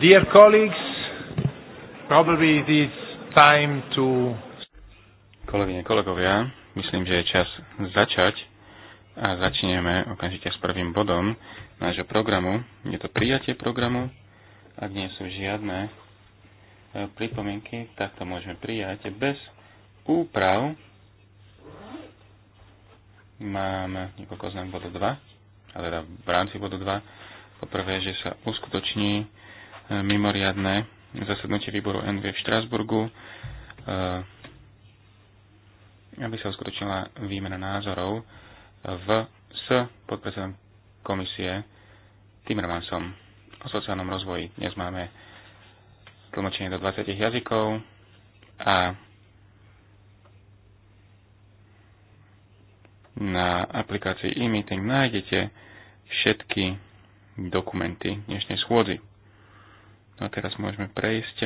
Dear colleagues, probably it is time to... Kolegyne, kolegovia, myslím, že je čas začať a začneme okamžite s prvým bodom nášho programu. Je to prijatie programu. Ak nie sú žiadne e, pripomienky, tak to môžeme prijať bez úprav. Mám niekoľko znam bodu 2, ale teda v rámci bodu 2. Poprvé, že sa uskutoční mimoriadne zasadnutie výboru NV v Štrásburgu, e, aby sa uskutočnila výmena názorov v, s podpredsedom komisie Timmermansom o sociálnom rozvoji. Dnes máme tlmočenie do 20 jazykov a na aplikácii e-meeting nájdete všetky dokumenty dnešnej schôdzi. No a teraz môžeme prejsť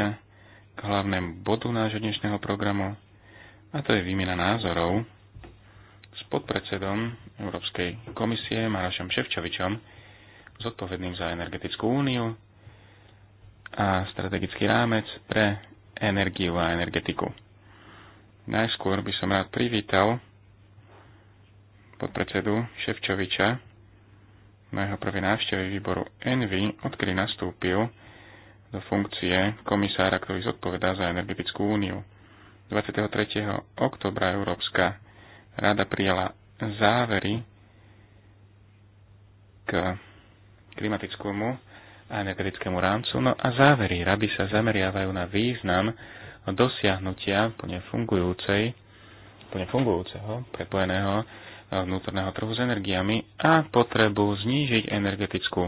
k hlavnému bodu nášho dnešného programu, a to je výmena názorov s podpredsedom Európskej komisie Marošom Ševčovičom, zodpovedným za energetickú úniu a strategický rámec pre energiu a energetiku. Najskôr by som rád privítal podpredsedu Ševčoviča na no jeho prvej návšteve výboru Envy, odkedy nastúpil do funkcie komisára, ktorý zodpovedá za energetickú úniu. 23. oktobra Európska rada prijala závery k klimatickému a energetickému rámcu. No a závery rady sa zameriavajú na význam dosiahnutia plne fungujúcej, plne fungujúceho, prepojeného vnútorného trhu s energiami a potrebu znížiť energetickú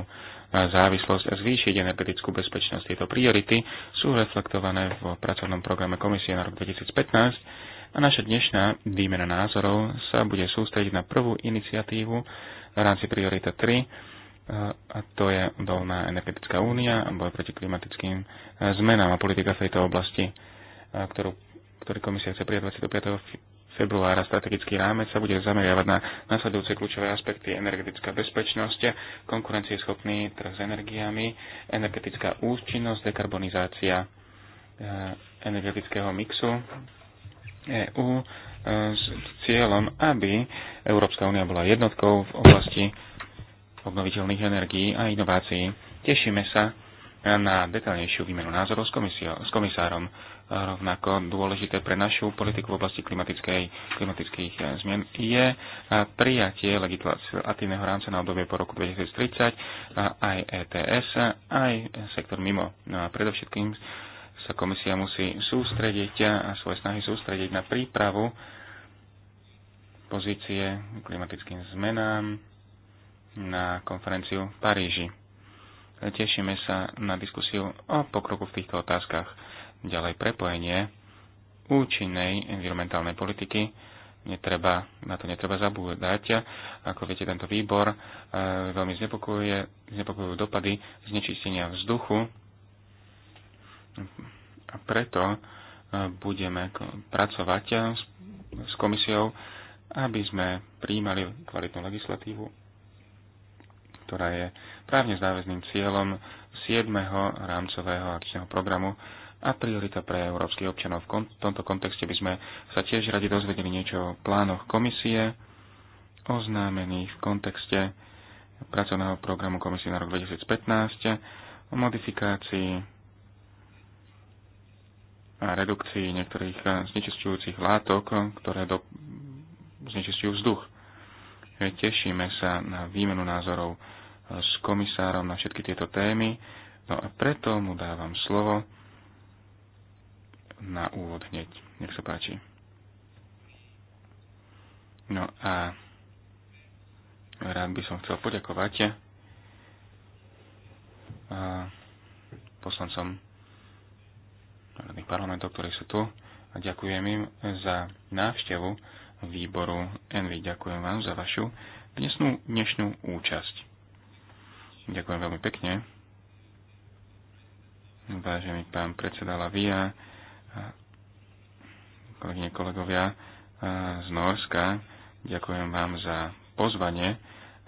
závislosť a zvýšiť energetickú bezpečnosť. Tieto priority sú reflektované v pracovnom programe komisie na rok 2015 a naša dnešná výmena názorov sa bude sústrediť na prvú iniciatívu v rámci priorita 3 eh, a to je dolná energetická únia a boj proti klimatickým eh, zmenám a politika v tejto oblasti, eh, ktorú, ktorý komisia chce prijať 25 februára strategický rámec sa bude zameriavať na nasledujúce kľúčové aspekty energetická bezpečnosť, konkurencieschopný trh s energiami, energetická účinnosť, dekarbonizácia e, energetického mixu EÚ e, s cieľom, aby Európska únia bola jednotkou v oblasti obnoviteľných energií a inovácií. Tešíme sa na detaľnejšiu výmenu názorov s, komisio, s komisárom rovnako dôležité pre našu politiku v oblasti klimatických eh, zmien, je eh, prijatie legislatívneho rámca na obdobie po roku 2030, eh, aj ETS, aj sektor mimo. No a predovšetkým sa komisia musí sústrediť a svoje snahy sústrediť na prípravu pozície klimatickým zmenám na konferenciu v Paríži. Tešíme sa na diskusiu o pokroku v týchto otázkach ďalej prepojenie účinnej environmentálnej politiky. Netreba, na to netreba zabúdať. Ako viete, tento výbor e, veľmi znepokojuje, znepokojujú dopady znečistenia vzduchu. A preto e, budeme pracovať s, s komisiou, aby sme prijímali kvalitnú legislatívu, ktorá je právne záväzným cieľom 7. rámcového akčného programu a priorita pre európskych občanov. V tomto kontexte by sme sa tiež radi dozvedeli niečo o plánoch komisie, oznámených v kontexte pracovného programu komisie na rok 2015, o modifikácii a redukcii niektorých eh, znečistujúcich látok, ktoré do... znečistujú vzduch. Eh, tešíme sa na výmenu názorov eh, s komisárom na všetky tieto témy, no a preto mu dávam slovo na úvod hneď. Nech sa páči. No a rád by som chcel poďakovať eh, poslancom národných parlamentov, ktorí sú tu a ďakujem im za návštevu výboru Envy. Ďakujem vám za vašu dnesnú, dnešnú účasť. Ďakujem veľmi pekne. Vážený pán predseda Lavia, kolegyne, kolegovia e, z Norska, ďakujem vám za pozvanie,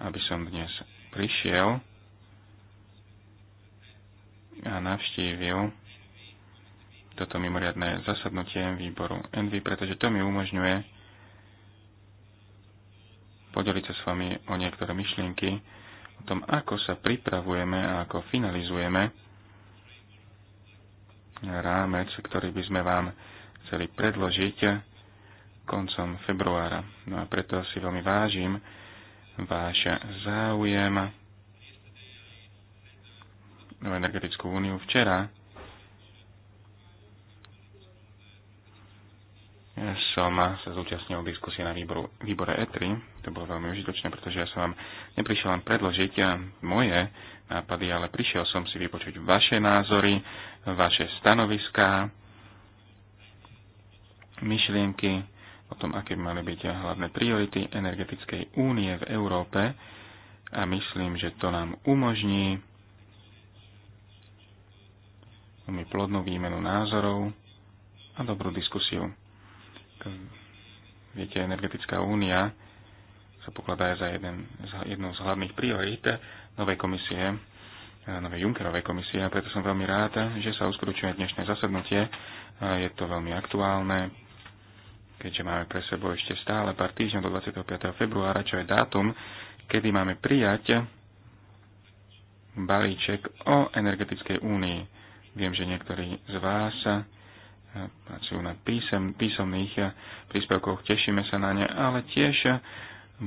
aby som dnes prišiel a navštívil toto mimoriadné zasadnutie výboru Envy, pretože to mi umožňuje podeliť sa s vami o niektoré myšlienky o tom, ako sa pripravujeme a ako finalizujeme rámec, ktorý by sme vám chceli predložiť koncom februára. No a preto si veľmi vážim váš záujem o energetickú úniu. Včera Ja som sa zúčastnil diskusie na výboru, výbore E3. To bolo veľmi užitočné, pretože ja som vám neprišiel len predložiť eh, moje nápady, ale prišiel som si vypočuť vaše názory, vaše stanoviská, myšlienky o tom, aké by mali byť hlavné priority energetickej únie v Európe a myslím, že to nám umožní veľmi plodnú výmenu názorov a dobrú diskusiu viete, energetická únia sa pokladá za jeden, za jednu z hlavných priorít novej komisie, e, novej Junckerovej komisie a preto som veľmi rád, že sa uskutočňuje dnešné zasadnutie. E, je to veľmi aktuálne, keďže máme pre sebou ešte stále pár týždňov do 25. februára, čo je dátum, kedy máme prijať balíček o energetickej únii. Viem, že niektorí z vás pracujú na písem, písomných eh, príspevkoch, tešíme sa na ne, ale tiež eh,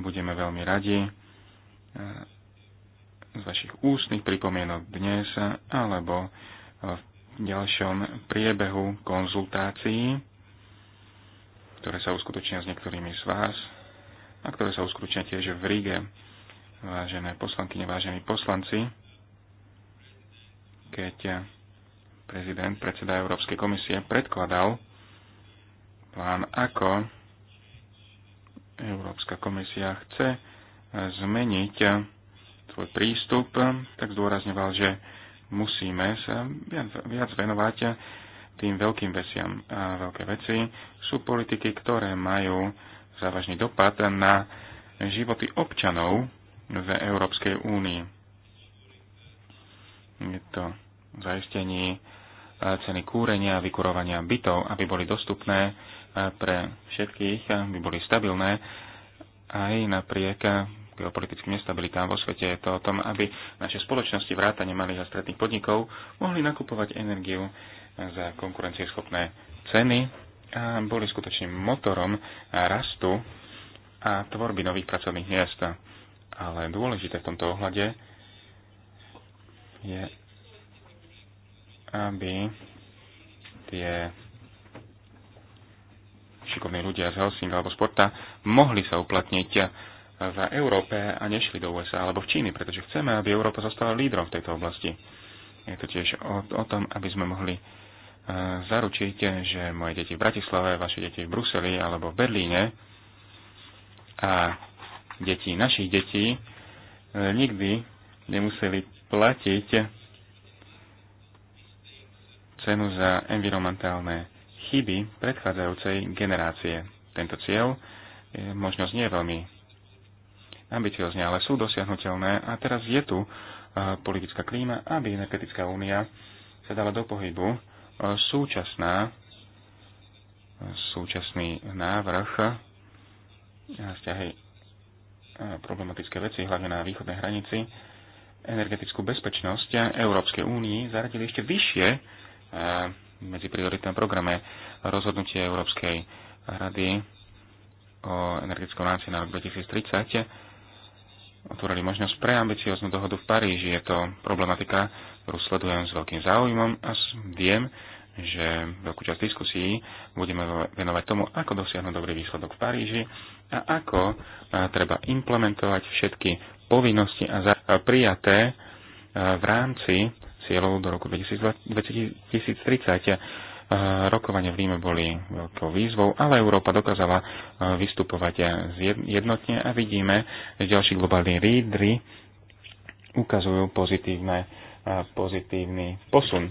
budeme veľmi radi eh, z vašich ústnych pripomienok dnes alebo v ďalšom priebehu konzultácií, ktoré sa uskutočnia s niektorými z vás a ktoré sa uskutočnia tiež v Ríge. Vážené poslanky, vážení poslanci, keď prezident, predseda Európskej komisie, predkladal plán, ako Európska komisia chce zmeniť svoj prístup, tak zdôrazňoval, že musíme sa viac venovať tým veľkým veciam. A veľké veci sú politiky, ktoré majú závažný dopad na životy občanov v Európskej únii. Je to zaistenie ceny kúrenia a vykurovania bytov, aby boli dostupné e, pre všetkých, aby boli stabilné aj napriek geopolitickým nestabilitám vo svete. Je to o tom, aby naše spoločnosti vrátane malých a stredných podnikov mohli nakupovať energiu za konkurencieschopné ceny a boli skutočným motorom rastu a tvorby nových pracovných miest. Ale dôležité v tomto ohľade je aby tie šikovní ľudia z Helsinga alebo Sporta mohli sa uplatniť v Európe a nešli do USA alebo v Číny, pretože chceme, aby Európa zostala lídrom v tejto oblasti. Je to tiež o, o tom, aby sme mohli e, zaručiť, že moje deti v Bratislave, vaše deti v Bruseli alebo v Berlíne a deti našich detí e, nikdy nemuseli platiť cenu za environmentálne chyby predchádzajúcej generácie. Tento cieľ je možnosť nie veľmi ambiciozne, ale sú dosiahnutelné a teraz je tu e, politická klíma, aby energetická únia sa dala do pohybu. E, súčasná, e, súčasný návrh a vzťahy problematické veci, hlavne na východnej hranici, energetickú bezpečnosť Európskej únii zaradili ešte vyššie Eh, medzi prioritnom programe rozhodnutie Európskej rady o energetickom rámci na rok 2030 otvorili možnosť pre ambicióznu dohodu v Paríži. Je to problematika, ktorú sledujem s veľkým záujmom a viem, že veľkú časť diskusí budeme venovať tomu, ako dosiahnuť dobrý výsledok v Paríži a ako eh, treba implementovať všetky povinnosti a prijaté eh, v rámci cieľov do roku 2030. Rokovania v Ríme boli veľkou výzvou, ale Európa dokázala vystupovať jednotne a vidíme, že ďalší globálni lídry ukazujú pozitívne, pozitívny posun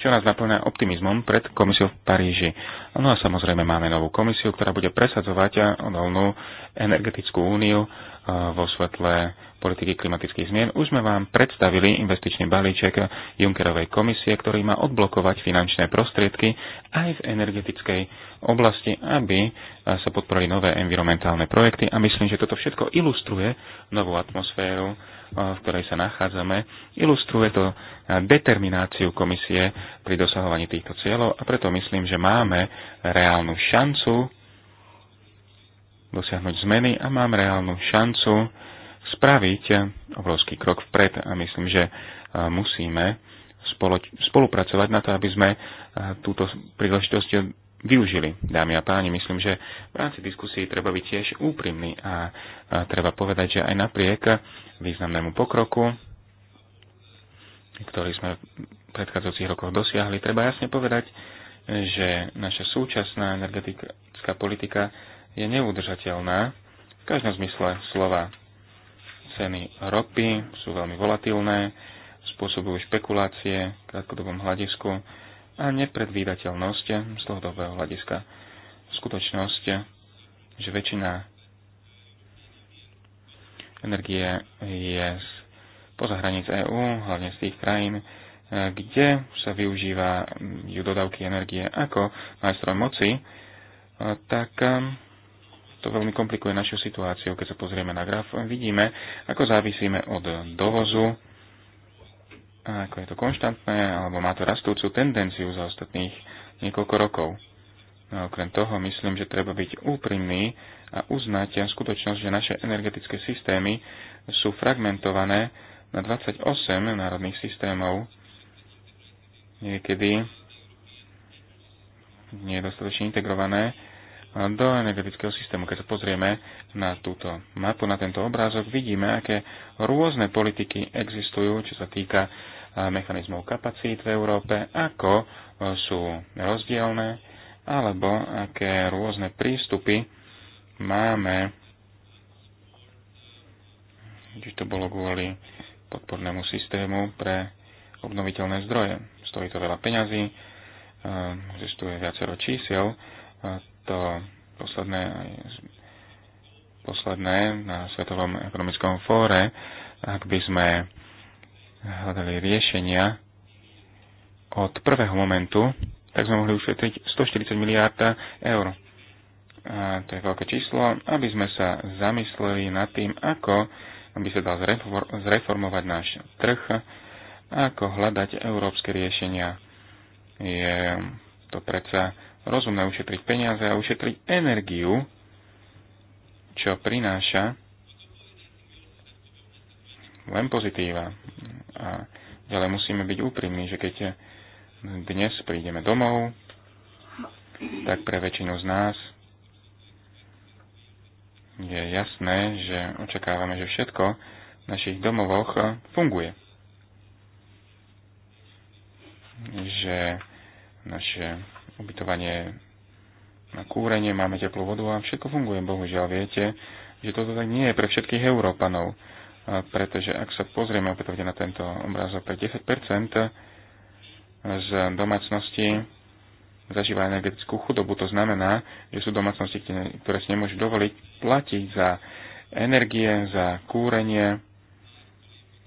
čo nás naplňa optimizmom pred komisiou v Paríži. No a samozrejme máme novú komisiu, ktorá bude presadzovať odolnú energetickú úniu vo svetle politiky klimatických zmien. Už sme vám predstavili investičný balíček Junckerovej komisie, ktorý má odblokovať finančné prostriedky aj v energetickej oblasti, aby sa podporili nové environmentálne projekty. A myslím, že toto všetko ilustruje novú atmosféru, v ktorej sa nachádzame. Ilustruje to determináciu komisie pri dosahovaní týchto cieľov a preto myslím, že máme reálnu šancu dosiahnuť zmeny a mám reálnu šancu spraviť obrovský krok vpred a myslím, že musíme spolupracovať na to, aby sme túto príležitosť využili. Dámy a páni, myslím, že v rámci diskusie treba byť tiež úprimný a, treba povedať, že aj napriek významnému pokroku, ktorý sme v predchádzajúcich rokoch dosiahli, treba jasne povedať, že naša súčasná energetická politika je neudržateľná v každom zmysle slova. Ceny ropy sú veľmi volatilné, spôsobujú špekulácie v krátkodobom hľadisku a nepredvídateľnosť z dlhodobého hľadiska. Skutočnosť, že väčšina energie je poza hranic EÚ, hlavne z tých krajín, kde sa využíva ju dodávky energie ako nástroj moci, tak to veľmi komplikuje našu situáciu. Keď sa pozrieme na graf, vidíme, ako závisíme od dovozu, ako je to konštantné, alebo má to rastúcu tendenciu za ostatných niekoľko rokov. No, okrem toho myslím, že treba byť úprimný a uznať skutočnosť, že naše energetické systémy sú fragmentované na 28 národných systémov. Niekedy nie je dostatočne integrované do energetického systému. Keď sa pozrieme na túto mapu, na tento obrázok, vidíme, aké rôzne politiky existujú, čo sa týka mechanizmov kapacít v Európe, ako sú rozdielne, alebo aké rôzne prístupy máme, či to bolo kvôli podpornému systému pre obnoviteľné zdroje. Stojí to veľa peňazí, existuje viacero čísel, to posledné, posledné na Svetovom ekonomickom fóre, ak by sme hľadali riešenia od prvého momentu, tak sme mohli ušetriť 140 miliárd eur. A to je veľké číslo, aby sme sa zamysleli nad tým, ako by sa dal zreformovať náš trh, ako hľadať európske riešenia. Je to predsa rozumné ušetriť peniaze a ušetriť energiu, čo prináša len pozitíva. A ďalej musíme byť úprimní, že keď dnes prídeme domov, tak pre väčšinu z nás je jasné, že očakávame, že všetko v našich domovoch funguje. Že naše ubytovanie, na kúrenie, máme teplú vodu a všetko funguje. Bohužiaľ viete, že toto tak nie je pre všetkých Európanov, pretože ak sa pozrieme opätovne na tento obrázok, pre 10% z domácnosti zažíva energetickú chudobu. To znamená, že sú domácnosti, ktoré si nemôžu dovoliť platiť za energie, za kúrenie,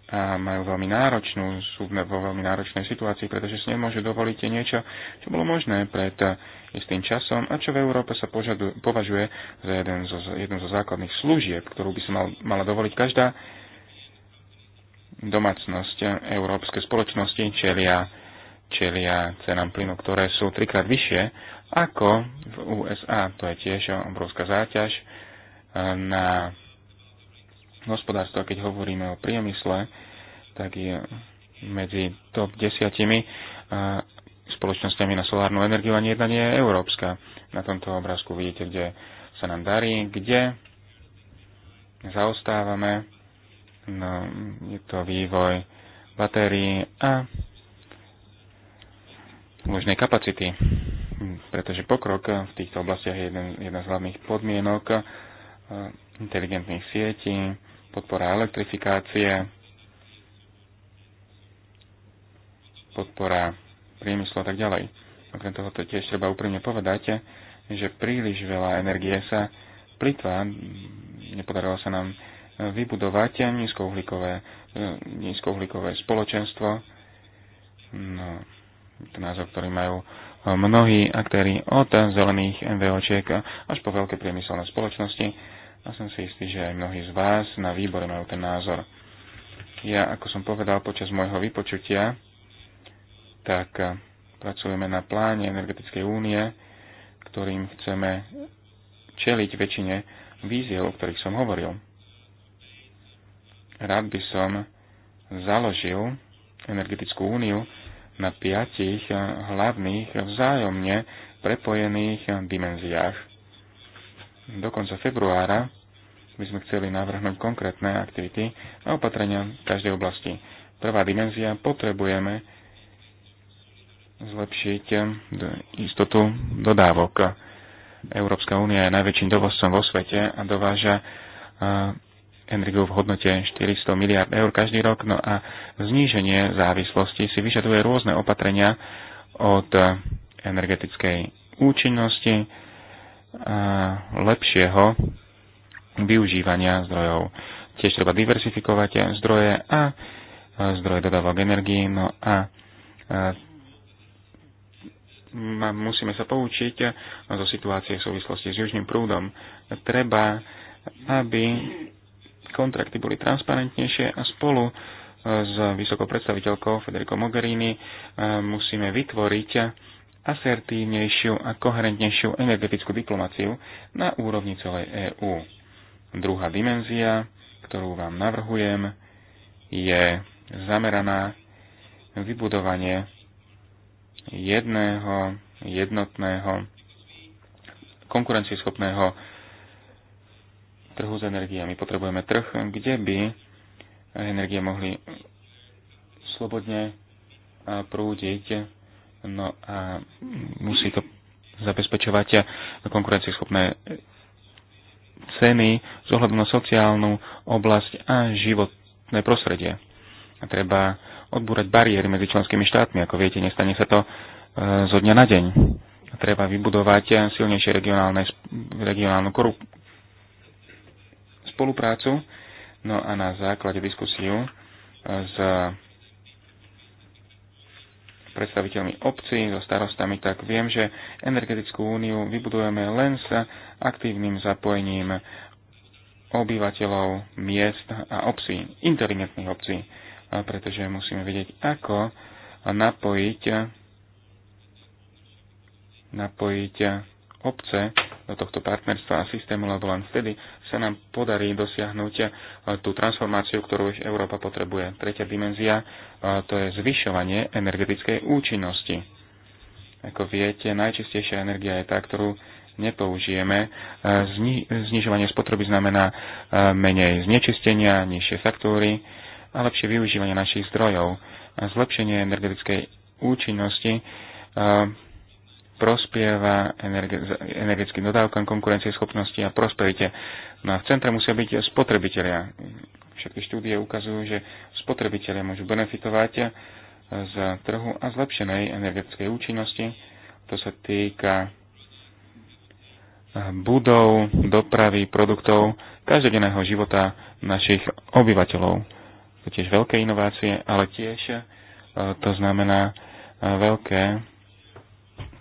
a majú veľmi náročnú, sú vo veľmi náročnej situácii, pretože si nemôžu dovoliť niečo, čo bolo možné pred eh, istým časom a čo v Európe sa požadu, považuje za jeden zo, jednu zo základných služieb, ktorú by sa mal, mala dovoliť každá domácnosť. Európske spoločnosti čelia, čelia cenám plynu, ktoré sú trikrát vyššie ako v USA. To je tiež obrovská záťaž eh, na hospodárstva, keď hovoríme o priemysle, tak je medzi top desiatimi spoločnosťami na solárnu energiu ani jedna nie je európska. Na tomto obrázku vidíte, kde sa nám darí, kde zaostávame. No, je to vývoj batérií a možnej kapacity, pretože pokrok v týchto oblastiach je jeden, jedna z hlavných podmienok inteligentných sietí, podpora elektrifikácie, podpora priemyslu a tak ďalej. Okrem toho to tiež treba úprimne povedať, že príliš veľa energie sa plitva. Nepodarilo sa nám vybudovať nízkouhlíkové, nízkouhlíkové spoločenstvo. No, to názor, ktorý majú mnohí aktéry od zelených MVOčiek až po veľké priemyselné spoločnosti a som si istý, že aj mnohí z vás na výbore majú ten názor. Ja, ako som povedal počas môjho vypočutia, tak eh, pracujeme na pláne Energetickej únie, ktorým chceme čeliť väčšine víziev, o ktorých som hovoril. Rád by som založil energetickú úniu na piatich eh, hlavných vzájomne prepojených dimenziách do konca februára by sme chceli navrhnúť konkrétne aktivity a opatrenia v každej oblasti. Prvá dimenzia, potrebujeme zlepšiť eh, istotu dodávok. Európska únia je najväčším dovozcom vo svete a dováža eh, energiu v hodnote 400 miliard eur každý rok, no a zníženie závislosti si vyžaduje rôzne opatrenia od eh, energetickej účinnosti, lepšieho využívania zdrojov. Tiež treba diversifikovať zdroje a zdroje dodávok energii, no a musíme sa poučiť zo situácie v súvislosti s južným prúdom. Treba, aby kontrakty boli transparentnejšie a spolu e, s vysokou predstaviteľkou Federico Mogherini e, musíme vytvoriť asertívnejšiu a koherentnejšiu energetickú diplomáciu na úrovni celej EÚ. Druhá dimenzia, ktorú vám navrhujem, je zameraná vybudovanie jedného, jednotného, konkurencieschopného trhu s energiami. Potrebujeme trh, kde by energie mohli slobodne prúdiť No a musí to zabezpečovať konkurencieschopné ceny z ohľadom na sociálnu oblasť a životné prostredie. A treba odbúrať bariéry medzi členskými štátmi. Ako viete, nestane sa to e, zo dňa na deň. A treba vybudovať silnejšie regionálne, regionálnu korup- spoluprácu. No a na základe diskusiu e, s predstaviteľmi obcí, so starostami, tak viem, že energetickú úniu vybudujeme len s aktívnym zapojením obyvateľov miest a obcí, inteligentných obcí, pretože musíme vedieť, ako napojiť, napojiť obce do tohto partnerstva a systému, lebo len vtedy sa nám podarí dosiahnuť e, tú transformáciu, ktorú Európa potrebuje. Tretia dimenzia e, to je zvyšovanie energetickej účinnosti. Ako viete, najčistejšia energia je tá, ktorú nepoužijeme. E, zni- znižovanie spotreby znamená menej znečistenia, nižšie faktúry a lepšie využívanie našich zdrojov. Zlepšenie energetickej účinnosti prospieva energetickým dodávkam konkurencieschopnosti a prosperite. No a v centre musia byť spotrebitelia. Všetky štúdie ukazujú, že spotrebitelia môžu benefitovať z trhu a zlepšenej energetickej účinnosti. To sa týka budov, dopravy, produktov, každodenného života našich obyvateľov. To tiež veľké inovácie, ale tiež e, to znamená e, veľké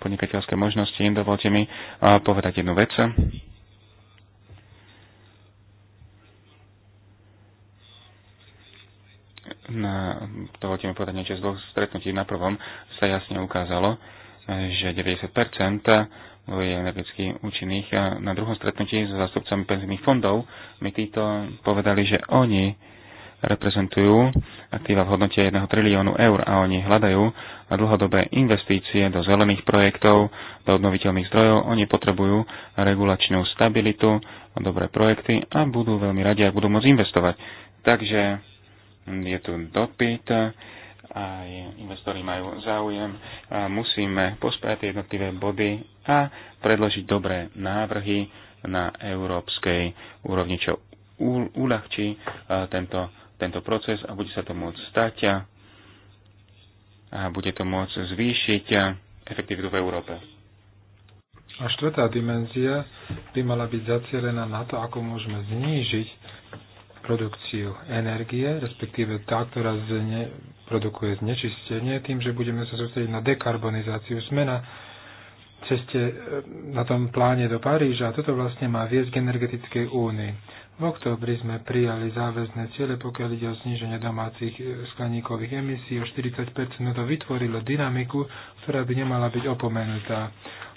podnikateľské možnosti. Dovolte mi e, povedať jednu vec. na, dovolte mi povedať niečo z dvoch stretnutí. Na prvom sa jasne ukázalo, že 90% je energeticky účinných. A na druhom stretnutí s zástupcami penzijných fondov mi títo povedali, že oni reprezentujú aktíva v hodnote 1 triliónu eur a oni hľadajú dlhodobé investície do zelených projektov, do obnoviteľných zdrojov. Oni potrebujú regulačnú stabilitu, dobré projekty a budú veľmi radi, ak budú môcť investovať. Takže je tu dopyt, aj investori majú záujem, a musíme pospájať jednotlivé body a predložiť dobré návrhy na európskej úrovni, čo uľahčí tento, tento proces a bude sa to môcť stať a bude to môcť zvýšiť efektivitu v Európe. A štvrtá dimenzia by mala byť zacielená na to, ako môžeme znížiť produkciu energie, respektíve tá, ktorá zne, produkuje znečistenie, tým, že budeme sa sústrediť na dekarbonizáciu. Sme na ceste e, na tom pláne do Paríža a toto vlastne má viesť k energetickej únii. V októbri sme prijali záväzné ciele, pokiaľ ide o zníženie domácich e, skleníkových emisí o 40%. No to vytvorilo dynamiku, ktorá by nemala byť opomenutá.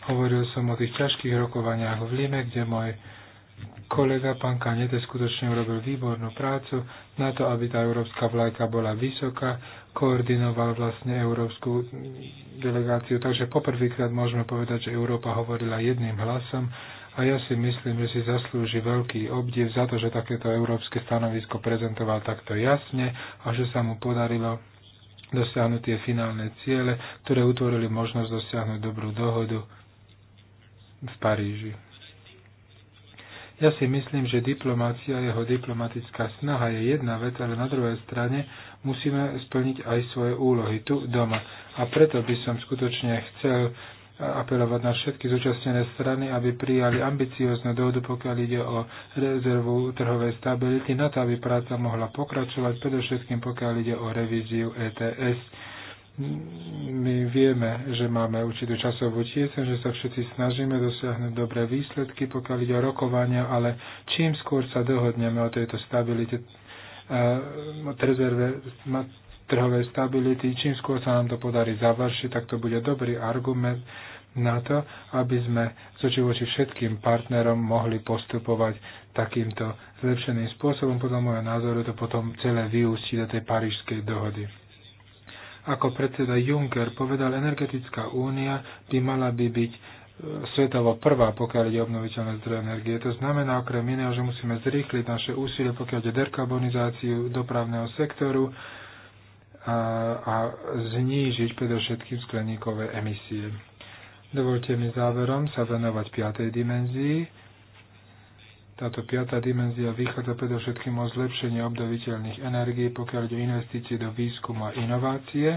Hovoril som o tých ťažkých rokovaniach v Lime, kde môj kolega pán Kanete skutočne urobil výbornú prácu na to, aby tá európska vlajka bola vysoká, koordinoval vlastne európsku delegáciu. Takže poprvýkrát môžeme povedať, že Európa hovorila jedným hlasom a ja si myslím, že si zaslúži veľký obdiv za to, že takéto európske stanovisko prezentoval takto jasne a že sa mu podarilo dosiahnuť tie finálne ciele, ktoré utvorili možnosť dosiahnuť dobrú dohodu v Paríži. Ja si myslím, že diplomácia jeho diplomatická snaha je jedna vec, ale na druhej strane musíme splniť aj svoje úlohy tu doma. A preto by som skutočne chcel apelovať na všetky zúčastnené strany, aby prijali ambicióznu dohodu, pokiaľ ide o rezervu trhovej stability, na to, aby práca mohla pokračovať, predovšetkým pokiaľ ide o revíziu ETS my vieme, že máme určitú časovú tieseň, že sa všetci snažíme dosiahnuť dobré výsledky, pokiaľ ide o rokovania, ale čím skôr sa dohodneme o tejto stabilite, uh, eh, rezerve trhovej stability, čím skôr sa nám to podarí završiť, tak to bude dobrý argument na to, aby sme z voči všetkým partnerom mohli postupovať takýmto zlepšeným spôsobom. Podľa môjho názoru to potom celé vyústi do tej parížskej dohody. Ako predseda Juncker povedal, energetická únia by mala by byť e, svetovo prvá, pokiaľ ide obnoviteľné zdroje energie. To znamená okrem iného, že musíme zrýchliť naše úsilie, pokiaľ ide dekarbonizáciu dopravného sektoru a, a znížiť predovšetkým skleníkové emisie. Dovolte mi záverom sa venovať piatej dimenzii táto piatá dimenzia vychádza predovšetkým o zlepšenie obdoviteľných energií, pokiaľ ide investície do výskumu a inovácie,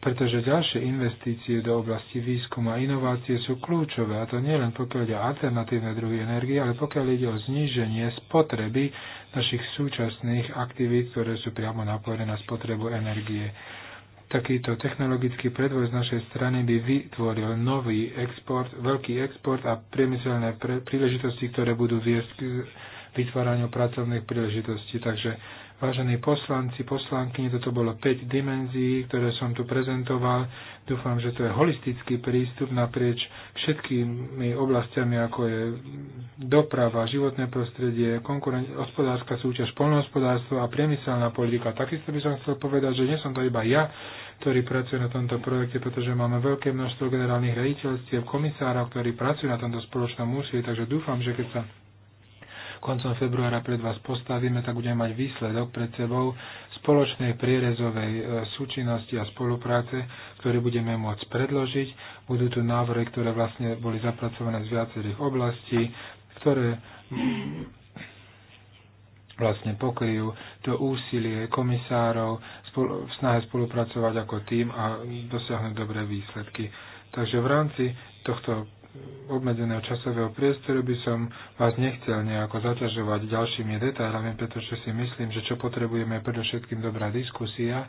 pretože ďalšie investície do oblasti výskumu a inovácie sú kľúčové, a to nielen pokiaľ ide o alternatívne druhy energie, ale pokiaľ ide o zníženie spotreby našich súčasných aktivít, ktoré sú priamo napojené na spotrebu energie takýto technologický predvoj z našej strany by vytvoril nový export, veľký export a priemyselné pre, príležitosti, ktoré budú viesť k vytváraniu pracovných príležitostí. Takže Vážení poslanci, poslanky, toto bolo 5 dimenzií, ktoré som tu prezentoval. Dúfam, že to je holistický prístup naprieč všetkými oblastiami, ako je doprava, životné prostredie, konkuren- hospodárska súťaž, polnohospodárstvo a priemyselná politika. Takisto by som chcel povedať, že nie som to iba ja, ktorý pracuje na tomto projekte, pretože máme veľké množstvo generálnych rejiteľstiev, komisárov, ktorí pracujú na tomto spoločnom úsilí, takže dúfam, že keď sa koncom februára pred vás postavíme, tak budeme mať výsledok pred sebou spoločnej prierezovej e, súčinnosti a spolupráce, ktoré budeme môcť predložiť. Budú tu návrhy, ktoré vlastne boli zapracované z viacerých oblastí, ktoré vlastne pokryjú to úsilie komisárov v snahe spolupracovať ako tým a dosiahnuť dobré výsledky. Takže v rámci tohto obmedzeného časového priestoru by som vás nechcel nejako zaťažovať ďalšími detailami, pretože si myslím, že čo potrebujeme je predovšetkým dobrá diskusia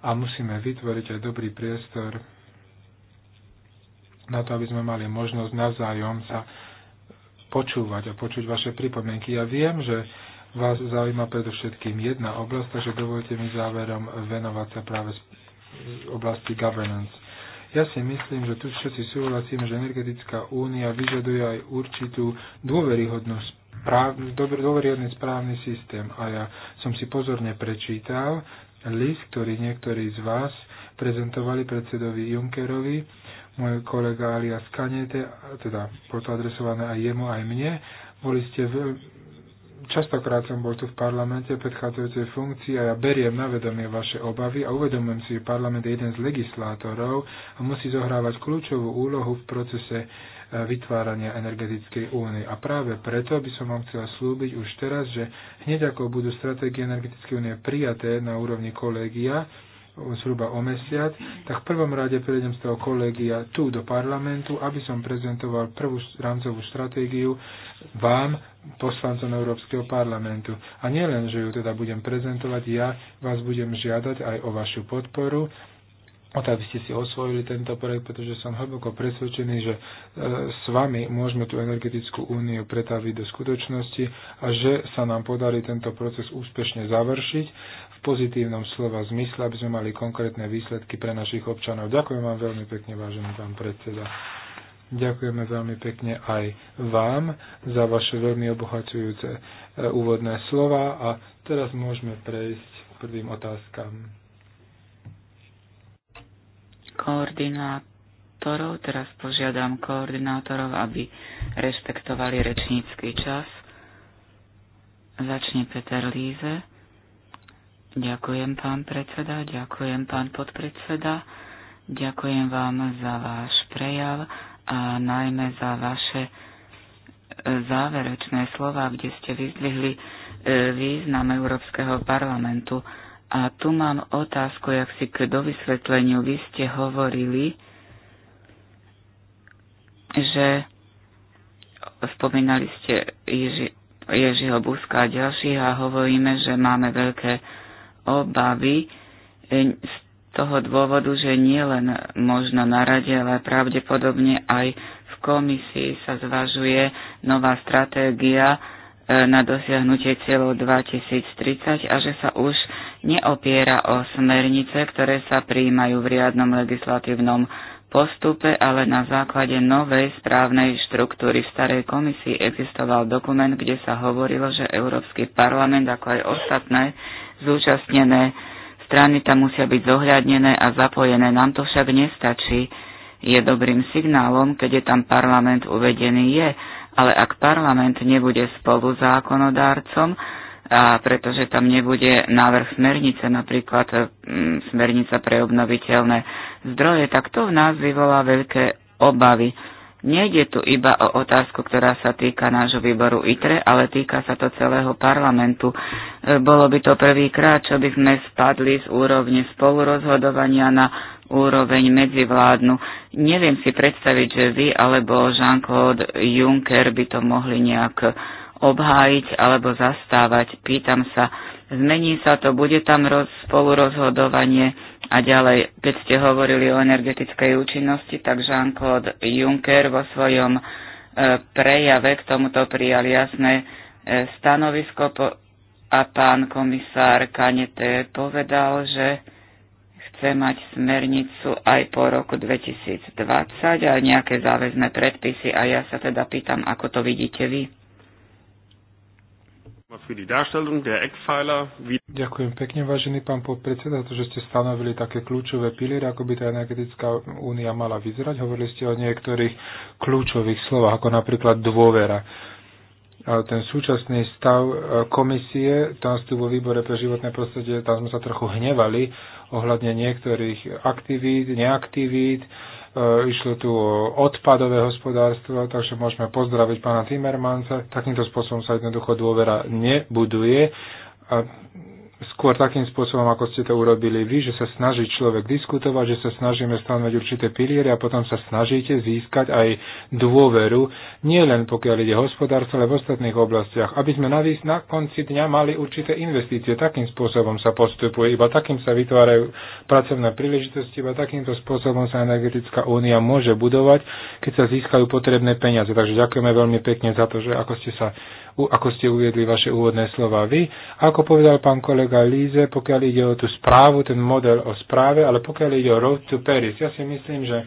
a musíme vytvoriť aj dobrý priestor na to, aby sme mali možnosť navzájom sa počúvať a počuť vaše pripomienky. Ja viem, že vás zaujíma predovšetkým jedna oblasť, takže dovolte mi záverom venovať sa práve z oblasti governance. Ja si myslím, že tu všetci súhlasíme, že energetická únia vyžaduje aj určitú dôveryhodnosť dôveriadný správny systém a ja som si pozorne prečítal list, ktorý niektorí z vás prezentovali predsedovi Junckerovi, môj kolega alias Kanete, teda bolo to adresované aj jemu, aj mne. Boli ste Častokrát som bol tu v parlamente v predchádzajúcej funkcii a ja beriem na vedomie vaše obavy a uvedomujem si, že parlament je jeden z legislátorov a musí zohrávať kľúčovú úlohu v procese e, vytvárania energetickej únie. A práve preto by som vám chcela slúbiť už teraz, že hneď ako budú stratégie energetickej únie prijaté na úrovni kolégia, zhruba o mesiac, tak v prvom rade prejdem z toho kolegia tu do parlamentu, aby som prezentoval prvú rámcovú stratégiu vám poslancom Európskeho parlamentu. A nielen, že ju teda budem prezentovať, ja vás budem žiadať aj o vašu podporu, o to, aby ste si osvojili tento projekt, pretože som hlboko presvedčený, že e, s vami môžeme tú energetickú úniu pretaviť do skutočnosti a že sa nám podarí tento proces úspešne završiť v pozitívnom slova zmysle, aby sme mali konkrétne výsledky pre našich občanov. Ďakujem vám veľmi pekne, vážený pán predseda. Ďakujeme veľmi pekne aj vám za vaše veľmi obohacujúce e, úvodné slova a teraz môžeme prejsť k prvým otázkam. Koordinátorov, teraz požiadam koordinátorov, aby rešpektovali rečnícky čas. Začne Peter Líze. Ďakujem, pán predseda, ďakujem, pán podpredseda, ďakujem vám za váš prejav a najmä za vaše e, záverečné slova, kde ste vyzdvihli e, význam Európskeho parlamentu. A tu mám otázku, jak si k dovysvetleniu vy ste hovorili, že spomínali ste Ježi, Ježiho Buska a ďalších a hovoríme, že máme veľké obavy e, z toho dôvodu, že nie len možno na rade, ale pravdepodobne aj v komisii sa zvažuje nová stratégia e, na dosiahnutie cieľov 2030 a že sa už neopiera o smernice, ktoré sa prijímajú v riadnom legislatívnom postupe, ale na základe novej správnej štruktúry v starej komisii existoval dokument, kde sa hovorilo, že Európsky parlament, ako aj ostatné zúčastnené strany tam musia byť zohľadnené a zapojené. Nám to však nestačí. Je dobrým signálom, keď je tam parlament uvedený je, ale ak parlament nebude spolu zákonodárcom, a pretože tam nebude návrh smernice, napríklad mm, smernica pre obnoviteľné zdroje, tak to v nás vyvolá veľké obavy. Nejde tu iba o otázku, ktorá sa týka nášho výboru ITRE, ale týka sa to celého parlamentu. E, bolo by to prvýkrát, čo by sme spadli z úrovne spolurozhodovania na úroveň medzivládnu. Neviem si predstaviť, že vy alebo Jean-Claude Juncker by to mohli nejak obhájiť alebo zastávať. Pýtam sa, zmení sa to, bude tam roz, spolurozhodovanie, a ďalej, keď ste hovorili o energetickej účinnosti, tak Jean-Claude Juncker vo svojom e, prejave k tomuto prijal jasné e, stanovisko a pán komisár Kanete povedal, že chce mať smernicu aj po roku 2020 a nejaké záväzné predpisy a ja sa teda pýtam, ako to vidíte vy. Ďakujem pekne, vážený pán podpredseda, za to, že ste stanovili také kľúčové piliere, ako by tá energetická únia mala vyzerať. Hovorili ste o niektorých kľúčových slovách, ako napríklad dôvera. A ten súčasný stav e, komisie, tam ste vo výbore pre životné prostredie, tam sme sa trochu hnevali ohľadne niektorých aktivít, neaktivít, E, išlo tu o odpadové hospodárstvo, takže môžeme pozdraviť pána Timmermansa. Takýmto spôsobom sa jednoducho dôvera nebuduje. A skôr takým spôsobom, ako ste to urobili vy, že sa snaží človek diskutovať, že sa snažíme stanoviť určité piliere a potom sa snažíte získať aj dôveru, nie len pokiaľ ide hospodárstvo, ale v ostatných oblastiach, aby sme na konci dňa mali určité investície. Takým spôsobom sa postupuje, iba takým sa vytvárajú pracovné príležitosti, iba takýmto spôsobom sa energetická únia môže budovať, keď sa získajú potrebné peniaze. Takže ďakujeme veľmi pekne za to, že ako ste sa ako ste uviedli vaše úvodné slova vy. Ako povedal pán kolega Líze, pokiaľ ide o tú správu, ten model o správe, ale pokiaľ ide o road to Paris, ja si myslím, že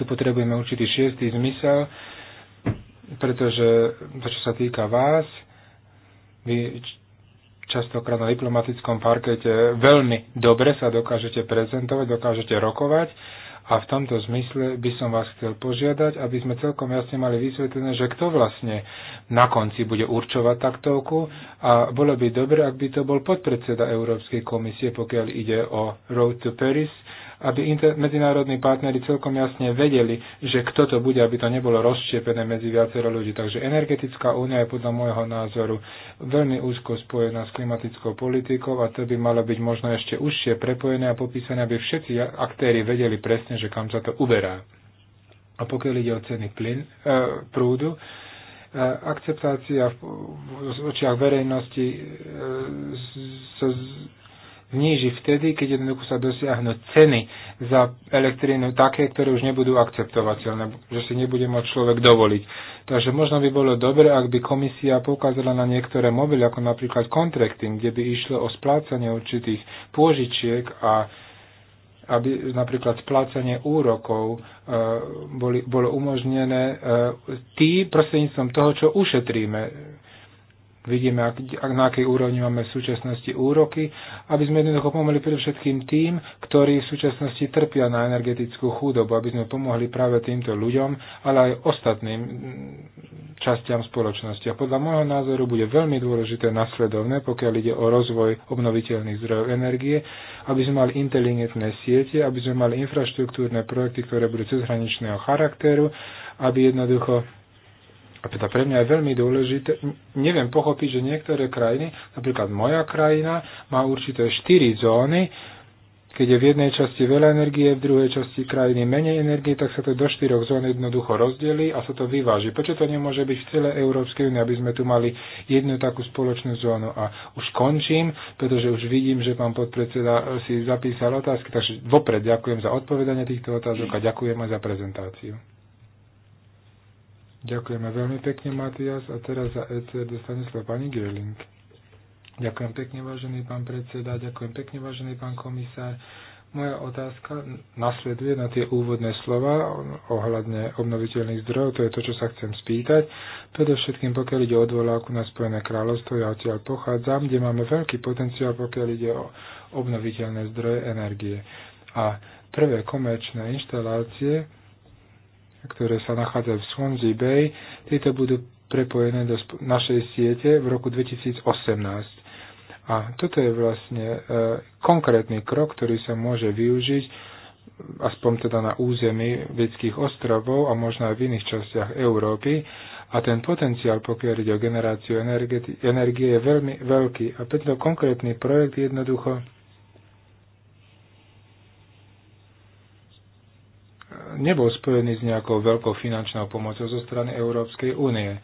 tu potrebujeme určitý šiestý zmysel, pretože to, čo sa týka vás, vy častokrát na diplomatickom parkete veľmi dobre sa dokážete prezentovať, dokážete rokovať, a v tomto zmysle by som vás chcel požiadať, aby sme celkom jasne mali vysvetlené, že kto vlastne na konci bude určovať taktovku a bolo by dobre, ak by to bol podpredseda Európskej komisie, pokiaľ ide o Road to Paris, aby inter- medzinárodní partnery celkom jasne vedeli, že kto to bude, aby to nebolo rozčiepené medzi viacero ľudí. Takže energetická únia je podľa môjho názoru veľmi úzko spojená s klimatickou politikou a to by malo byť možno ešte užšie prepojené a popísané, aby všetci aktéry vedeli presne, že kam sa to uberá. A pokiaľ ide o ceny plyn, e, prúdu, e, akceptácia v, v očiach verejnosti e, sa zníži vtedy, keď jednoducho sa dosiahnu ceny za elektrínu také, ktoré už nebudú akceptovateľné, že si nebude môcť človek dovoliť. Takže možno by bolo dobre, ak by komisia poukázala na niektoré mobily, ako napríklad contracting, kde by išlo o splácanie určitých pôžičiek a aby napríklad splácanie úrokov e, boli, bolo umožnené e, tým prostredníctvom toho, čo ušetríme vidíme, ak, ak, na akej úrovni máme v súčasnosti úroky, aby sme jednoducho pomohli predovšetkým tým, ktorí v súčasnosti trpia na energetickú chudobu, aby sme pomohli práve týmto ľuďom, ale aj ostatným častiam spoločnosti. A podľa môjho názoru bude veľmi dôležité nasledovné, pokiaľ ide o rozvoj obnoviteľných zdrojov energie, aby sme mali inteligentné siete, aby sme mali infraštruktúrne projekty, ktoré budú cezhraničného charakteru, aby jednoducho a teda pre mňa je veľmi dôležité, neviem pochopiť, že niektoré krajiny, napríklad moja krajina, má určité štyri zóny, keď je v jednej časti veľa energie, v druhej časti krajiny menej energie, tak sa to do štyroch zón jednoducho rozdelí a sa to vyváži. Prečo to nemôže byť v celej Európskej únii, aby sme tu mali jednu takú spoločnú zónu? A už končím, pretože už vidím, že pán podpredseda si zapísal otázky, takže vopred ďakujem za odpovedanie týchto otázok a ďakujem aj za prezentáciu. Ďakujeme veľmi pekne, Matias. A teraz za ECR dostane slovo pani Gerling. Ďakujem pekne, vážený pán predseda. Ďakujem pekne, vážený pán komisár. Moja otázka nasleduje na tie úvodné slova ohľadne obnoviteľných zdrojov, to je to, čo sa chcem spýtať. Predovšetkým, pokiaľ ide o odvolávku na Spojené kráľovstvo, ja odtiaľ pochádzam, kde máme veľký potenciál, pokiaľ ide o obnoviteľné zdroje energie. A prvé komerčné inštalácie ktoré sa nachádzajú v Swansea Bay, tieto budú prepojené do našej siete v roku 2018. A toto je vlastne e, konkrétny krok, ktorý sa môže využiť, aspoň teda na území vedských ostrovov a možno aj v iných častiach Európy. A ten potenciál, pokiaľ ide o generáciu energie, je veľmi veľký. A tento konkrétny projekt jednoducho nebol spojený s nejakou veľkou finančnou pomocou zo strany Európskej únie.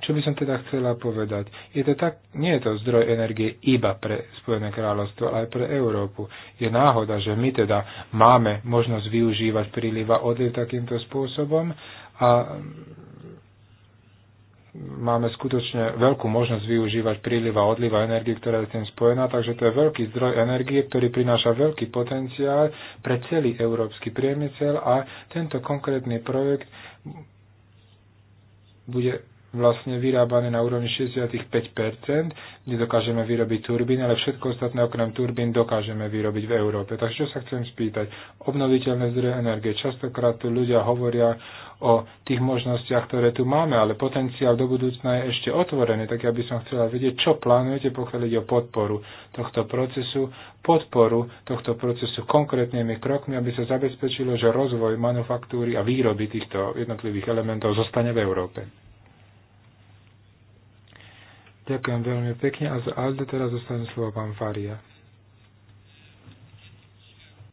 Čo by som teda chcela povedať? Je to tak, nie je to zdroj energie iba pre Spojené kráľovstvo, ale aj pre Európu. Je náhoda, že my teda máme možnosť využívať príliva odliv takýmto spôsobom a máme skutočne veľkú možnosť využívať príliv a odliva energie, ktorá je s tým spojená, takže to je veľký zdroj energie, ktorý prináša veľký potenciál pre celý európsky priemysel a tento konkrétny projekt bude vlastne vyrábané na úrovni 65%, kde dokážeme vyrobiť turbín, ale všetko ostatné okrem turbín dokážeme vyrobiť v Európe. Takže čo sa chcem spýtať? Obnoviteľné zdroje energie. Častokrát tu ľudia hovoria o tých možnostiach, ktoré tu máme, ale potenciál do budúcna je ešte otvorený, tak ja by som chcela vedieť, čo plánujete, pokiaľ ide o podporu tohto procesu, podporu tohto procesu konkrétnymi krokmi, aby sa zabezpečilo, že rozvoj manufaktúry a výroby týchto jednotlivých elementov zostane v Európe. Ďakujem veľmi pekne a za Alde teraz zostane slovo pán Faria.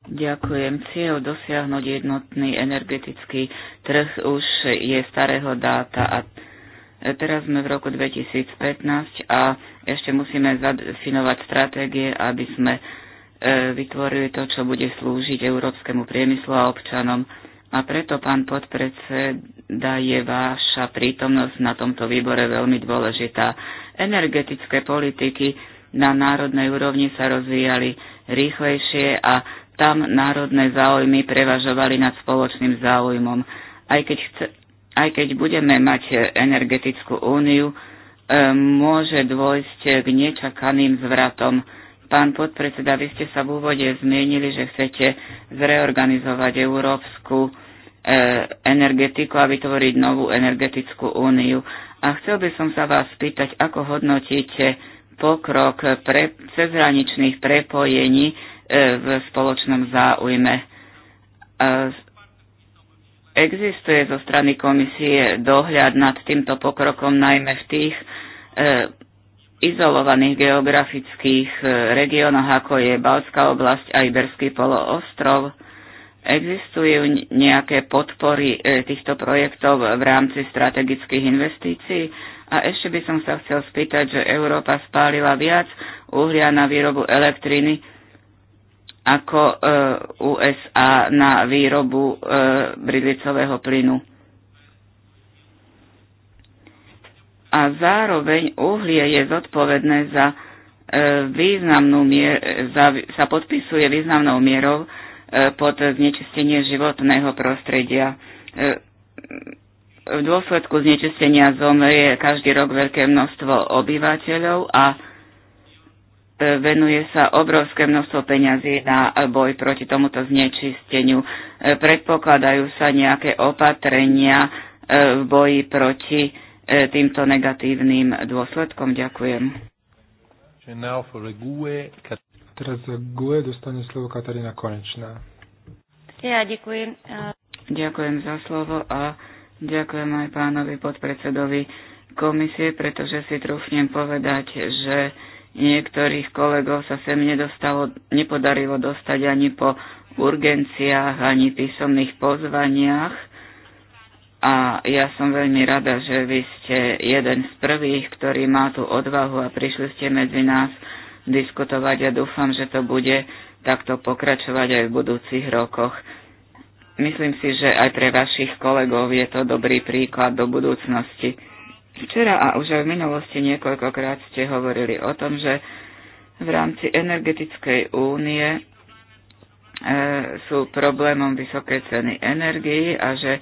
Ďakujem. Cieľ dosiahnuť jednotný energetický trh už je starého dáta a teraz sme v roku 2015 a ešte musíme zadefinovať stratégie, aby sme e, vytvorili to, čo bude slúžiť európskemu priemyslu a občanom. A preto, pán podpredseda, je váša prítomnosť na tomto výbore veľmi dôležitá. Energetické politiky na národnej úrovni sa rozvíjali rýchlejšie a tam národné záujmy prevažovali nad spoločným záujmom. Aj keď, chce, aj keď budeme mať energetickú úniu, e, môže dôjsť k nečakaným zvratom. Pán podpredseda, vy ste sa v úvode zmienili, že chcete zreorganizovať európsku e, energetiku a vytvoriť novú energetickú úniu. A chcel by som sa vás spýtať, ako hodnotíte pokrok pre, cezhraničných prepojení E, v spoločnom záujme. E, existuje zo strany komisie dohľad nad týmto pokrokom najmä v tých e, izolovaných geografických regiónoch, ako je Balská oblasť a Iberský poloostrov. Existujú nejaké podpory týchto projektov v rámci strategických investícií? A ešte by som sa chcel spýtať, že Európa spálila viac uhlia na výrobu elektriny ako e, USA na výrobu e, brilicového plynu. A zároveň uhlie je zodpovedné za e, významnú mier, za, sa podpisuje významnou mierou e, pod znečistenie životného prostredia. E, v dôsledku znečistenia zomrie každý rok veľké množstvo obyvateľov a venuje sa obrovské množstvo peňazí na boj proti tomuto znečisteniu. E, predpokladajú sa nejaké opatrenia e, v boji proti e, týmto negatívnym dôsledkom. Ďakujem. Teraz za GUE dostane slovo Katarína Konečná. Ja ďakujem. Ďakujem za slovo a ďakujem aj pánovi podpredsedovi komisie, pretože si trúfnem povedať, že niektorých kolegov sa sem nedostalo, nepodarilo dostať ani po urgenciách, ani písomných pozvaniach. A ja som veľmi rada, že vy ste jeden z prvých, ktorý má tú odvahu a prišli ste medzi nás diskutovať a ja dúfam, že to bude takto pokračovať aj v budúcich rokoch. Myslím si, že aj pre vašich kolegov je to dobrý príklad do budúcnosti. Včera a už aj v minulosti niekoľkokrát ste hovorili o tom, že v rámci energetickej únie e, sú problémom vysoké ceny energii a že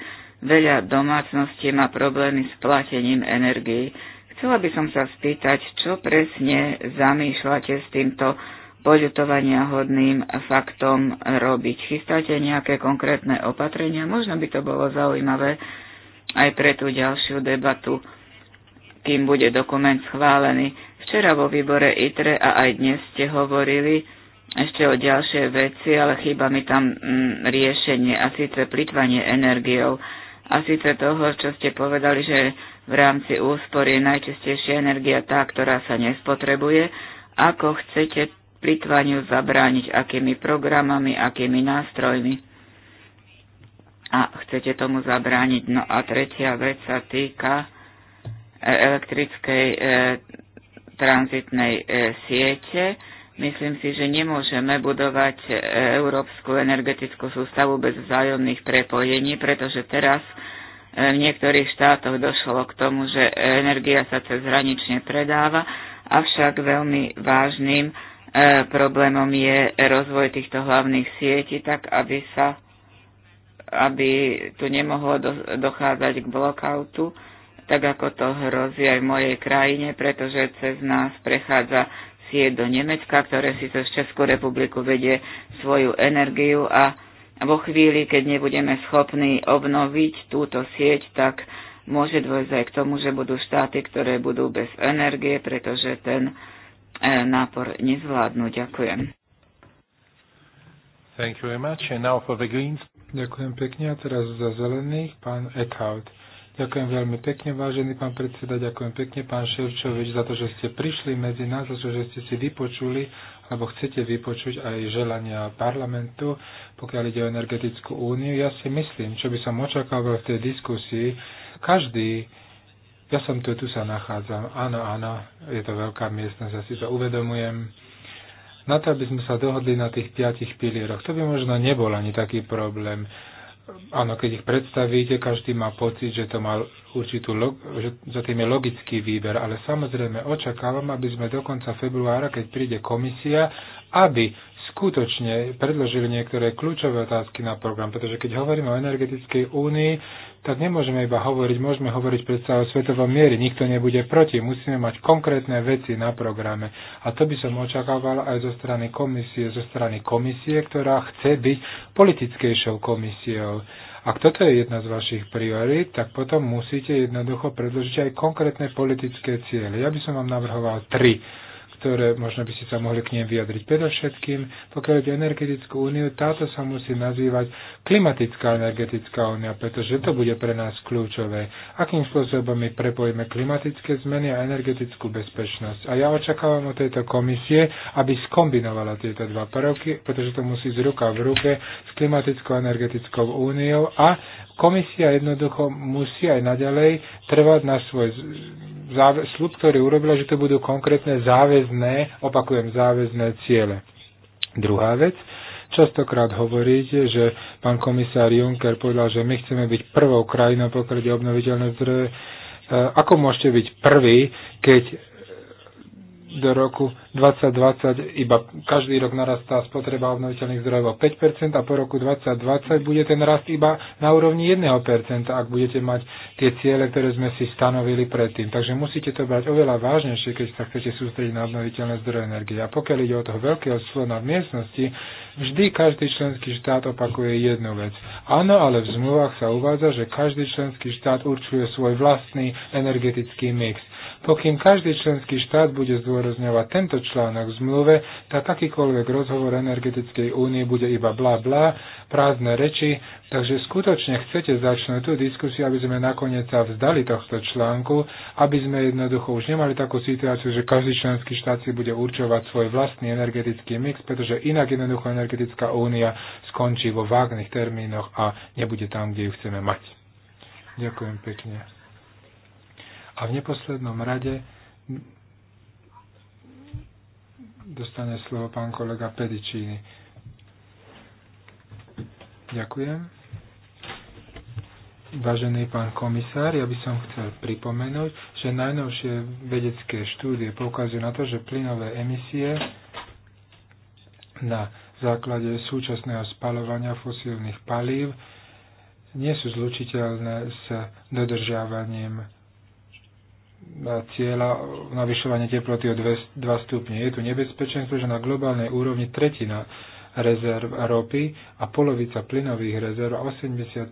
veľa domácností má problémy s platením energií. Chcela by som sa spýtať, čo presne zamýšľate s týmto poľutovania hodným faktom robiť. Chystáte nejaké konkrétne opatrenia? Možno by to bolo zaujímavé aj pre tú ďalšiu debatu kým bude dokument schválený. Včera vo výbore ITRE a aj dnes ste hovorili ešte o ďalšie veci, ale chýba mi tam mm, riešenie a síce plitvanie energiou a síce toho, čo ste povedali, že v rámci úspor je najčistejšia energia tá, ktorá sa nespotrebuje, ako chcete plitvaniu zabrániť, akými programami, akými nástrojmi. A chcete tomu zabrániť. No a tretia vec sa týka E, elektrickej e, tranzitnej e, siete. Myslím si, že nemôžeme budovať e, európsku energetickú sústavu bez vzájomných prepojení, pretože teraz e, v niektorých štátoch došlo k tomu, že energia sa cez hranične predáva, avšak veľmi vážnym problémom je rozvoj týchto hlavných sietí, tak aby sa aby tu nemohlo dochádzať k blokautu tak ako to hrozí aj v mojej krajine, pretože cez nás prechádza sieť do Nemecka, ktoré si cez Českú republiku vedie svoju energiu a vo chvíli, keď nebudeme schopní obnoviť túto sieť, tak môže dôjsť aj k tomu, že budú štáty, ktoré budú bez energie, pretože ten e, nápor nezvládnu. Ďakujem. Thank you very much. And now for the Greens. Ďakujem pekne. A teraz za zelených pán Eckhout. Ďakujem veľmi pekne, vážený pán predseda, ďakujem pekne, pán Ševčovič, za to, že ste prišli medzi nás, za to, že ste si vypočuli, alebo chcete vypočuť aj želania parlamentu, pokiaľ ide o energetickú úniu. Ja si myslím, čo by som očakával v tej diskusii, každý, ja som tu, tu sa nachádzam, áno, áno, je to veľká miestnosť, ja si to uvedomujem, na to, aby sme sa dohodli na tých piatich pilieroch. To by možno nebol ani taký problém áno, keď ich predstavíte, každý má pocit, že to má určitú, že za tým je logický výber, ale samozrejme očakávam, aby sme do konca februára, keď príde komisia, aby skutočne predložili niektoré kľúčové otázky na program, pretože keď hovoríme o energetickej únii, tak nemôžeme iba hovoriť, môžeme hovoriť predsa o svetovom miery, nikto nebude proti, musíme mať konkrétne veci na programe. A to by som očakával aj zo strany komisie, zo strany komisie, ktorá chce byť politickejšou komisiou. Ak toto je jedna z vašich priorít, tak potom musíte jednoducho predložiť aj konkrétne politické ciele. Ja by som vám navrhoval tri ktoré možno by ste sa mohli k nej vyjadriť. Predovšetkým, pokiaľ ide energetickú úniu, táto sa musí nazývať klimatická energetická únia, pretože to bude pre nás kľúčové. Akým spôsobom my prepojíme klimatické zmeny a energetickú bezpečnosť. A ja očakávam od tejto komisie, aby skombinovala tieto dva prvky, pretože to musí z ruka v ruke s klimatickou energetickou úniou a komisia jednoducho musí aj naďalej trvať na svoj slub, ktorý urobila, že to budú konkrétne záväzné záväzné, opakujem, záväzné ciele. Druhá vec, častokrát hovoríte, že pán komisár Juncker povedal, že my chceme byť prvou krajinou, pokiaľ obnoviteľné zdroje. E, ako môžete byť prvý, keď do roku 2020 iba každý rok narastá spotreba obnoviteľných zdrojov o 5% a po roku 2020 bude ten rast iba na úrovni 1%, ak budete mať tie ciele, ktoré sme si stanovili predtým. Takže musíte to brať oveľa vážnejšie, keď sa chcete sústrediť na obnoviteľné zdroje energie. A pokiaľ ide o toho veľkého slona v miestnosti, vždy každý členský štát opakuje jednu vec. Áno, ale v zmluvách sa uvádza, že každý členský štát určuje svoj vlastný energetický mix. Pokým každý členský štát bude zdôrazňovať tento článok v zmluve, tak akýkoľvek rozhovor energetickej únie bude iba bla bla, prázdne reči, takže skutočne chcete začnúť tú diskusiu, aby sme nakoniec sa vzdali tohto článku, aby sme jednoducho už nemali takú situáciu, že každý členský štát si bude určovať svoj vlastný energetický mix, pretože inak jednoducho energetická únia skončí vo vágnych termínoch a nebude tam, kde ju chceme mať. Ďakujem pekne. A v neposlednom rade dostane slovo pán kolega Pedičíny. Ďakujem. Vážený pán komisár, ja by som chcel pripomenúť, že najnovšie vedecké štúdie poukazujú na to, že plynové emisie na základe súčasného spalovania fosílnych palív nie sú zlučiteľné s dodržiavaním cieľa navyšovania teploty o 2 stupne. Je tu nebezpečenstvo, že na globálnej úrovni tretina rezerv ropy a polovica plynových rezerv a 80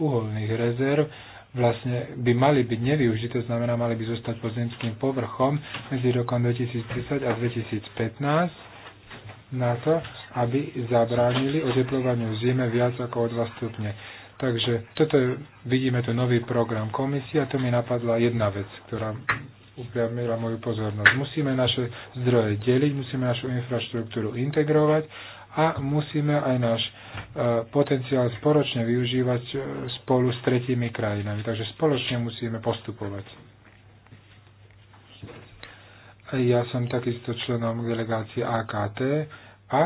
uholných rezerv vlastne by mali byť nevyužité, znamená mali by zostať pod zemským povrchom medzi rokom 2010 a 2015 na to, aby zabránili oteplovaniu zime viac ako o 2 stupne. Takže toto je, vidíme tu nový program komisie a to mi napadla jedna vec, ktorá upriamila moju pozornosť. Musíme naše zdroje deliť, musíme našu infraštruktúru integrovať a musíme aj náš e, potenciál spoločne využívať e, spolu s tretími krajinami. Takže spoločne musíme postupovať. Ja som takisto členom delegácie AKT a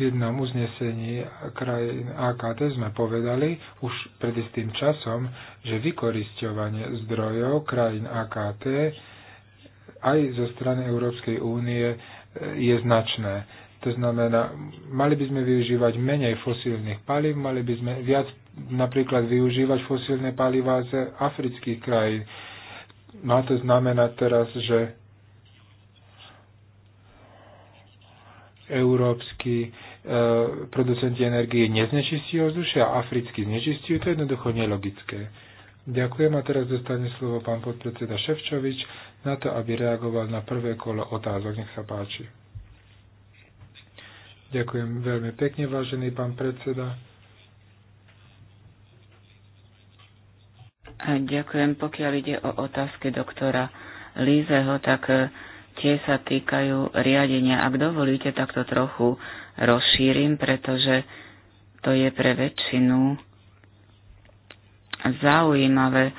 jednom uznesení krajín AKT sme povedali už pred istým časom, že vykoristovanie zdrojov krajín AKT aj zo strany Európskej únie e, je značné. To znamená, mali by sme využívať menej fosílnych palív, mali by sme viac napríklad využívať fosílne palivá z afrických krajín. Má no to znamenať teraz, že európsky E, producenti energie neznečistí ovzdušia a africky znečistí, to je jednoducho nelogické. Ďakujem a teraz dostane slovo pán podpredseda Ševčovič na to, aby reagoval na prvé kolo otázok. Nech sa páči. Ďakujem veľmi pekne, vážený pán predseda. A ďakujem, pokiaľ ide o otázky doktora Lízeho, tak e, tie sa týkajú riadenia. Ak dovolíte, takto trochu rozšírim, pretože to je pre väčšinu zaujímavé.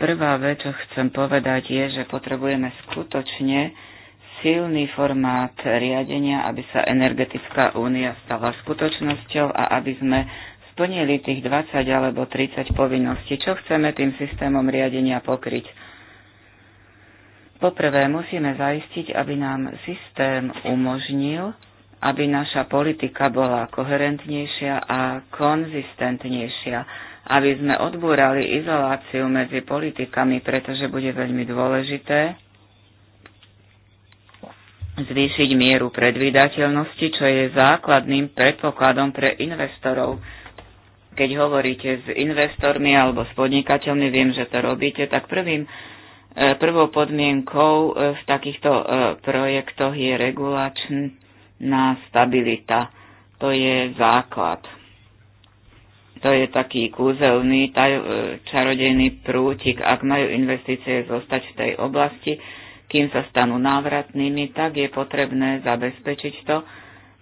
Prvá vec, čo chcem povedať, je, že potrebujeme skutočne silný formát riadenia, aby sa energetická únia stala skutočnosťou a aby sme splnili tých 20 alebo 30 povinností. Čo chceme tým systémom riadenia pokryť? Poprvé musíme zaistiť, aby nám systém umožnil aby naša politika bola koherentnejšia a konzistentnejšia, aby sme odbúrali izoláciu medzi politikami, pretože bude veľmi dôležité zvýšiť mieru predvídateľnosti, čo je základným predpokladom pre investorov. Keď hovoríte s investormi alebo s podnikateľmi, viem, že to robíte, tak prvým e, prvou podmienkou e, v takýchto e, projektoch je regulačný na stabilita. To je základ. To je taký kúzelný, taj, e, čarodejný prútik. Ak majú investície zostať v tej oblasti, kým sa stanú návratnými, tak je potrebné zabezpečiť to,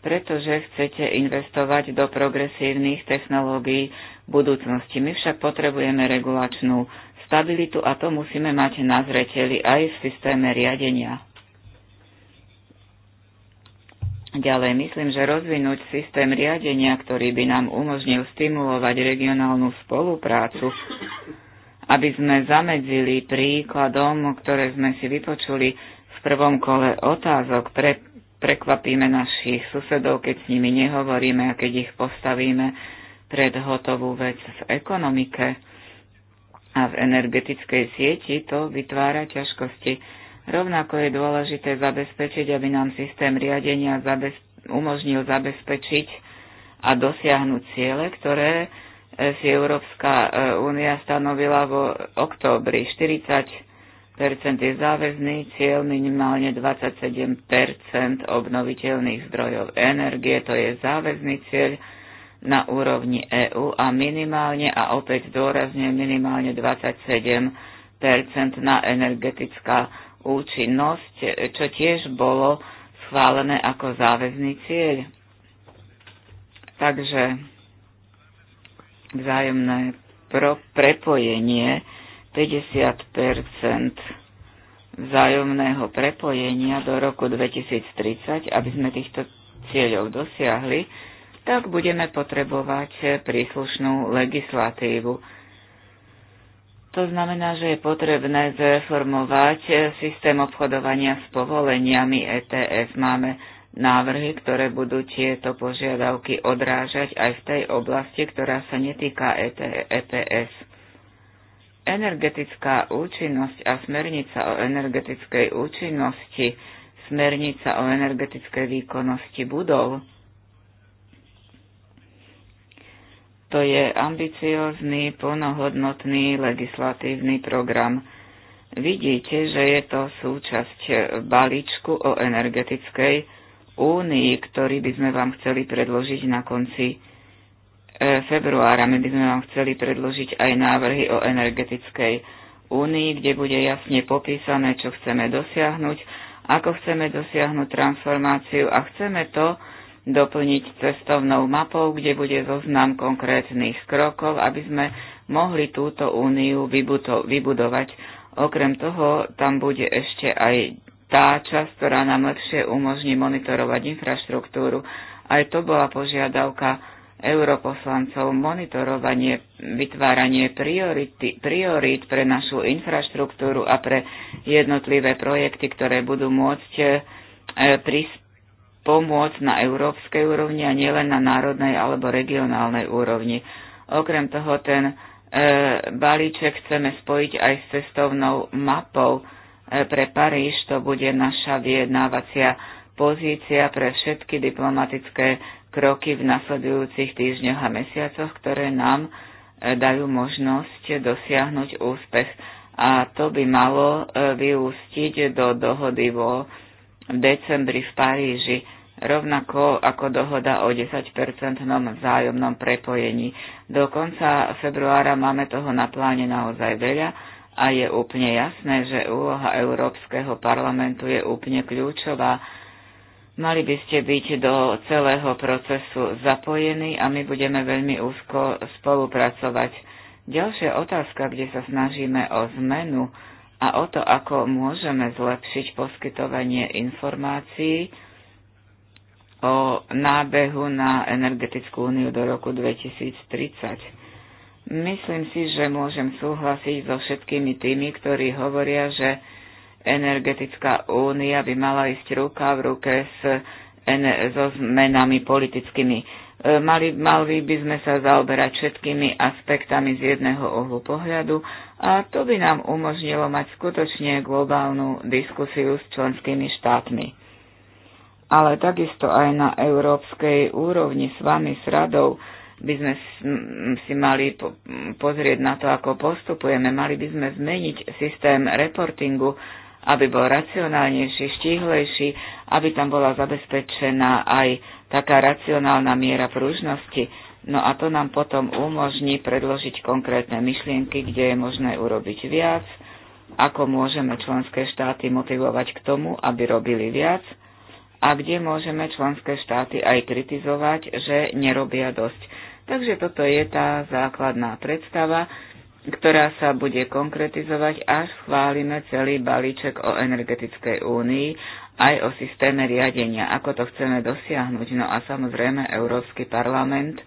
pretože chcete investovať do progresívnych technológií v budúcnosti. My však potrebujeme regulačnú stabilitu a to musíme mať na zreteli aj v systéme riadenia. Ďalej myslím, že rozvinúť systém riadenia, ktorý by nám umožnil stimulovať regionálnu spoluprácu, aby sme zamedzili príkladom, ktoré sme si vypočuli v prvom kole otázok, pre, prekvapíme našich susedov, keď s nimi nehovoríme a keď ich postavíme pred hotovú vec v ekonomike a v energetickej sieti, to vytvára ťažkosti. Rovnako je dôležité zabezpečiť, aby nám systém riadenia zabez- umožnil zabezpečiť a dosiahnuť ciele, ktoré e, si Európska e, únia stanovila vo októbri 40 je záväzný cieľ minimálne 27 obnoviteľných zdrojov energie, to je záväzný cieľ na úrovni EÚ a minimálne, a opäť dôrazne, minimálne 27 na energetická účinnosť, čo tiež bolo schválené ako záväzný cieľ. Takže vzájomné pro prepojenie 50 vzájomného prepojenia do roku 2030, aby sme týchto cieľov dosiahli, tak budeme potrebovať príslušnú legislatívu. To znamená, že je potrebné zreformovať systém obchodovania s povoleniami ETF. Máme návrhy, ktoré budú tieto požiadavky odrážať aj v tej oblasti, ktorá sa netýka ETF. E Energetická účinnosť a smernica o energetickej účinnosti, smernica o energetickej výkonnosti budov To je ambiciózny, plnohodnotný legislatívny program. Vidíte, že je to súčasť balíčku o energetickej únii, ktorý by sme vám chceli predložiť na konci e, februára. My by sme vám chceli predložiť aj návrhy o energetickej únii, kde bude jasne popísané, čo chceme dosiahnuť, ako chceme dosiahnuť transformáciu a chceme to, doplniť cestovnou mapou, kde bude zoznam konkrétnych krokov, aby sme mohli túto úniu vybudovať. Okrem toho, tam bude ešte aj tá časť, ktorá nám lepšie umožní monitorovať infraštruktúru. Aj to bola požiadavka europoslancov monitorovanie, vytváranie priority, priorít pre našu infraštruktúru a pre jednotlivé projekty, ktoré budú môcť e, prispieť pomôcť na európskej úrovni a nielen na národnej alebo regionálnej úrovni. Okrem toho ten e, balíček chceme spojiť aj s cestovnou mapou e, pre Paríž. To bude naša vyjednávacia pozícia pre všetky diplomatické kroky v nasledujúcich týždňoch a mesiacoch, ktoré nám e, dajú možnosť dosiahnuť úspech. A to by malo e, vyústiť do dohody vo v decembri v Paríži, rovnako ako dohoda o 10-percentnom vzájomnom prepojení. Do konca februára máme toho na pláne naozaj veľa a je úplne jasné, že úloha Európskeho parlamentu je úplne kľúčová. Mali by ste byť do celého procesu zapojení a my budeme veľmi úzko spolupracovať. Ďalšia otázka, kde sa snažíme o zmenu a o to, ako môžeme zlepšiť poskytovanie informácií o nábehu na energetickú úniu do roku 2030. Myslím si, že môžem súhlasiť so všetkými tými, ktorí hovoria, že energetická únia by mala ísť ruka v ruke s, so zmenami politickými. E, mali, mali by sme sa zaoberať všetkými aspektami z jedného uhlu pohľadu a to by nám umožnilo mať skutočne globálnu diskusiu s členskými štátmi. Ale takisto aj na európskej úrovni s vami, s radou, by sme si mali pozrieť na to, ako postupujeme. Mali by sme zmeniť systém reportingu, aby bol racionálnejší, štíhlejší, aby tam bola zabezpečená aj taká racionálna miera pružnosti. No a to nám potom umožní predložiť konkrétne myšlienky, kde je možné urobiť viac, ako môžeme členské štáty motivovať k tomu, aby robili viac a kde môžeme členské štáty aj kritizovať, že nerobia dosť. Takže toto je tá základná predstava, ktorá sa bude konkretizovať, až schválime celý balíček o energetickej únii aj o systéme riadenia, ako to chceme dosiahnuť. No a samozrejme Európsky parlament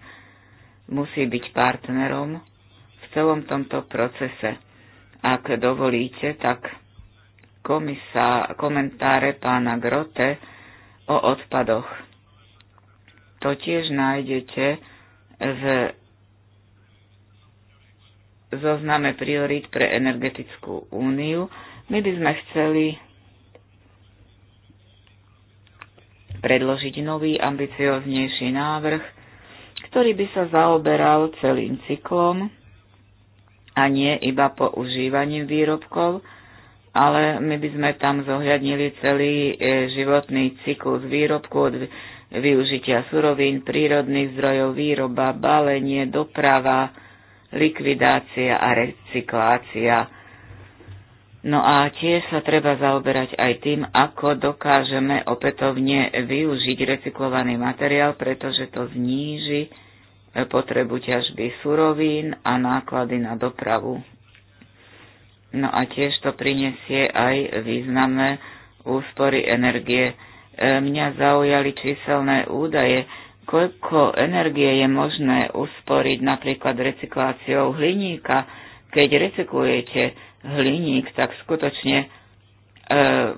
musí byť partnerom v celom tomto procese. Ak dovolíte, tak komisá, komentáre pána Grote o odpadoch. To tiež nájdete v zozname priorít pre energetickú úniu. My by sme chceli predložiť nový, ambicioznejší návrh, ktorý by sa zaoberal celým cyklom a nie iba používaním výrobkov, ale my by sme tam zohľadnili celý e, životný cyklus výrobku od využitia surovín, prírodných zdrojov, výroba, balenie, doprava, likvidácia a recyklácia. No a tiež sa treba zaoberať aj tým, ako dokážeme opätovne využiť recyklovaný materiál, pretože to zníži potrebu ťažby surovín a náklady na dopravu. No a tiež to prinesie aj významné úspory energie. E, mňa zaujali číselné údaje, koľko energie je možné usporiť napríklad recykláciou hliníka. Keď recyklujete hliník, tak skutočne Ehm,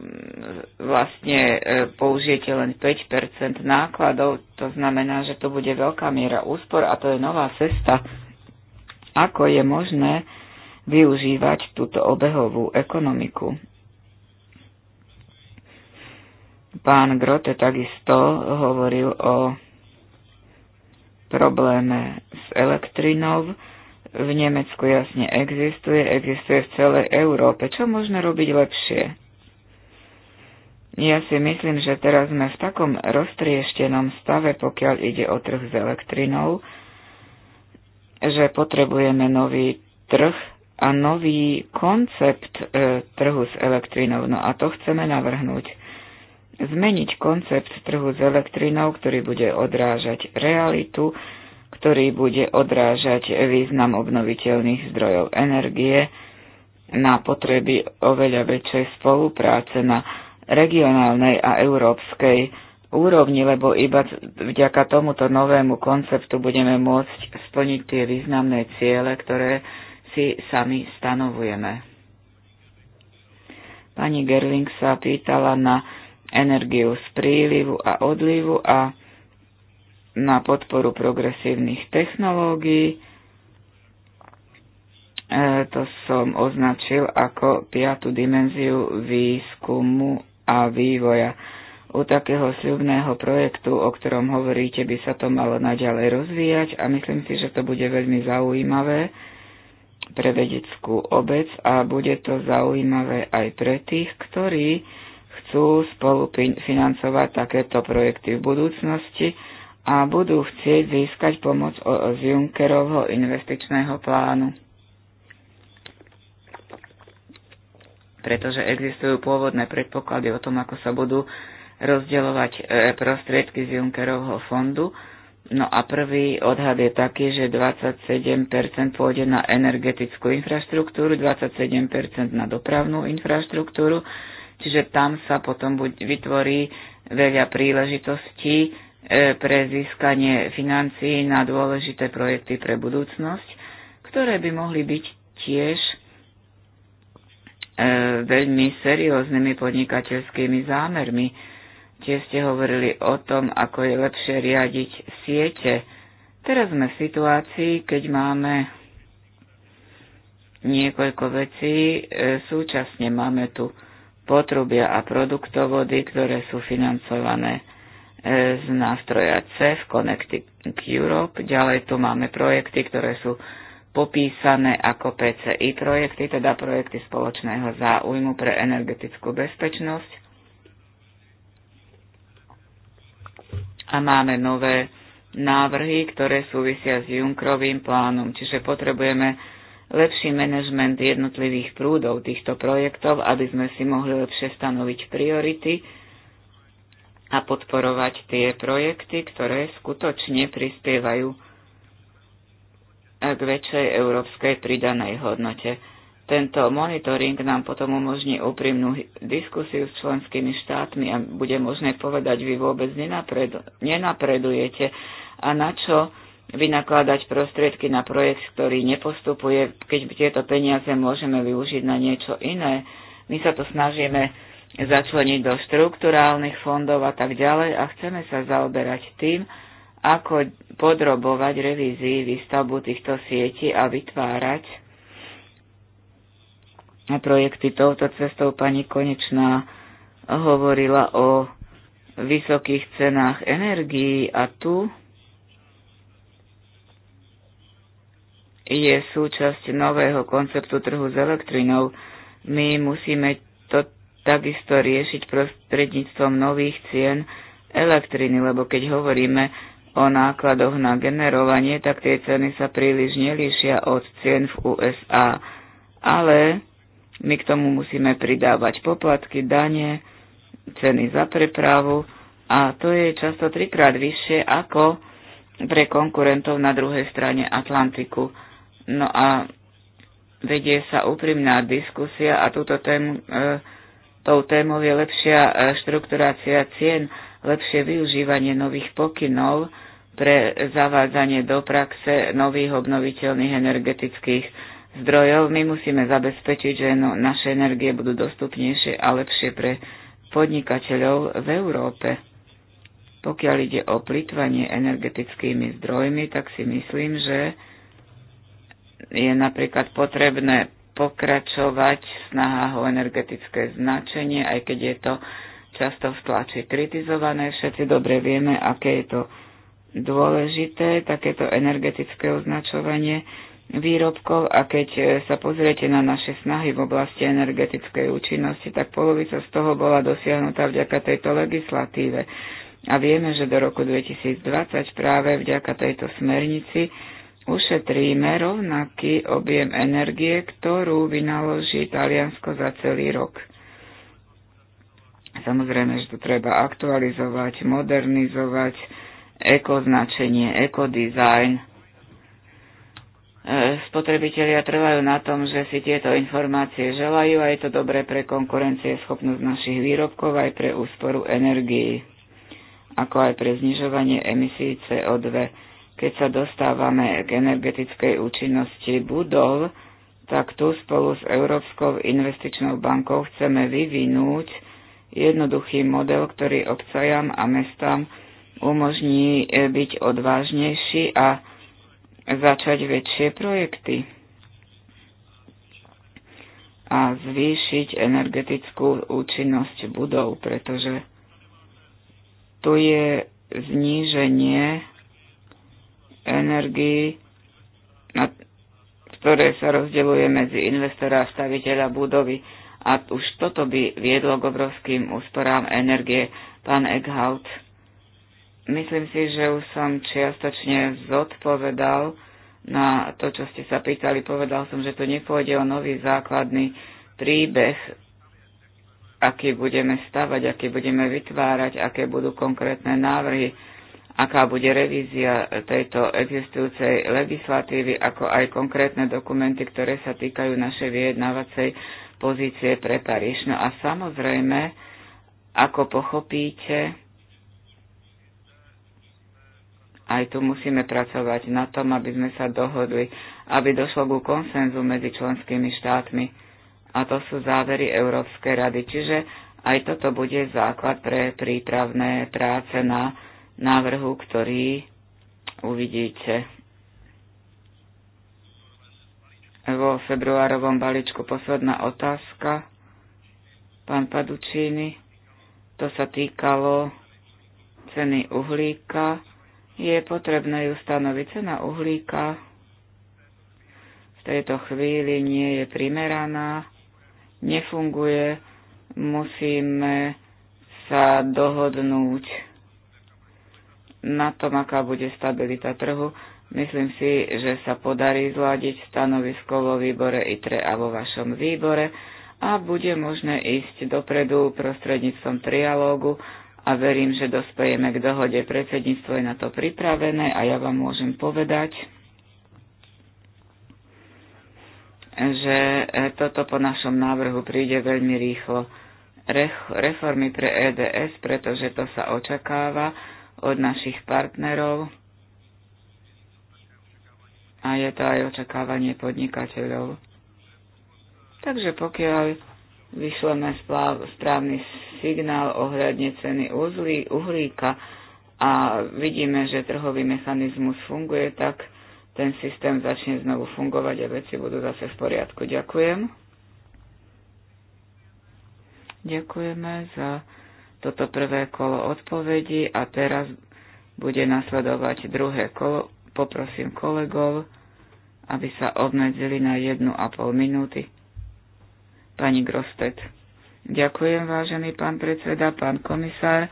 vlastne e, použijete len 5 nákladov, to znamená, že to bude veľká miera úspor a to je nová cesta, ako je možné využívať túto obehovú ekonomiku. Pán Grote takisto hovoril o probléme s elektrinou. V Nemecku jasne existuje, existuje v celej Európe. Čo možno robiť lepšie? Ja si myslím, že teraz sme v takom roztrieštenom stave, pokiaľ ide o trh s elektrinou, že potrebujeme nový trh a nový koncept e, trhu s elektrinou. No a to chceme navrhnúť. Zmeniť koncept trhu s elektrinou, ktorý bude odrážať realitu, ktorý bude odrážať význam obnoviteľných zdrojov energie na potreby oveľa väčšej spolupráce na regionálnej a európskej úrovni, lebo iba vďaka tomuto novému konceptu budeme môcť splniť tie významné ciele, ktoré si sami stanovujeme. Pani Gerling sa pýtala na energiu z prílivu a odlivu a na podporu progresívnych technológií. E, to som označil ako piatu dimenziu výskumu a vývoja. U takého sľubného projektu, o ktorom hovoríte, by sa to malo naďalej rozvíjať a myslím si, že to bude veľmi zaujímavé pre vedeckú obec a bude to zaujímavé aj pre tých, ktorí chcú spolufinancovať takéto projekty v budúcnosti a budú chcieť získať pomoc z Junckerovho investičného plánu. pretože existujú pôvodné predpoklady o tom, ako sa budú rozdeľovať e, prostriedky z Junckerovho fondu. No a prvý odhad je taký, že 27% pôjde na energetickú infraštruktúru, 27% na dopravnú infraštruktúru, čiže tam sa potom buď vytvorí veľa príležitostí e, pre získanie financií na dôležité projekty pre budúcnosť, ktoré by mohli byť tiež E, veľmi serióznymi podnikateľskými zámermi. Tie ste hovorili o tom, ako je lepšie riadiť siete. Teraz sme v situácii, keď máme niekoľko vecí. E, súčasne máme tu potrubia a produktovody, ktoré sú financované e, z nástroja CEF, Connecting Europe. Ďalej tu máme projekty, ktoré sú popísané ako PCI projekty, teda projekty spoločného záujmu pre energetickú bezpečnosť. A máme nové návrhy, ktoré súvisia s Junkrovým plánom, čiže potrebujeme lepší manažment jednotlivých prúdov týchto projektov, aby sme si mohli lepšie stanoviť priority a podporovať tie projekty, ktoré skutočne prispievajú k väčšej európskej pridanej hodnote. Tento monitoring nám potom umožní úprimnú diskusiu s členskými štátmi a bude možné povedať, vy vôbec nenapredu, nenapredujete a na čo vynakladať prostriedky na projekt, ktorý nepostupuje, keď tieto peniaze môžeme využiť na niečo iné. My sa to snažíme začleniť do štruktúrálnych fondov a tak ďalej a chceme sa zaoberať tým, ako podrobovať revízii výstavbu týchto sietí a vytvárať projekty touto cestou. Pani Konečná hovorila o vysokých cenách energií a tu je súčasť nového konceptu trhu s elektrinou. My musíme to takisto riešiť prostredníctvom nových cien elektriny, lebo keď hovoríme o nákladoch na generovanie, tak tie ceny sa príliš nelíšia od cien v USA. Ale my k tomu musíme pridávať poplatky, dane, ceny za prepravu a to je často trikrát vyššie ako pre konkurentov na druhej strane Atlantiku. No a vedie sa úprimná diskusia a túto tému, e, tou témou je lepšia e, štrukturácia cien, lepšie využívanie nových pokynov, pre zavádzanie do praxe nových obnoviteľných energetických zdrojov. My musíme zabezpečiť, že no, naše energie budú dostupnejšie a lepšie pre podnikateľov v Európe. Pokiaľ ide o plitvanie energetickými zdrojmi, tak si myslím, že je napríklad potrebné pokračovať v snahách o energetické značenie, aj keď je to často v tlači kritizované. Všetci dobre vieme, aké je to dôležité takéto energetické označovanie výrobkov a keď e, sa pozriete na naše snahy v oblasti energetickej účinnosti, tak polovica z toho bola dosiahnutá vďaka tejto legislatíve. A vieme, že do roku 2020 práve vďaka tejto smernici ušetríme rovnaký objem energie, ktorú vynaloží Taliansko za celý rok. Samozrejme, že to treba aktualizovať, modernizovať, ekoznačenie, ekodizajn. E, spotrebitelia trvajú na tom, že si tieto informácie želajú a je to dobré pre konkurencie schopnosť našich výrobkov aj pre úsporu energii, ako aj pre znižovanie emisí CO2. Keď sa dostávame k energetickej účinnosti budov, tak tu spolu s Európskou investičnou bankou chceme vyvinúť jednoduchý model, ktorý obcajam a mestám umožní e, byť odvážnejší a začať väčšie projekty a zvýšiť energetickú účinnosť budov, pretože tu je zníženie energii, ktoré sa rozdeľuje medzi investora a staviteľa budovy. A už toto by viedlo k obrovským úsporám energie. Pán Eckhout. Myslím si, že už som čiastočne zodpovedal na to, čo ste sa pýtali. Povedal som, že to nepôjde o nový základný príbeh, aký budeme stavať, aký budeme vytvárať, aké budú konkrétne návrhy, aká bude revízia tejto existujúcej legislatívy, ako aj konkrétne dokumenty, ktoré sa týkajú našej vyjednávacej pozície pre Paríž. No a samozrejme, ako pochopíte, aj tu musíme pracovať na tom, aby sme sa dohodli, aby došlo ku konsenzu medzi členskými štátmi. A to sú závery Európskej rady. Čiže aj toto bude základ pre prípravné práce na návrhu, ktorý uvidíte vo februárovom balíčku. Posledná otázka, pán Padučíny. To sa týkalo ceny uhlíka je potrebné ju stanoviť. Cena uhlíka v tejto chvíli nie je primeraná, nefunguje, musíme sa dohodnúť na tom, aká bude stabilita trhu. Myslím si, že sa podarí zladiť stanovisko vo výbore ITRE a vo vašom výbore a bude možné ísť dopredu prostredníctvom trialógu a verím, že dospejeme k dohode. Predsedníctvo je na to pripravené a ja vám môžem povedať, že toto po našom návrhu príde veľmi rýchlo. Reformy pre EDS, pretože to sa očakáva od našich partnerov a je to aj očakávanie podnikateľov. Takže pokiaľ vyšleme správny signál ohľadne ceny uzlí, uhlíka a vidíme, že trhový mechanizmus funguje, tak ten systém začne znovu fungovať a veci budú zase v poriadku. Ďakujem. Ďakujeme za toto prvé kolo odpovedí a teraz bude nasledovať druhé kolo. Poprosím kolegov, aby sa obmedzili na jednu a pol minúty Pani Grostet. Ďakujem, vážený pán predseda, pán komisár.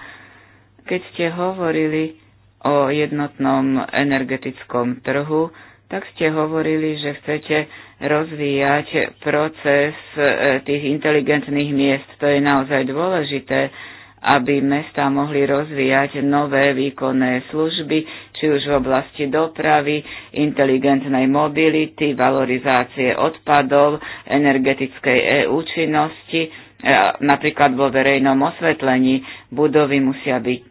Keď ste hovorili o jednotnom energetickom trhu, tak ste hovorili, že chcete rozvíjať proces eh, tých inteligentných miest. To je naozaj dôležité aby mesta mohli rozvíjať nové výkonné služby, či už v oblasti dopravy, inteligentnej mobility, valorizácie odpadov, energetickej účinnosti, e e, napríklad vo verejnom osvetlení. Budovy musia byť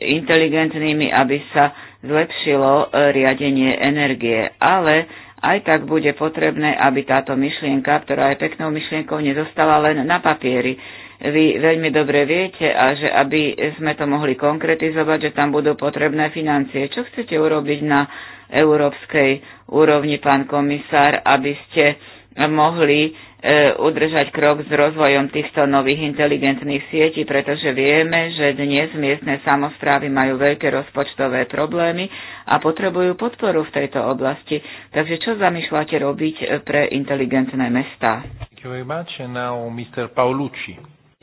inteligentnými, aby sa zlepšilo e, riadenie energie. Ale aj tak bude potrebné, aby táto myšlienka, ktorá je peknou myšlienkou, nezostala len na papieri vy veľmi dobre viete a že aby sme to mohli konkretizovať, že tam budú potrebné financie. Čo chcete urobiť na európskej úrovni, pán komisár, aby ste mohli e, udržať krok s rozvojom týchto nových inteligentných sietí, pretože vieme, že dnes miestne samozprávy majú veľké rozpočtové problémy a potrebujú podporu v tejto oblasti. Takže čo zamýšľate robiť e, pre inteligentné mestá? Thank you very much. And now Mr.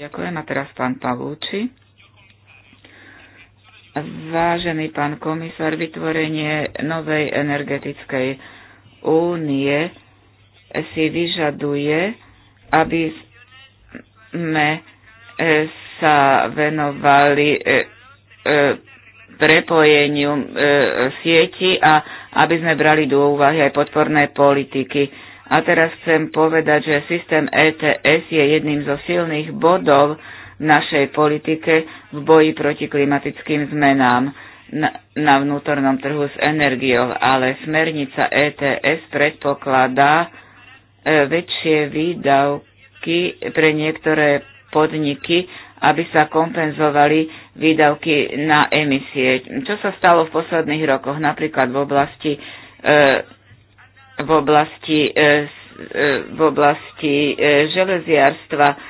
Ďakujem a teraz pán Pavúči. Vážený pán komisár, vytvorenie novej energetickej únie si vyžaduje, aby sme e, sa venovali e, e, prepojeniu sieti a aby sme brali do úvahy aj podporné politiky a teraz chcem povedať, že systém ETS je jedným zo silných bodov v našej politike v boji proti klimatickým zmenám na, na vnútornom trhu s energiou, ale smernica ETS predpokladá e, väčšie výdavky pre niektoré podniky, aby sa kompenzovali výdavky na emisie. Čo sa stalo v posledných rokoch, napríklad v oblasti e, v oblasti, e, e, v oblasti e, železiarstva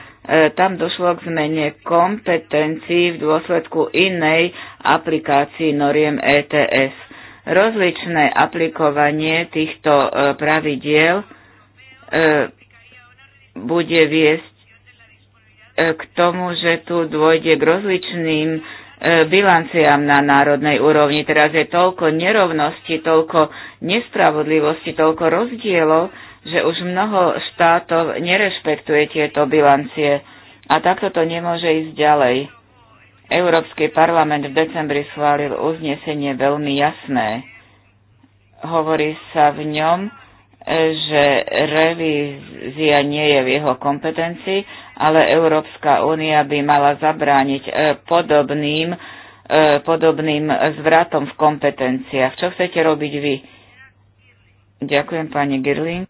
tam došlo k zmene kompetencií v dôsledku inej aplikácii noriem ETS. Rozličné aplikovanie týchto pravidiel bude viesť k tomu, že tu dôjde k rozličným bilanciám na národnej úrovni. Teraz je toľko nerovnosti, toľko nespravodlivosti, toľko rozdielov, že už mnoho štátov nerešpektuje tieto bilancie. A takto to nemôže ísť ďalej. Európsky parlament v decembri schválil uznesenie veľmi jasné. Hovorí sa v ňom, že revízia nie je v jeho kompetencii, ale Európska únia by mala zabrániť e, podobným, e, podobným zvratom v kompetenciách. Čo chcete robiť vy? Ďakujem, pani Girling.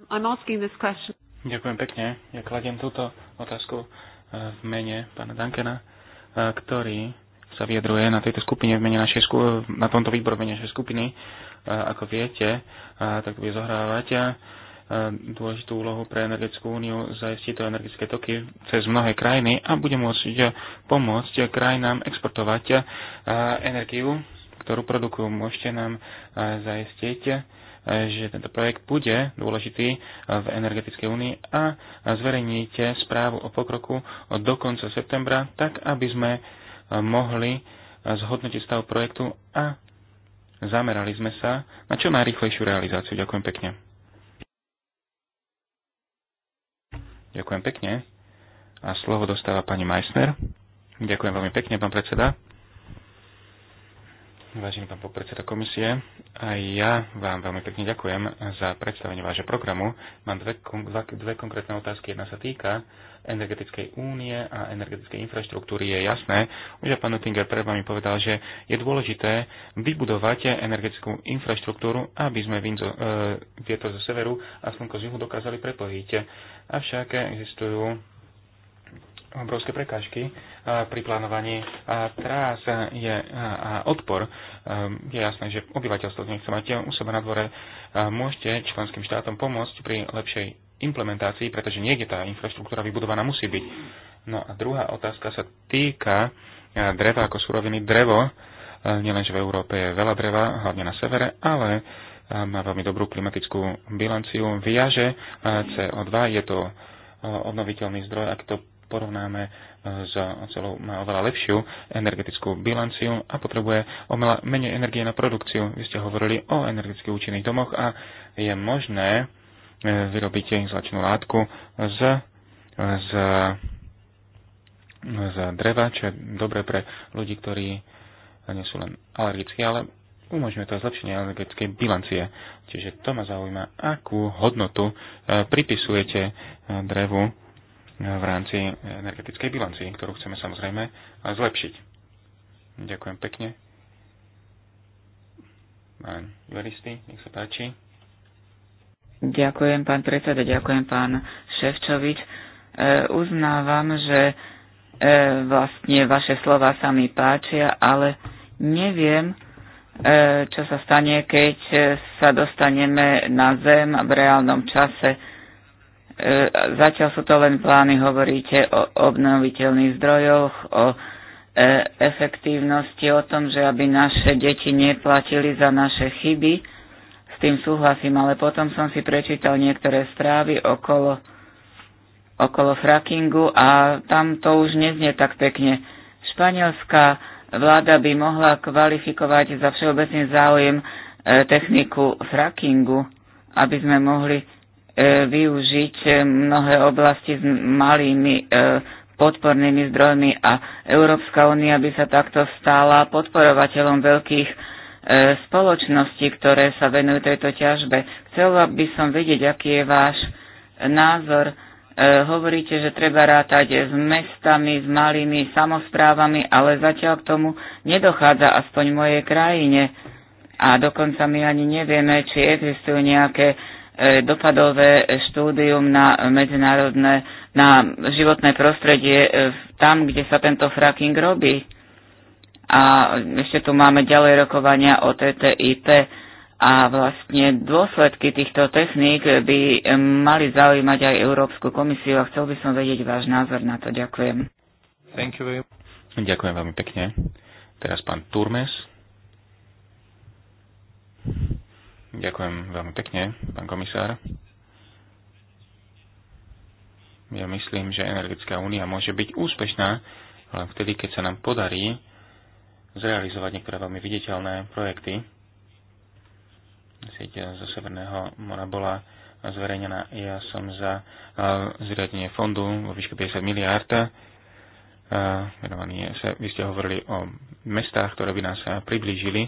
Ďakujem pekne. Ja kladiem túto otázku e, v mene pána Dankena, ktorý sa vyjadruje na tejto skupine, v mene našej, na tomto výboru v mene našej skupiny ako viete, tak bude zohrávať dôležitú úlohu pre energetickú úniu, zajistiť to energetické toky cez mnohé krajiny a bude môcť pomôcť krajinám exportovať energiu, ktorú produkujú. Môžete nám zajistiť, že tento projekt bude dôležitý v energetickej únii a zverejníte správu o pokroku do konca septembra, tak aby sme mohli zhodnotiť stav projektu a zamerali sme sa na čo najrychlejšiu realizáciu. Ďakujem pekne. Ďakujem pekne. A slovo dostáva pani Meissner. Ďakujem veľmi pekne, pán predseda. Vážený pán podpredseda komisie, aj ja vám veľmi pekne ďakujem za predstavenie vášho programu. Mám dve, dva, dve konkrétne otázky. Jedna sa týka energetickej únie a energetickej infraštruktúry. Je jasné, už pán Nuttinger pred vami povedal, že je dôležité vybudovať energetickú infraštruktúru, aby sme vinzo, e, vietor zo severu a slnko z juhu dokázali prepojiť. Avšak existujú obrovské prekážky pri plánovaní trás je a odpor. Ehm, je jasné, že obyvateľstvo nechce mať u seba na dvore. Môžete členským štátom pomôcť pri lepšej implementácii, pretože niekde tá infraštruktúra vybudovaná musí byť. No a druhá otázka sa týka dreva ako suroviny. Drevo, nielenže v Európe je veľa dreva, hlavne na severe, ale má veľmi dobrú klimatickú bilanciu, viaže CO2, je to obnoviteľný zdroj, ak to porovnáme s e, celou, má oveľa lepšiu energetickú bilanciu a potrebuje oveľa menej energie na produkciu. Vy ste hovorili o energeticky účinných domoch a je možné e, vyrobiť izolačnú látku z, z, z dreva, čo je dobre pre ľudí, ktorí nie sú len alergickí, ale umožňuje to zlepšenie energetickej bilancie. Čiže to ma zaujíma, akú hodnotu e, pripisujete drevu v rámci energetickej bilancie, ktorú chceme samozrejme zlepšiť. Ďakujem pekne. Pán juristy, nech sa páči. Ďakujem, pán predseda, ďakujem, pán Ševčovič. E, uznávam, že e, vlastne vaše slova sa mi páčia, ale neviem, e, čo sa stane, keď e, sa dostaneme na Zem v reálnom čase. E, zatiaľ sú to len plány, hovoríte o obnoviteľných zdrojoch, o e, efektívnosti, o tom, že aby naše deti neplatili za naše chyby. S tým súhlasím, ale potom som si prečítal niektoré správy okolo, okolo frackingu a tam to už neznie tak pekne. Španielská vláda by mohla kvalifikovať za všeobecný záujem e, techniku frackingu, aby sme mohli E, využiť e, mnohé oblasti s malými e, podpornými zdrojmi a Európska únia by sa takto stala podporovateľom veľkých spoločností, ktoré sa venujú tejto ťažbe. Chcela by som vedieť, aký je váš názor. Hovoríte, že treba rátať s mestami, s malými samozprávami, ale zatiaľ k tomu nedochádza aspoň v mojej krajine. A dokonca my ani nevieme, či existujú nejaké E, dopadové štúdium na medzinárodné, na životné prostredie e, tam, kde sa tento fracking robí. A ešte tu máme ďalej rokovania o TTIP a vlastne dôsledky týchto techník by mali zaujímať aj Európsku komisiu a chcel by som vedieť váš názor na to. Ďakujem. Thank you. Ďakujem veľmi pekne. Teraz pán Turmes. Ďakujem veľmi pekne, pán komisár. Ja myslím, že Energetická únia môže byť úspešná len vtedy, keď sa nám podarí zrealizovať niektoré veľmi viditeľné projekty. Sieť zo Severného mora bola zverejnená. Ja som za zriadenie fondu vo výške 50 miliárd. vy ste hovorili o mestách, ktoré by nás priblížili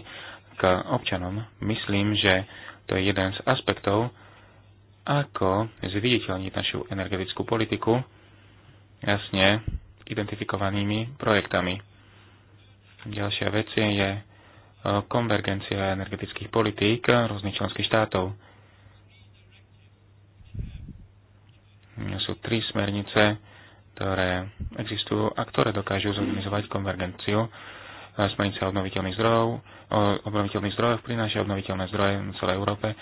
k občanom. Myslím, že to je jeden z aspektov, ako zviditeľniť našu energetickú politiku jasne identifikovanými projektami. Ďalšia vec je e, konvergencia energetických politík rôznych členských štátov. Sú tri smernice, ktoré existujú a ktoré dokážu zorganizovať konvergenciu Eh, smernica obnoviteľných zdrojov, o obnoviteľných zdrojoch prináša obnoviteľné zdroje v celej Európe, eh,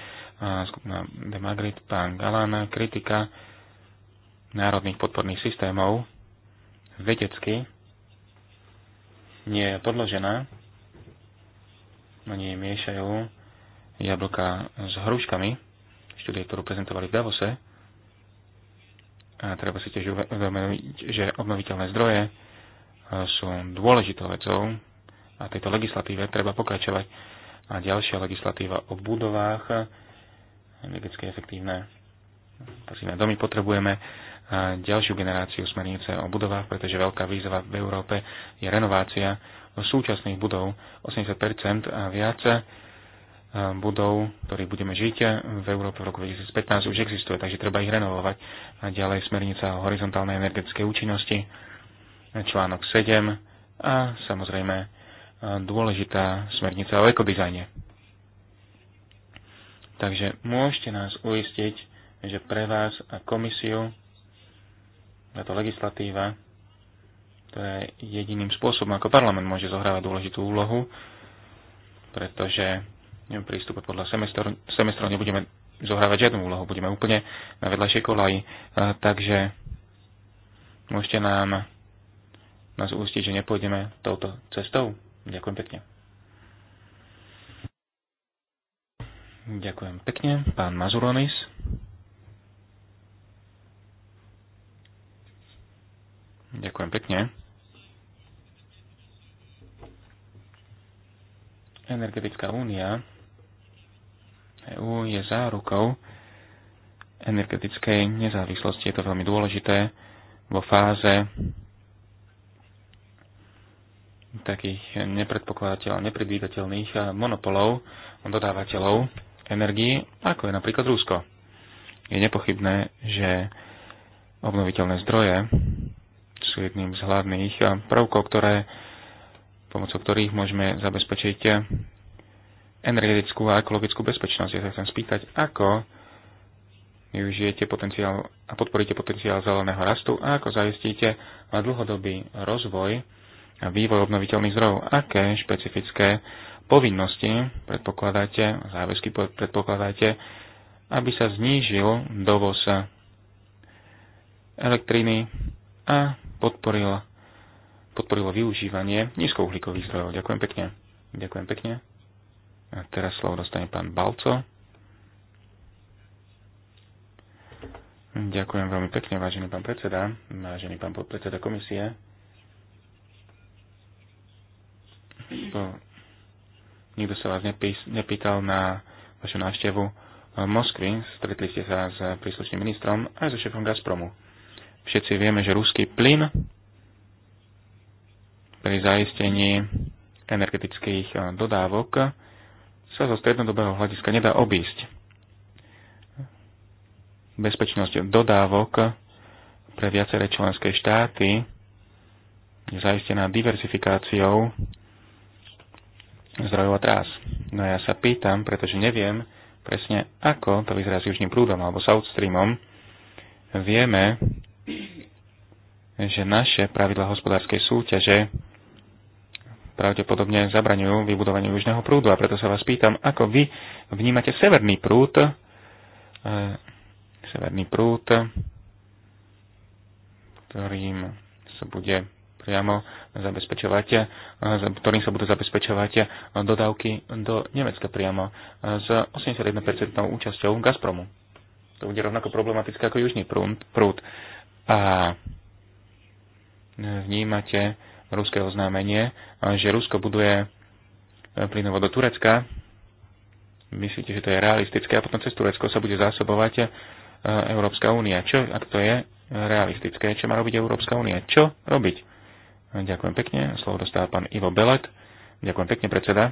skupina De Madrid, pán Galán, kritika národných podporných systémov vedecky nie je podložená. Oni miešajú jablka s hruškami, štúdie, ktorú prezentovali v Davose. A treba si tiež uvedomiť, že obnoviteľné zdroje eh, sú dôležitou vecou na tejto legislatíve treba pokračovať. A ďalšia legislatíva o budovách, energetické efektívne pasívne domy potrebujeme, a ďalšiu generáciu smernice o budovách, pretože veľká výzva v Európe je renovácia súčasných budov. 80% a viac e, budov, ktorých budeme žiť v Európe v roku 2015 už existuje, takže treba ich renovovať. A ďalej smernica o horizontálnej energetickej účinnosti, článok 7 a samozrejme dôležitá smernica o ekodizajne. Takže môžete nás uistiť, že pre vás a komisiu táto legislatíva to je jediným spôsobom, ako parlament môže zohrávať dôležitú úlohu, pretože prístup podľa semestru, semestru nebudeme zohrávať žiadnu úlohu, budeme úplne na vedľajšej kolaji. Takže môžete nám nás uistiť, že nepôjdeme touto cestou. Ďakujem pekne. Ďakujem pekne, pán Mazuronis. Ďakujem pekne. Energetická únia EU je zárukou energetickej nezávislosti. Je to veľmi dôležité vo fáze takých nepredpokladateľ, nepredvídateľných eh, monopolov dodávateľov energii, ako je napríklad Rusko. Je nepochybné, že obnoviteľné zdroje sú jedným z hlavných eh, prvkov, ktoré, pomocou ktorých môžeme zabezpečiť eh, energetickú a ekologickú bezpečnosť. Ja sa chcem spýtať, ako využijete potenciál a podporíte potenciál zeleného rastu a ako zaistíte dlhodobý rozvoj a vývoj obnoviteľných zdrojov. Aké špecifické povinnosti predpokladáte, záväzky predpokladáte, aby sa znížil dovoz elektriny a podporilo, podporilo využívanie nízkouhlíkových zdrojov. Ďakujem pekne. Ďakujem pekne. A teraz slovo dostane pán Balco. Ďakujem veľmi pekne, vážený pán predseda, vážený pán podpredseda komisie. to, nikto sa vás nepís, nepýtal na vašu návštevu eh, Moskvy. Stretli ste sa s príslušným ministrom aj so šéfom Gazpromu. Všetci vieme, že ruský plyn pri zaistení energetických eh, dodávok sa zo strednodobého hľadiska nedá obísť. Bezpečnosť dodávok pre viaceré členské štáty je zaistená diverzifikáciou zdrojov a trás. No ja sa pýtam, pretože neviem presne, ako to vyzerá s južným prúdom alebo South Streamom. Vieme, že naše pravidla hospodárskej súťaže pravdepodobne zabraňujú vybudovanie južného prúdu a preto sa vás pýtam, ako vy vnímate severný prúd, e, severný prúd, ktorým sa bude priamo zabezpečovať, eh, ktorým sa budú zabezpečovať eh, dodávky do Nemecka priamo eh, s 81% účasťou Gazpromu. To bude rovnako problematické ako južný prúd. A vnímate ruské oznámenie, že Rusko buduje plynovod do Turecka. Myslíte, že to je realistické a potom cez Turecko sa bude zásobovať Európska únia. Čo, ak to je realistické? Čo má robiť Európska únia? Čo robiť? Ďakujem pekne. Slovo dostáva pán Ivo Belet. Ďakujem pekne, predseda.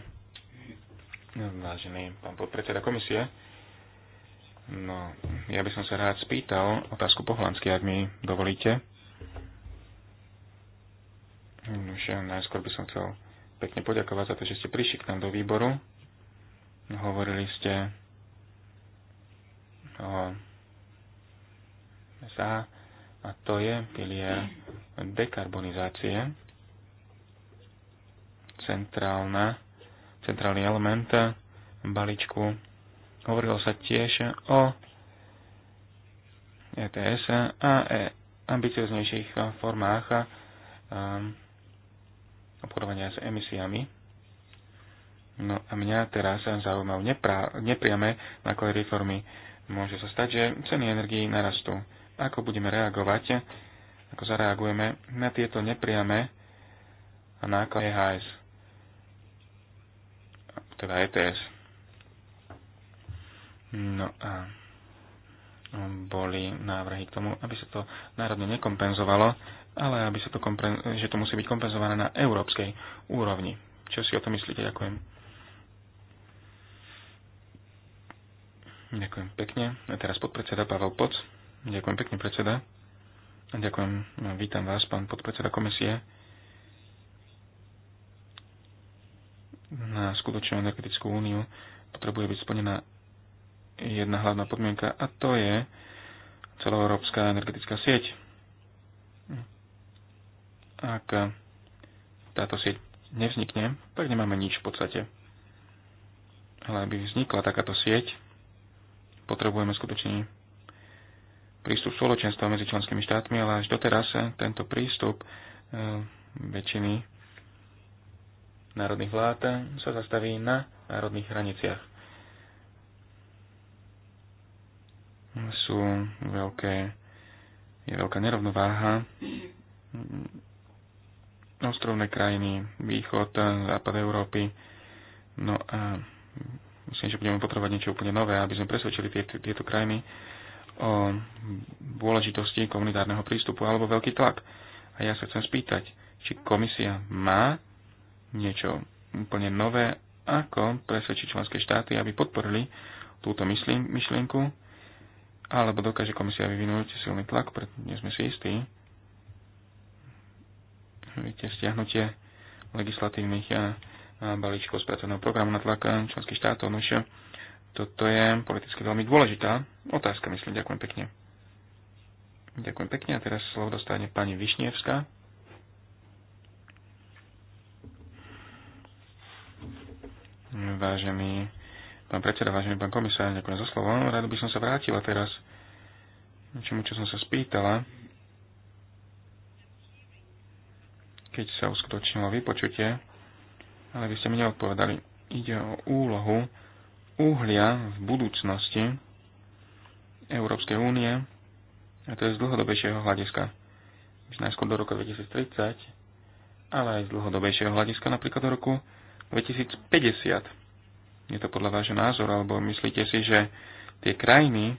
Vážený pán podpredseda komisie. No, ja by som sa rád spýtal otázku po holandsky, ak mi dovolíte. Už eh, najskôr by som chcel pekne poďakovať za to, že ste prišli k nám do výboru. Hovorili ste o SA a to je pilier dekarbonizácie centrálna, centrálny element balíčku. Hovorilo sa tiež o ETS a e ambicioznejších formách um, obchodovania s emisiami. No a mňa teraz zaujímajú nepriame náklady reformy. Môže sa stať, že ceny energii narastú. Ako budeme reagovať ako zareagujeme na tieto nepriame a náklady EHS, teda ETS. No a boli návrhy k tomu, aby sa to národne nekompenzovalo, ale aby sa to že to musí byť kompenzované na európskej úrovni. Čo si o to myslíte? Ďakujem. Ďakujem pekne. A teraz podpredseda Pavel Poc. Ďakujem pekne, predseda. Ďakujem. Vítam vás, pán podpredseda komisie. Na skutočnú energetickú úniu potrebuje byť splnená jedna hlavná podmienka a to je celoeurópska energetická sieť. Ak táto sieť nevznikne, tak nemáme nič v podstate. Ale aby vznikla takáto sieť, potrebujeme skutočne prístup spoločenstva medzi členskými štátmi, ale až doteraz tento prístup e, väčšiny národných vlád sa zastaví na národných hraniciach. Sú veľké, je veľká nerovnováha. Ostrovné krajiny, východ, západ Európy. No a myslím, že budeme potrebovať niečo úplne nové, aby sme presvedčili tieto krajiny, o dôležitosti komunitárneho prístupu alebo veľký tlak. A ja sa chcem spýtať, či komisia má niečo úplne nové, ako presvedčiť členské štáty, aby podporili túto myšlienku, alebo dokáže komisia vyvinúť silný tlak, pretože nie sme si istí. Viete, stiahnutie legislatívnych eh, balíčkov z pracovného programu na tlak eh, členských štátov, no toto je politicky veľmi dôležitá otázka, myslím. Ďakujem pekne. Ďakujem pekne a teraz slovo dostane pani Višnievská. Vážený pán predseda, vážený pán komisár, ďakujem za slovo. Rád by som sa vrátila teraz čomu, čo som sa spýtala. Keď sa uskutočnilo vypočutie, ale vy ste mi neodpovedali. Ide o úlohu uhlia v budúcnosti Európskej únie, a to je z dlhodobejšieho hľadiska, už najskôr do roku 2030, ale aj z dlhodobejšieho hľadiska napríklad do roku 2050. Je to podľa vášho názoru, alebo myslíte si, že tie krajiny,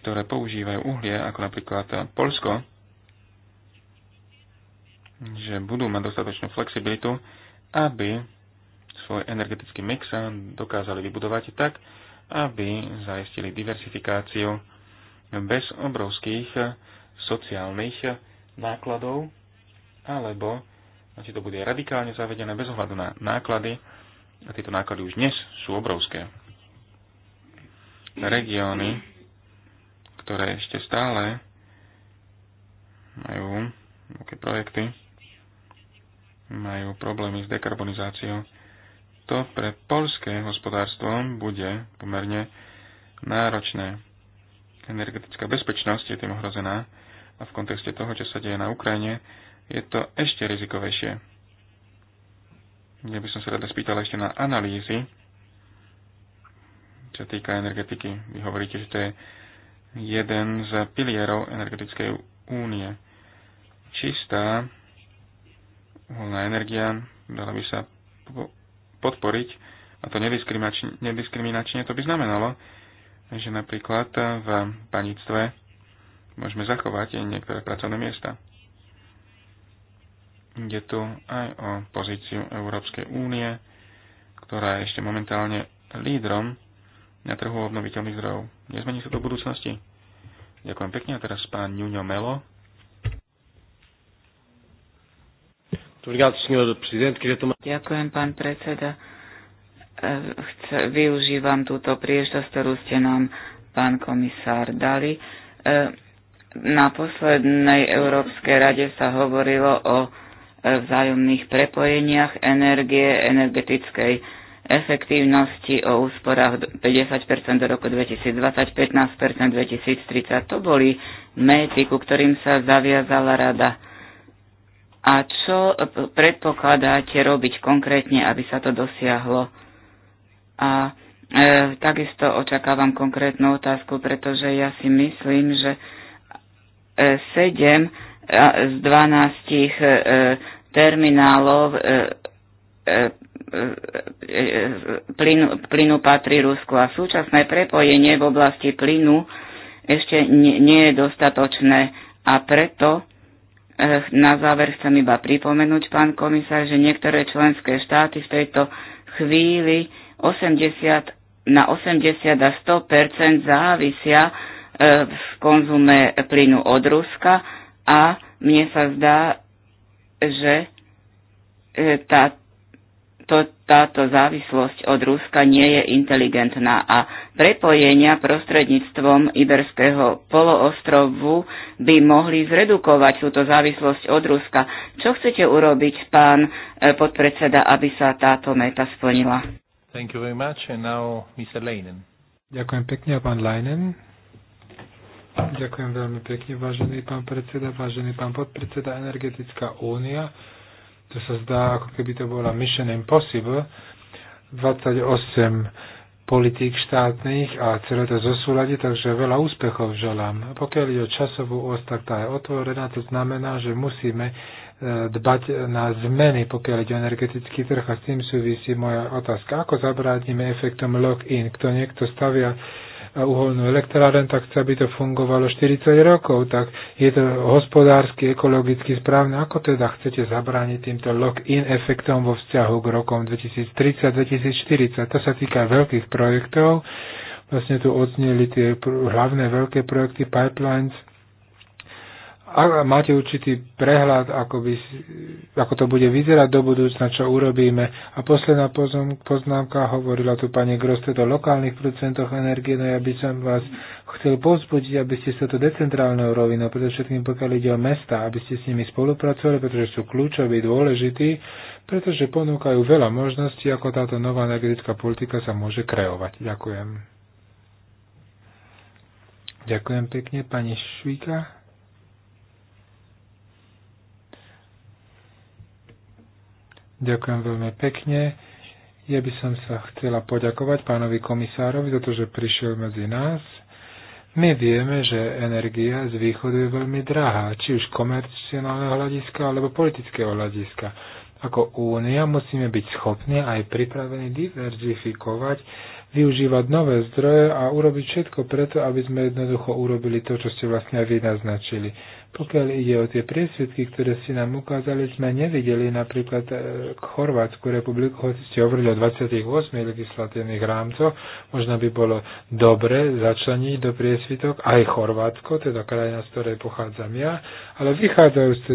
ktoré používajú uhlie, ako napríklad Polsko, že budú mať dostatočnú flexibilitu, aby svoj energetický mix dokázali vybudovať tak, aby zaistili diversifikáciu bez obrovských sociálnych nákladov, alebo či to bude radikálne zavedené bez ohľadu na náklady, a tieto náklady už dnes sú obrovské. Regióny, ktoré ešte stále majú veľké projekty, majú problémy s dekarbonizáciou, to pre polské hospodárstvo bude pomerne náročné. Energetická bezpečnosť je tým ohrozená a v kontexte toho, čo sa deje na Ukrajine, je to ešte rizikovejšie. Ja by som sa rada spýtal ešte na analýzy, čo týka energetiky. Vy hovoríte, že to je jeden z pilierov energetickej únie. Čistá uholná energia dala by sa podporiť, a to nediskriminačne, nediskriminačne, to by znamenalo, že napríklad v panictve môžeme zachovať niektoré pracovné miesta. Ide tu aj o pozíciu Európskej únie, ktorá je ešte momentálne lídrom na trhu obnoviteľných zdrojov. Nezmení sa to v budúcnosti? Ďakujem pekne a teraz pán Ňuňo Melo. Ďakujem, pán predseda. E, chce, využívam túto príležitosť, ktorú ste nám, pán komisár, dali. E, na poslednej Európskej rade sa hovorilo o e, vzájomných prepojeniach energie, energetickej efektívnosti, o úsporách 50% do roku 2020, 15% 2030. To boli méty, ku ktorým sa zaviazala rada a čo predpokladáte robiť konkrétne, aby sa to dosiahlo? A e, takisto očakávam konkrétnu otázku, pretože ja si myslím, že e, 7 z 12 e, e, terminálov e e, e, e, plynu, plynu patrí Rusku a súčasné prepojenie v oblasti plynu ešte nie, nie je dostatočné a preto Eh, na záver chcem iba pripomenúť, pán komisár, že niektoré členské štáty v tejto chvíli 80, na 80 a 100 závisia eh, v konzume plynu od Ruska a mne sa zdá, že eh, tá, to, táto závislosť od Ruska nie je inteligentná a prepojenia prostredníctvom Iberského poloostrovu by mohli zredukovať túto závislosť od Ruska. Čo chcete urobiť, pán e, podpredseda, aby sa táto meta splnila? Thank you very much. And now Mr. Leinen. Ďakujem pekne, pán Leinen. Ďakujem veľmi pekne, vážený pán predseda, vážený pán podpredseda Energetická únia to sa zdá, ako keby to bola Mission Impossible. 28 politík štátnych a celé to zosúľadi, takže veľa úspechov želám. Pokiaľ je o časovú os, tak tá je otvorená, to znamená, že musíme e, dbať na zmeny, pokiaľ ide o energetický trh a s tým súvisí moja otázka. Ako zabránime efektom lock-in? Kto niekto stavia uholnú elektráren, tak chce, aby to fungovalo 40 rokov, tak je to hospodársky, ekologicky správne. Ako teda chcete zabrániť týmto lock-in efektom vo vzťahu k rokom 2030-2040? To sa týka veľkých projektov. Vlastne tu odsneli tie hlavné veľké projekty pipelines, a máte určitý prehľad, ako, by, ako to bude vyzerať do budúcna, čo urobíme. A posledná poznámka, hovorila tu pani Grosted o lokálnych producentoch energie, no ja by som vás chcel povzbudiť, aby ste sa to decentrálneho pretože všetkým pokiaľ ide o mesta, aby ste s nimi spolupracovali, pretože sú kľúčoví, dôležití, pretože ponúkajú veľa možností, ako táto nová energetická politika sa môže kreovať. Ďakujem. Ďakujem pekne, pani Švíka. Ďakujem veľmi pekne. Ja by som sa chcela poďakovať pánovi komisárovi za to, že prišiel medzi nás. My vieme, že energia z východu je veľmi drahá, či už komercionálneho hľadiska alebo politického hľadiska. Ako únia musíme byť schopní aj pripravení diverzifikovať, využívať nové zdroje a urobiť všetko preto, aby sme jednoducho urobili to, čo ste vlastne aj vy naznačili pokiaľ ide o tie priesvitky, ktoré si nám ukázali, sme nevideli napríklad e, k Chorvátsku republiku, hoci ste hovorili o 28 legislatívnych rámcoch, možno by bolo dobre začleniť do priesvitok aj Chorvátsko, teda krajina, z ktorej pochádzam ja, ale z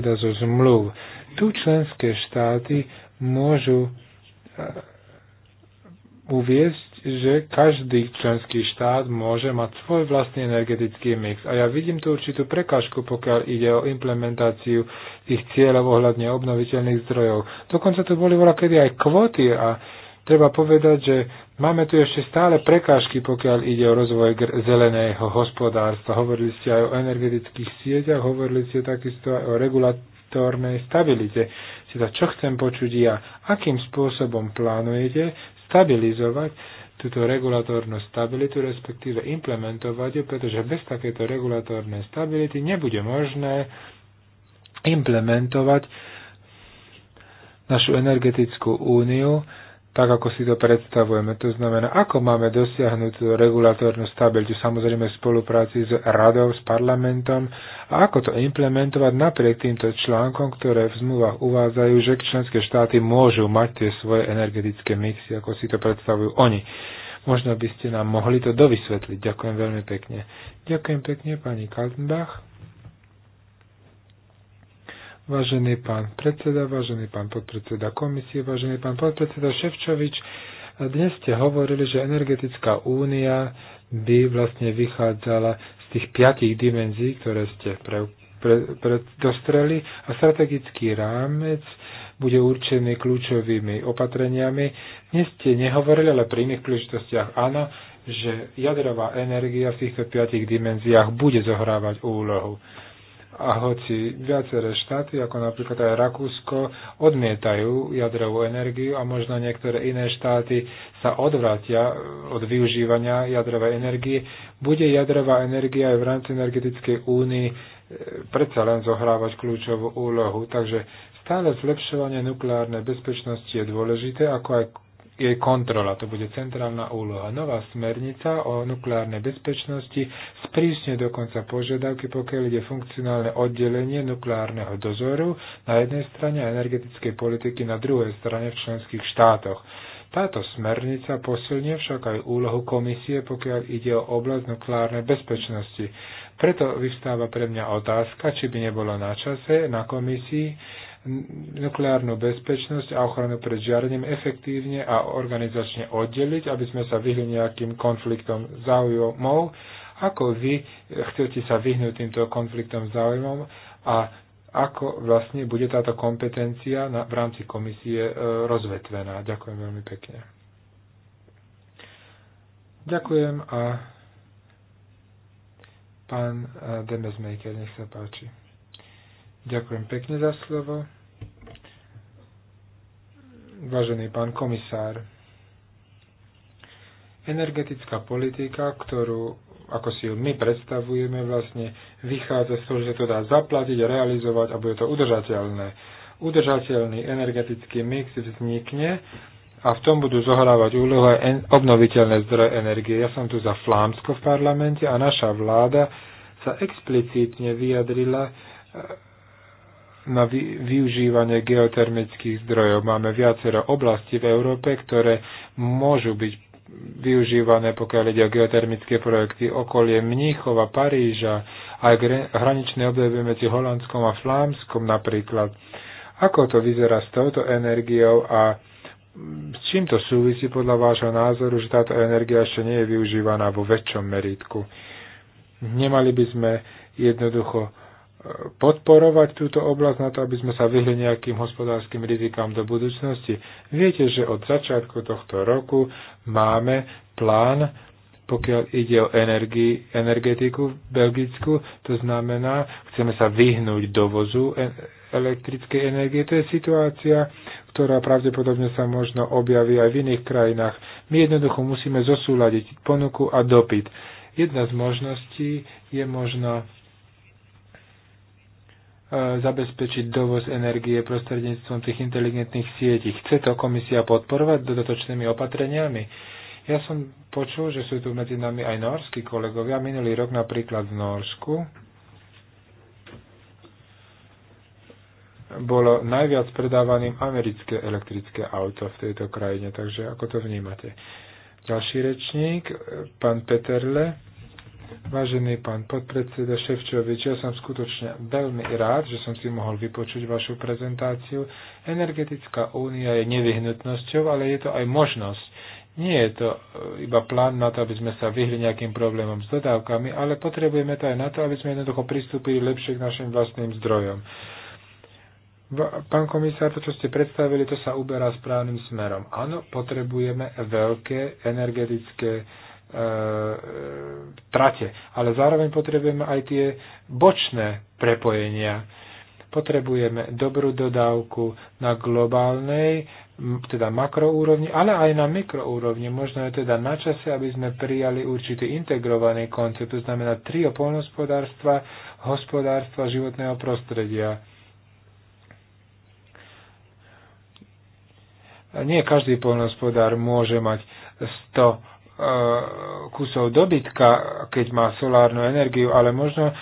teda zo zmluv, tu členské štáty môžu e, uviezť že každý členský štát môže mať svoj vlastný energetický mix. A ja vidím tu určitú prekážku, pokiaľ ide o implementáciu tých cieľov ohľadne obnoviteľných zdrojov. Dokonca tu boli voľa kedy aj kvóty a treba povedať, že máme tu ešte stále prekážky, pokiaľ ide o rozvoj zeleného hospodárstva. Hovorili ste aj o energetických sieťach, hovorili ste takisto aj o regulatórnej stabilite. Teda čo chcem počuť ja, akým spôsobom plánujete stabilizovať túto regulatórnu stabilitu, respektíve implementovať ju, pretože bez takéto regulatórnej stability nebude možné implementovať našu energetickú úniu tak, ako si to predstavujeme. To znamená, ako máme dosiahnuť regulatórnu stabilitu, samozrejme v spolupráci s radou, s parlamentom a ako to implementovať napriek týmto článkom, ktoré v zmluvách uvádzajú, že členské štáty môžu mať tie svoje energetické mixy, ako si to predstavujú oni. Možno by ste nám mohli to dovysvetliť. Ďakujem veľmi pekne. Ďakujem pekne, pani Kaltenbach. Vážený pán predseda, vážený pán podpredseda komisie, vážený pán podpredseda Ševčovič, dnes ste hovorili, že energetická únia by vlastne vychádzala z tých piatich dimenzií, ktoré ste pre, pre, pre, dostreli a strategický rámec bude určený kľúčovými opatreniami. Dnes ste nehovorili, ale pri iných príležitostiach áno, že jadrová energia v týchto piatich dimenziách bude zohrávať úlohu. A hoci viaceré štáty, ako napríklad aj Rakúsko, odmietajú jadrovú energiu a možno niektoré iné štáty sa odvrátia od využívania jadrovej energie, bude jadrová energia aj v rámci energetickej únii e, predsa len zohrávať kľúčovú úlohu. Takže stále zlepšovanie nukleárnej bezpečnosti je dôležité, ako aj jej kontrola. To bude centrálna úloha. Nová smernica o nukleárnej bezpečnosti sprísne dokonca požiadavky, pokiaľ ide funkcionálne oddelenie nukleárneho dozoru na jednej strane a energetickej politiky na druhej strane v členských štátoch. Táto smernica posilňuje však aj úlohu komisie, pokiaľ ide o oblasť nukleárnej bezpečnosti. Preto vyvstáva pre mňa otázka, či by nebolo na čase na komisii nukleárnu bezpečnosť a ochranu pred žiarením efektívne a organizačne oddeliť, aby sme sa vyhli nejakým konfliktom záujmov. Ako vy chcete sa vyhnúť týmto konfliktom záujmom a ako vlastne bude táto kompetencia na, v rámci komisie e, rozvetvená. Ďakujem veľmi pekne. Ďakujem a pán e, Demesmaker, nech sa páči. Ďakujem pekne za slovo. Vážený pán komisár, energetická politika, ktorú ako si ju my predstavujeme, vlastne vychádza z toho, že to dá zaplatiť, realizovať a bude to udržateľné. Udržateľný energetický mix vznikne a v tom budú zohrávať úlohu aj obnoviteľné zdroje energie. Ja som tu za Flámsko v parlamente a naša vláda sa explicitne vyjadrila na využívanie geotermických zdrojov. Máme viacero oblasti v Európe, ktoré môžu byť využívané, pokiaľ ide o geotermické projekty okolie Mníchova, Paríža, aj hraničné obdobie medzi Holandskom a Flámskom napríklad. Ako to vyzerá s touto energiou a s čím to súvisí podľa vášho názoru, že táto energia ešte nie je využívaná vo väčšom meritku? Nemali by sme jednoducho podporovať túto oblasť na to, aby sme sa vyhli nejakým hospodárskym rizikám do budúcnosti. Viete, že od začiatku tohto roku máme plán, pokiaľ ide o energii, energetiku v Belgicku, to znamená, chceme sa vyhnúť dovozu e- elektrickej energie. To je situácia, ktorá pravdepodobne sa možno objaví aj v iných krajinách. My jednoducho musíme zosúľadiť ponuku a dopyt. Jedna z možností je možno E, zabezpečiť dovoz energie prostredníctvom tých inteligentných sietí. Chce to komisia podporovať dodatočnými opatreniami? Ja som počul, že sú tu medzi nami aj norskí kolegovia. Minulý rok napríklad v Norsku bolo najviac predávaným americké elektrické auto v tejto krajine. Takže ako to vnímate? Ďalší rečník, e, pán Peterle. Vážený pán podpredseda Ševčovič, ja som skutočne veľmi rád, že som si mohol vypočuť vašu prezentáciu. Energetická únia je nevyhnutnosťou, ale je to aj možnosť. Nie je to e, iba plán na to, aby sme sa vyhli nejakým problémom s dodávkami, ale potrebujeme to aj na to, aby sme jednoducho pristúpili lepšie k našim vlastným zdrojom. Pán komisár, to, čo ste predstavili, to sa uberá správnym smerom. Áno, potrebujeme veľké energetické E, trate. Ale zároveň potrebujeme aj tie bočné prepojenia. Potrebujeme dobrú dodávku na globálnej, teda makroúrovni, ale aj na mikroúrovni. Možno je teda na čase, aby sme prijali určitý integrovaný koncept, to znamená trio polnospodárstva, hospodárstva, životného prostredia. nie každý polnospodár môže mať 100 Eh, kusov dobytka, keď má solárnu energiu, ale možno eh,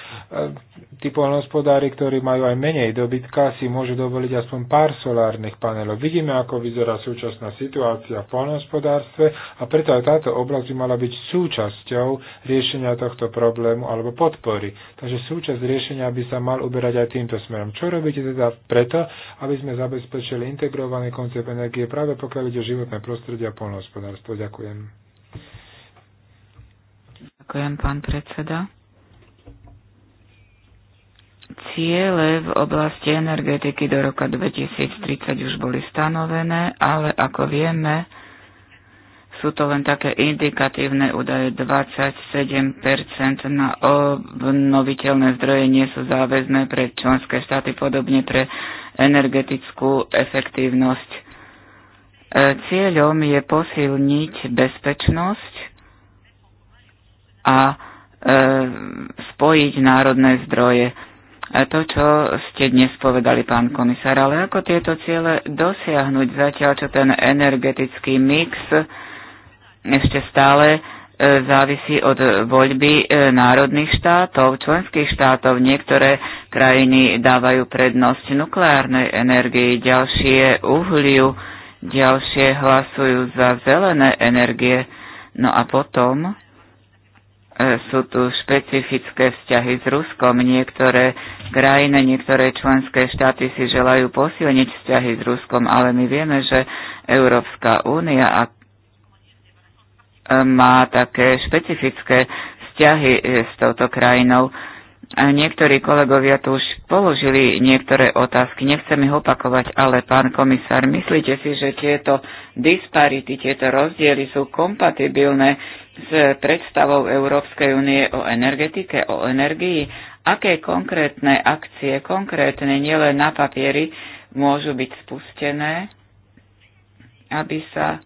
tí polnohospodári, ktorí majú aj menej dobytka, si môžu dovoliť aspoň pár solárnych panelov. Vidíme, ako vyzerá súčasná situácia v poľnohospodárstve a preto aj táto oblasť by mala byť súčasťou riešenia tohto problému alebo podpory. Takže súčasť riešenia by sa mal uberať aj týmto smerom. Čo robíte teda preto, aby sme zabezpečili integrovaný koncept energie práve pokiaľ ide o životné prostredie a poľnohospodárstvo. Ďakujem. Ďakujem, pán predseda. Ciele v oblasti energetiky do roka 2030 už boli stanovené, ale ako vieme, sú to len také indikatívne údaje. 27% na obnoviteľné zdroje nie sú záväzné pre členské štáty, podobne pre energetickú efektívnosť. E, cieľom je posilniť bezpečnosť a e, spojiť národné zdroje. A to, čo ste dnes povedali, pán komisár, ale ako tieto ciele dosiahnuť zatiaľ, čo ten energetický mix ešte stále e, závisí od voľby e, národných štátov, členských štátov. Niektoré krajiny dávajú prednosť nukleárnej energii, ďalšie uhliu, ďalšie hlasujú za zelené energie. No a potom E, sú tu špecifické vzťahy s Ruskom. Niektoré krajiny, niektoré členské štáty si želajú posilniť vzťahy s Ruskom, ale my vieme, že Európska únia e, má také špecifické vzťahy e, s touto krajinou. Niektorí kolegovia tu už položili niektoré otázky, nechcem ich opakovať, ale pán komisár, myslíte si, že tieto disparity, tieto rozdiely sú kompatibilné s predstavou Európskej únie o energetike, o energii, aké konkrétne akcie, konkrétne nielen na papieri, môžu byť spustené, aby sa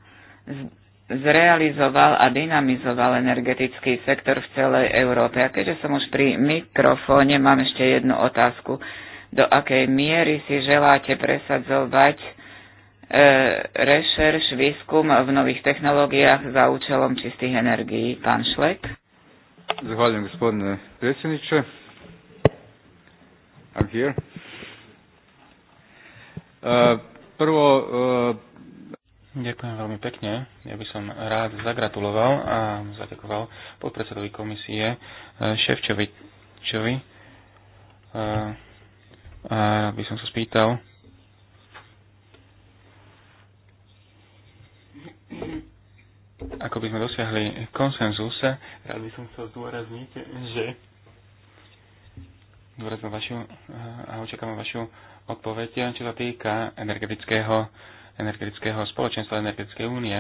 zrealizoval a dynamizoval energetický sektor v celej Európe. A keďže som už pri mikrofóne, mám ešte jednu otázku. Do akej miery si želáte presadzovať E, rešerš, výskum v nových technológiách za účelom čistých energií. Pán Šlek. Zahvaljujem, gospodine predsjedniče. I'm here. Uh, prvo, uh, Ďakujem veľmi pekne. Ja by som rád zagratuloval a zaďakoval podpredsedovi komisie Ševčovičovi. A by som sa spýtal, ako by sme dosiahli konsenzus, eh, rád by som chcel zdôrazniť, že dôrazno vašu eh, a očakávam vašu odpoveď, eh, čo sa týka energetického, energetického spoločenstva, energetickej únie.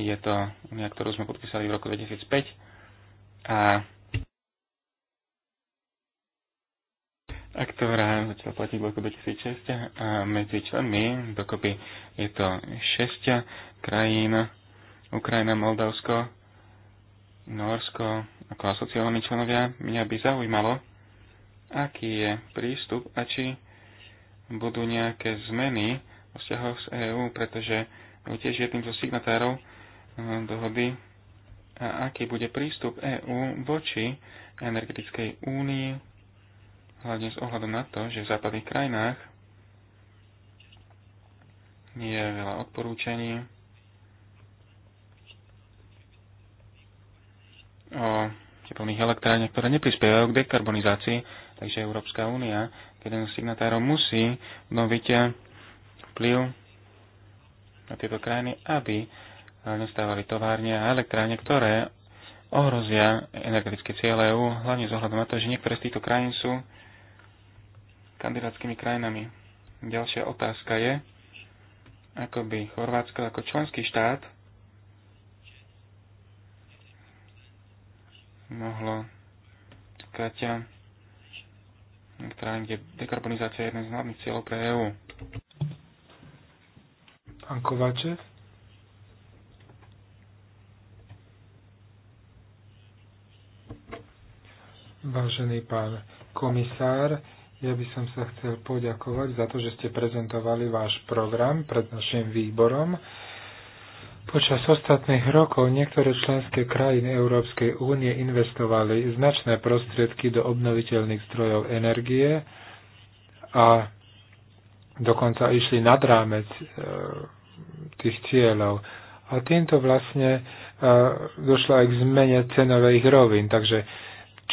Je to únia, ktorú sme podpísali v roku 2005 a a ktorá začala platiť v roku 2006 a medzi členmi dokopy je to 6 krajín, Ukrajina, Moldavsko, Norsko, ako asociálni členovia, mňa by zaujímalo, aký je prístup a či budú nejaké zmeny o vzťahoch s EÚ, pretože tiež je týmto zo signatárov eh, dohody a aký bude prístup EÚ voči energetickej únii, hlavne s ohľadom na to, že v západných krajinách nie je veľa odporúčaní, o teplných elektrárniach, ktoré neprispievajú k dekarbonizácii, takže Európska únia, jeden z signatárov, musí obnoviť vplyv na tieto krajiny, aby nestávali továrne a elektrárne, ktoré ohrozia energetické ciele EU, hlavne z ohľadom na to, že niektoré z týchto krajín sú kandidátskymi krajinami. Ďalšia otázka je, ako by Chorvátsko ako členský štát mohlo týkať kde dekarbonizácia je jeden z hlavných cieľov pre EÚ. Pán Kováčev? Vážený pán komisár, ja by som sa chcel poďakovať za to, že ste prezentovali váš program pred našim výborom. Počas ostatných rokov niektoré členské krajiny Európskej únie investovali značné prostriedky do obnoviteľných zdrojov energie a dokonca išli nad rámec e, tých cieľov. A týmto vlastne e, došlo aj k zmene cenových rovin. Takže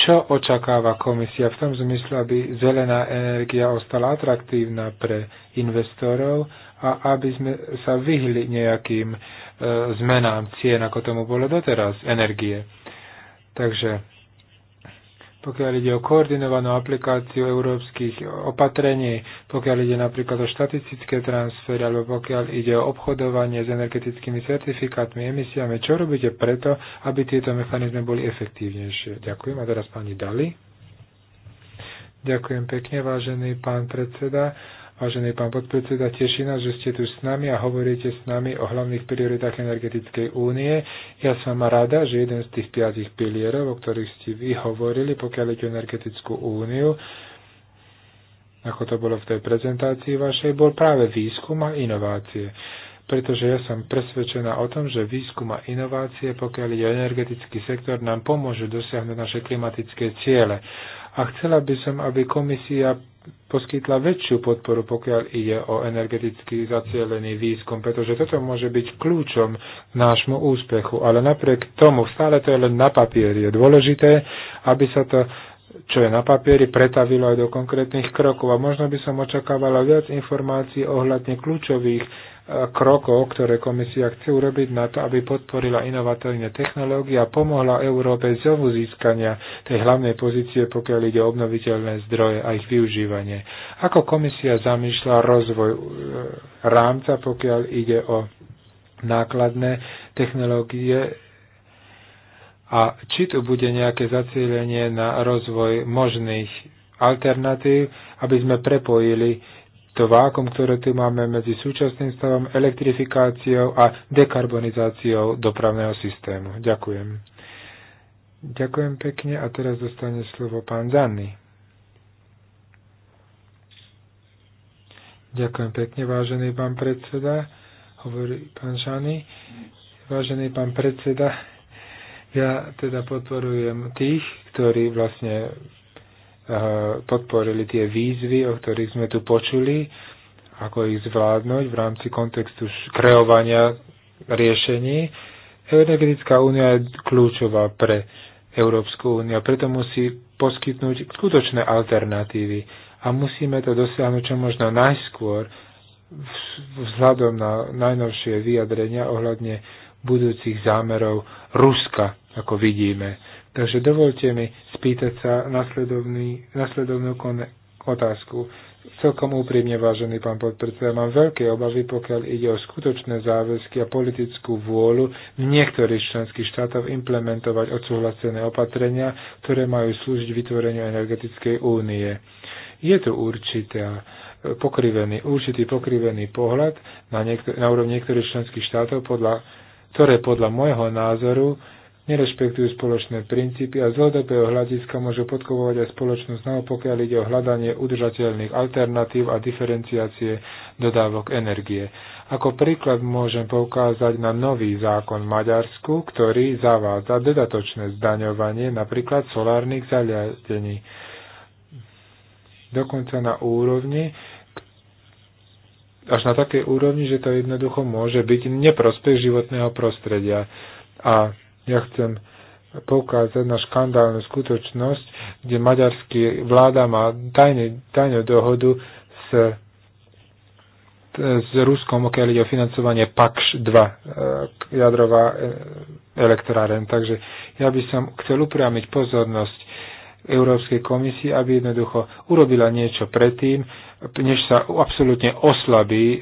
čo očakáva komisia v tom zmysle, aby zelená energia ostala atraktívna pre investorov a aby sme sa vyhli nejakým E, zmenám cien, ako tomu bolo doteraz, energie. Takže pokiaľ ide o koordinovanú aplikáciu európskych opatrení, pokiaľ ide napríklad o štatistické transfery, alebo pokiaľ ide o obchodovanie s energetickými certifikátmi, emisiami, čo robíte preto, aby tieto mechanizmy boli efektívnejšie? Ďakujem. A teraz pani Dali. Ďakujem pekne, vážený pán predseda. Vážený pán podpredseda, teší nás, že ste tu s nami a hovoríte s nami o hlavných prioritách energetickej únie. Ja som rada, že jeden z tých piatich pilierov, o ktorých ste vy hovorili, pokiaľ ide o energetickú úniu, ako to bolo v tej prezentácii vašej, bol práve výskum a inovácie pretože ja som presvedčená o tom, že výskum a inovácie, pokiaľ ide o energetický sektor, nám pomôžu dosiahnuť naše klimatické ciele. A chcela by som, aby komisia poskytla väčšiu podporu, pokiaľ ide o energeticky zacielený výskum, pretože toto môže byť kľúčom k nášmu úspechu. Ale napriek tomu, stále to je len na papieri, je dôležité, aby sa to čo je na papieri, pretavilo aj do konkrétnych krokov. A možno by som očakávala viac informácií ohľadne kľúčových e, krokov, ktoré komisia chce urobiť na to, aby podporila inovatívne technológie a pomohla Európe znovu získania tej hlavnej pozície, pokiaľ ide o obnoviteľné zdroje a ich využívanie. Ako komisia zamýšľa rozvoj e, rámca, pokiaľ ide o nákladné technológie a či tu bude nejaké zacielenie na rozvoj možných alternatív, aby sme prepojili to vákom, ktoré tu máme medzi súčasným stavom, elektrifikáciou a dekarbonizáciou dopravného systému. Ďakujem. Ďakujem pekne a teraz dostane slovo pán Zanny. Ďakujem pekne, vážený pán predseda, hovorí pán Žany. Vážený pán predseda, ja teda podporujem tých, ktorí vlastne eh, podporili tie výzvy, o ktorých sme tu počuli, ako ich zvládnuť v rámci kontextu kreovania riešení. Energetická únia je kľúčová pre Európsku úniu, preto musí poskytnúť skutočné alternatívy a musíme to dosiahnuť čo možno najskôr vzhľadom na najnovšie vyjadrenia ohľadne budúcich zámerov Ruska ako vidíme. Takže dovolte mi spýtať sa nasledovnú otázku. Celkom úprimne, vážený pán podpredseda, mám veľké obavy, pokiaľ ide o skutočné záväzky a politickú vôľu v niektorých členských štátov implementovať odsúhlasené opatrenia, ktoré majú slúžiť vytvoreniu energetickej únie. Je tu určitá e, pokrivený, určitý pokrivený pohľad na, niektor- na úrovni niektorých členských štátov, podľa, ktoré podľa môjho názoru nerešpektujú spoločné princípy a z dlhodobého hľadiska môžu podkovovať aj spoločnosť na no pokiaľ ide o hľadanie udržateľných alternatív a diferenciácie dodávok energie. Ako príklad môžem poukázať na nový zákon v Maďarsku, ktorý zavádza dodatočné zdaňovanie napríklad solárnych zariadení. Dokonca na úrovni, až na takej úrovni, že to jednoducho môže byť neprospech životného prostredia. A ja chcem poukázať na škandálnu skutočnosť, kde maďarský vláda má tajne, tajnú dohodu s, s Ruskom, okiaľ ide o financovanie PAKŠ 2, e, jadrová e, elektráren. Takže ja by som chcel upriamiť pozornosť Európskej komisii, aby jednoducho urobila niečo predtým, než sa absolútne oslabí e,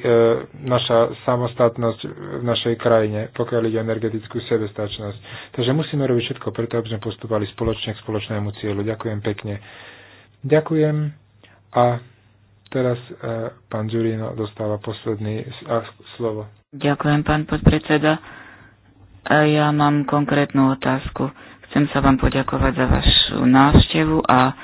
naša samostatnosť v našej krajine, pokiaľ ide o energetickú sebestačnosť. Takže musíme robiť všetko preto, aby sme postupovali spoločne k spoločnému cieľu. Ďakujem pekne. Ďakujem a teraz e, pán Žurino dostáva posledný a, slovo. Ďakujem, pán podpredseda. Ja mám konkrétnu otázku. Chcem sa vám poďakovať za vašu návštevu a e,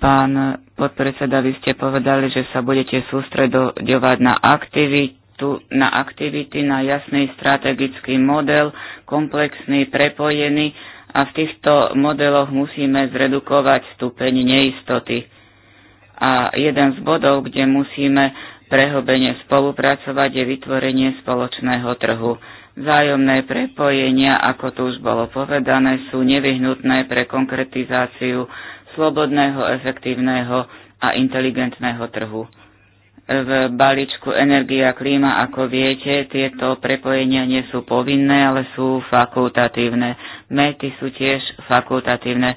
pán podpredseda, vy ste povedali, že sa budete sústredovať na aktivitu, na aktivity, na jasný strategický model, komplexný, prepojený a v týchto modeloch musíme zredukovať stupeň neistoty. A jeden z bodov, kde musíme prehobene spolupracovať, je vytvorenie spoločného trhu. Zájomné prepojenia, ako tu už bolo povedané, sú nevyhnutné pre konkretizáciu slobodného, efektívneho a inteligentného trhu. V balíčku energia a klíma, ako viete, tieto prepojenia nie sú povinné, ale sú fakultatívne. Mety sú tiež fakultatívne.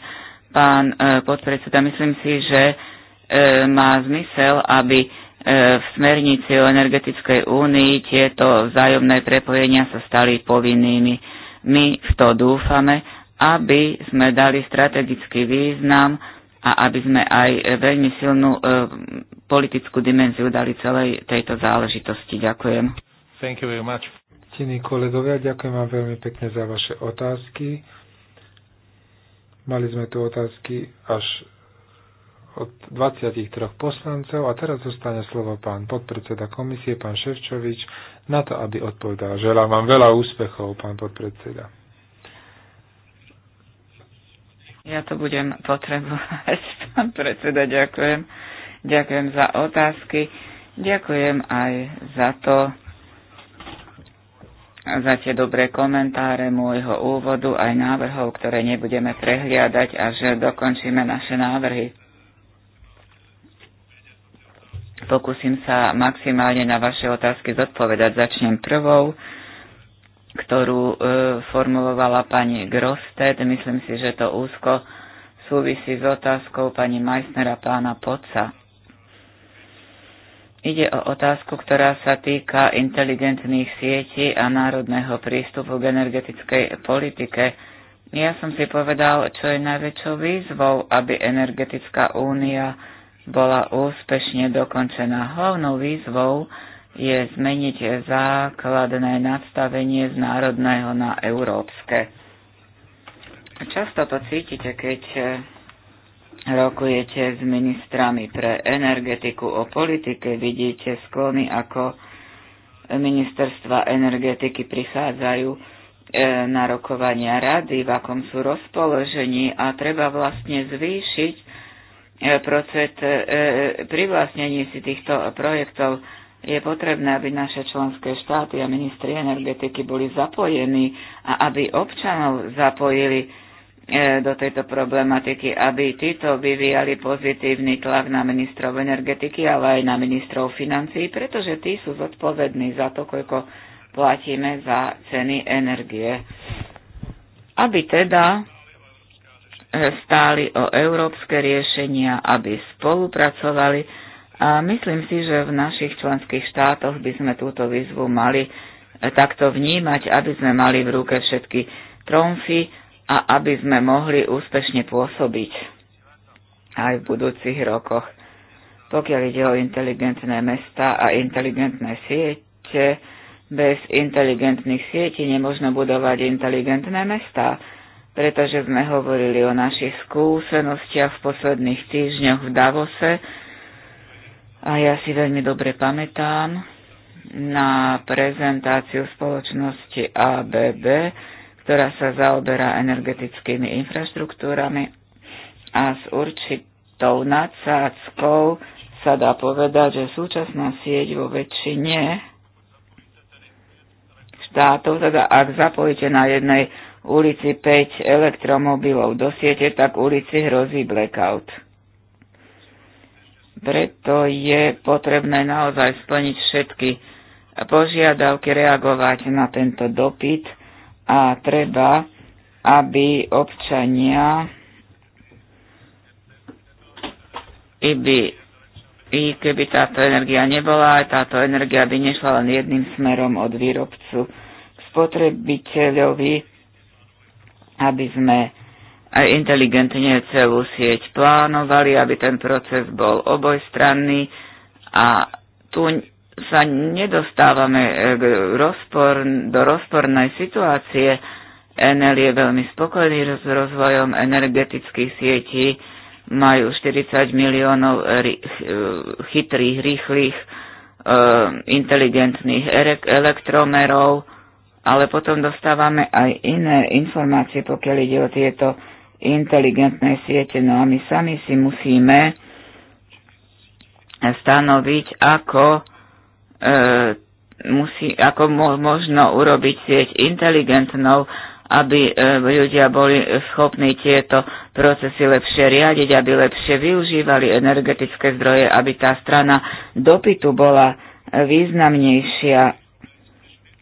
Pán e, podpredseda, myslím si, že e, má zmysel, aby e, v smernici o energetickej únii tieto vzájomné prepojenia sa stali povinnými. My v to dúfame aby sme dali strategický význam a aby sme aj veľmi silnú e, politickú dimenziu dali celej tejto záležitosti. Ďakujem. Thank you very much. Ctení kolegovia, ďakujem vám veľmi pekne za vaše otázky. Mali sme tu otázky až od 23 poslancov a teraz zostane slovo pán podpredseda komisie, pán Ševčovič, na to, aby odpovedal. Želám vám veľa úspechov, pán podpredseda. Ja to budem potrebovať, pán predseda, ďakujem. Ďakujem za otázky. Ďakujem aj za to, za tie dobré komentáre môjho úvodu aj návrhov, ktoré nebudeme prehliadať a že dokončíme naše návrhy. Pokúsim sa maximálne na vaše otázky zodpovedať. Začnem prvou ktorú e, formulovala pani Grosted. Myslím si, že to úzko súvisí s otázkou pani Majsnera pána Poca. Ide o otázku, ktorá sa týka inteligentných sietí a národného prístupu k energetickej politike. Ja som si povedal, čo je najväčšou výzvou, aby energetická únia bola úspešne dokončená. Hlavnou výzvou je zmeniť základné nastavenie z národného na európske. Často to cítite, keď eh, rokujete s ministrami pre energetiku o politike, vidíte sklony, ako ministerstva energetiky prichádzajú eh, na rokovania rady, v akom sú rozpoložení a treba vlastne zvýšiť eh, procent privlastnení si týchto projektov je potrebné, aby naše členské štáty a ministri energetiky boli zapojení a aby občanov zapojili e, do tejto problematiky, aby títo vyvíjali pozitívny tlak na ministrov energetiky, ale aj na ministrov financií, pretože tí sú zodpovední za to, koľko platíme za ceny energie. Aby teda e, stáli o európske riešenia, aby spolupracovali, a myslím si, že v našich členských štátoch by sme túto výzvu mali e, takto vnímať, aby sme mali v ruke všetky tromfy a aby sme mohli úspešne pôsobiť aj v budúcich rokoch. Pokiaľ ide o inteligentné mesta a inteligentné siete, bez inteligentných sietí nemožno budovať inteligentné mesta, pretože sme hovorili o našich skúsenostiach v posledných týždňoch v Davose, a ja si veľmi dobre pamätám na prezentáciu spoločnosti ABB, ktorá sa zaoberá energetickými infraštruktúrami a s určitou nadsádzkou sa dá povedať, že súčasná sieť vo väčšine štátov, teda ak zapojíte na jednej ulici 5 elektromobilov do siete, tak ulici hrozí blackout. Preto je potrebné naozaj splniť všetky požiadavky, reagovať na tento dopyt a treba, aby občania by, i keby táto energia nebola, aj táto energia by nešla len jedným smerom od výrobcu k spotrebiteľovi, aby sme inteligentne celú sieť plánovali, aby ten proces bol obojstranný a tu sa nedostávame e, k rozpor, do rozpornej situácie. Enel je veľmi spokojný s rozvojom energetických sietí, majú 40 miliónov e, chytrých, rýchlych, e, inteligentných elektromerov, ale potom dostávame aj iné informácie, pokiaľ ide o tieto inteligentné siete. No a my sami si musíme stanoviť, ako, e, musí, ako mo, možno urobiť sieť inteligentnou, aby e, ľudia boli schopní tieto procesy lepšie riadiť, aby lepšie využívali energetické zdroje, aby tá strana dopytu bola významnejšia,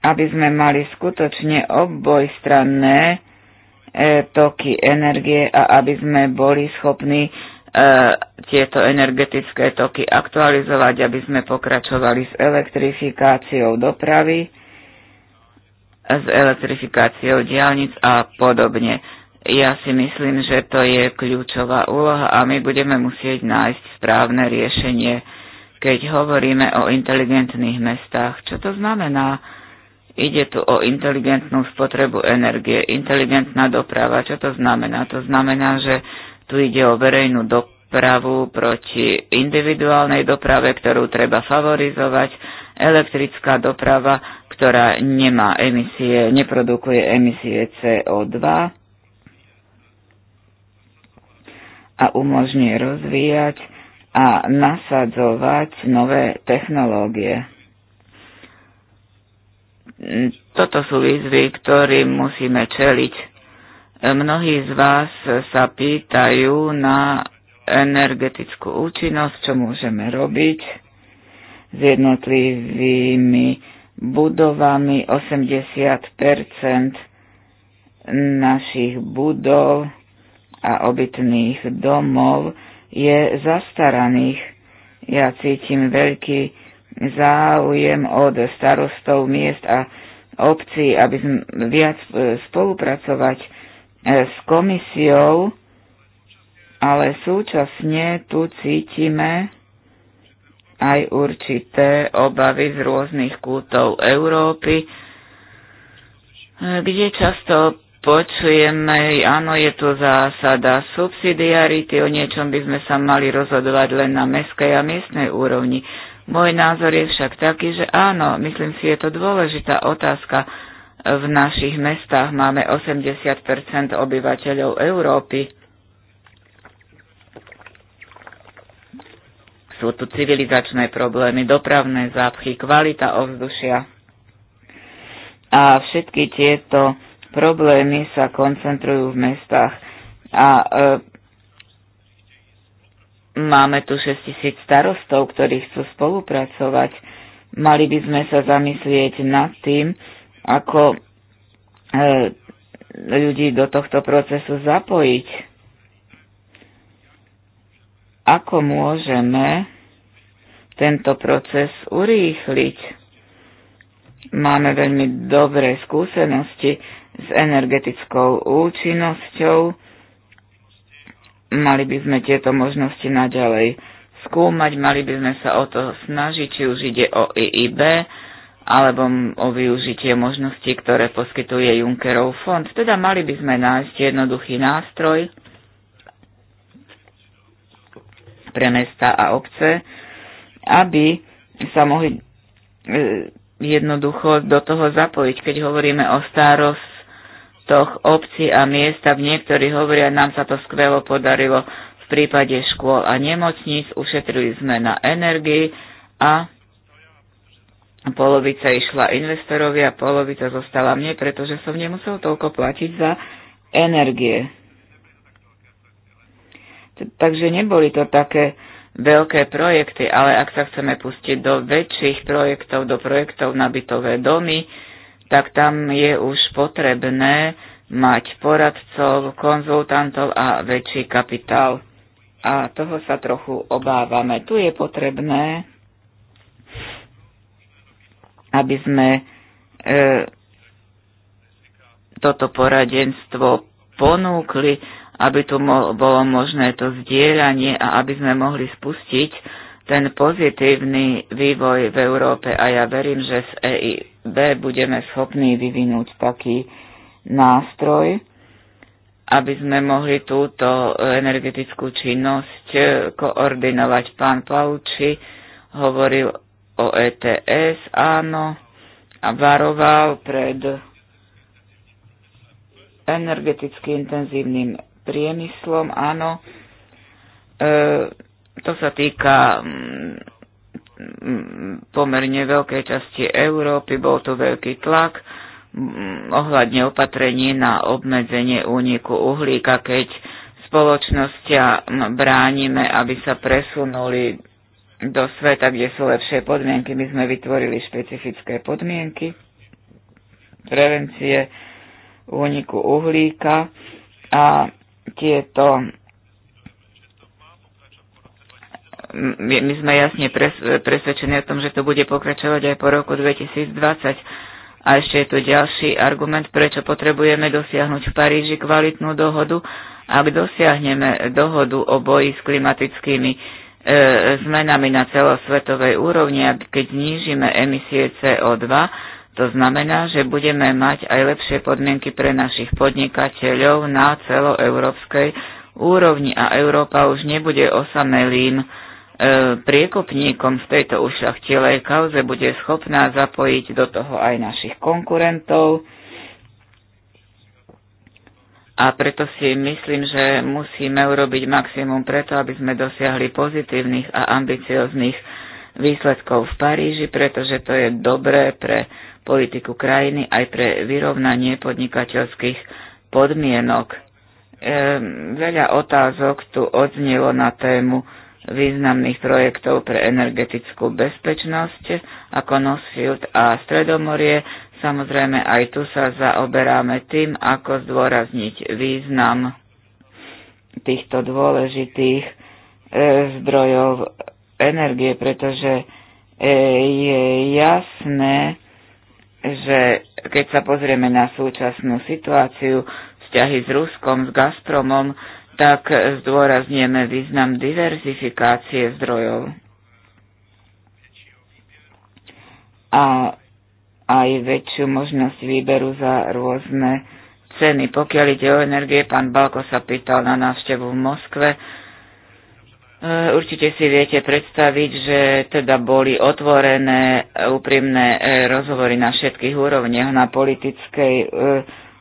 aby sme mali skutočne obojstranné E, toky energie a aby sme boli schopní e, tieto energetické toky aktualizovať, aby sme pokračovali s elektrifikáciou dopravy, s elektrifikáciou diálnic a podobne. Ja si myslím, že to je kľúčová úloha a my budeme musieť nájsť správne riešenie, keď hovoríme o inteligentných mestách. Čo to znamená? Ide tu o inteligentnú spotrebu energie, inteligentná doprava. Čo to znamená? To znamená, že tu ide o verejnú dopravu proti individuálnej doprave, ktorú treba favorizovať, elektrická doprava, ktorá nemá emisie, neprodukuje emisie CO2 a umožňuje rozvíjať a nasadzovať nové technológie. Toto sú výzvy, ktorým musíme čeliť. Mnohí z vás sa pýtajú na energetickú účinnosť, čo môžeme robiť s jednotlivými budovami. 80 našich budov a obytných domov je zastaraných. Ja cítim veľký záujem od starostov miest a obcí, aby sme viac e, spolupracovať e, s komisiou, ale súčasne tu cítime aj určité obavy z rôznych kútov Európy, e, kde často počujeme, áno, je tu zásada subsidiarity, o niečom by sme sa mali rozhodovať len na meskej a miestnej úrovni. Môj názor je však taký, že áno, myslím si, je to dôležitá otázka. V našich mestách máme 80 obyvateľov Európy. Sú tu civilizačné problémy, dopravné zápchy, kvalita ovzdušia. A všetky tieto problémy sa koncentrujú v mestách. A e, Máme tu 6000 starostov, ktorí chcú spolupracovať. Mali by sme sa zamyslieť nad tým, ako e, ľudí do tohto procesu zapojiť. Ako môžeme tento proces urýchliť? Máme veľmi dobré skúsenosti s energetickou účinnosťou, Mali by sme tieto možnosti naďalej skúmať, mali by sme sa o to snažiť, či už ide o IIB, alebo o využitie možností, ktoré poskytuje Junckerov fond. Teda mali by sme nájsť jednoduchý nástroj pre mesta a obce, aby sa mohli e, jednoducho do toho zapojiť. Keď hovoríme o starost počtoch obcí a miest v niektorí hovoria, nám sa to skvelo podarilo v prípade škôl a nemocníc, ušetrili sme na energii a polovica išla investorovi a polovica zostala mne, pretože som nemusel toľko platiť za energie. Takže neboli to také veľké projekty, ale ak sa chceme pustiť do väčších projektov, do projektov na bytové domy, tak tam je už potrebné mať poradcov, konzultantov a väčší kapitál. A toho sa trochu obávame. Tu je potrebné, aby sme e, toto poradenstvo ponúkli, aby tu mo- bolo možné to zdieľanie a aby sme mohli spustiť ten pozitívny vývoj v Európe. A ja verím, že z EI B budeme schopní vyvinúť taký nástroj, aby sme mohli túto energetickú činnosť e, koordinovať. Pán Pauči hovoril o ETS, áno, a varoval pred energeticky intenzívnym priemyslom, áno. E, to sa týka mm, pomerne veľkej časti Európy. Bol tu veľký tlak ohľadne opatrení na obmedzenie úniku uhlíka, keď spoločnosťa bránime, aby sa presunuli do sveta, kde sú lepšie podmienky. My sme vytvorili špecifické podmienky prevencie úniku uhlíka a tieto my sme jasne presvedčení o tom, že to bude pokračovať aj po roku 2020. A ešte je tu ďalší argument, prečo potrebujeme dosiahnuť v Paríži kvalitnú dohodu. Ak dosiahneme dohodu o boji s klimatickými e, zmenami na celosvetovej úrovni, a keď znížime emisie CO2, to znamená, že budeme mať aj lepšie podmienky pre našich podnikateľov na celoeurópskej úrovni a Európa už nebude osamelým E, priekopníkom v tejto ušľachtilej kauze bude schopná zapojiť do toho aj našich konkurentov. A preto si myslím, že musíme urobiť maximum preto, aby sme dosiahli pozitívnych a ambicioznych výsledkov v Paríži, pretože to je dobré pre politiku krajiny aj pre vyrovnanie podnikateľských podmienok. E, veľa otázok tu odznelo na tému významných projektov pre energetickú bezpečnosť ako Nosfield a Stredomorie. Samozrejme aj tu sa zaoberáme tým, ako zdôrazniť význam týchto dôležitých e, zdrojov energie, pretože e, je jasné, že keď sa pozrieme na súčasnú situáciu, vzťahy s Ruskom, s Gazpromom, tak zdôraznieme význam diverzifikácie zdrojov. A aj väčšiu možnosť výberu za rôzne ceny. Pokiaľ ide o energie, pán Balko sa pýtal na návštevu v Moskve. E, určite si viete predstaviť, že teda boli otvorené úprimné e, rozhovory na všetkých úrovniach, na politickej e,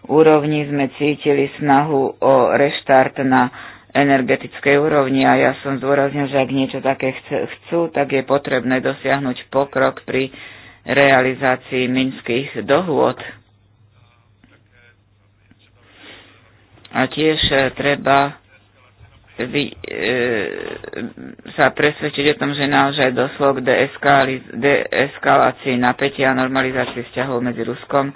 úrovni sme cítili snahu o reštart na energetickej úrovni a ja som zdôraznil, že ak niečo také chcú, tak je potrebné dosiahnuť pokrok pri realizácii minských dohôd. A tiež e, treba vy, e, sa presvedčiť o tom, že naozaj doslo k deeskalácii napätia a normalizácii vzťahov medzi Ruskom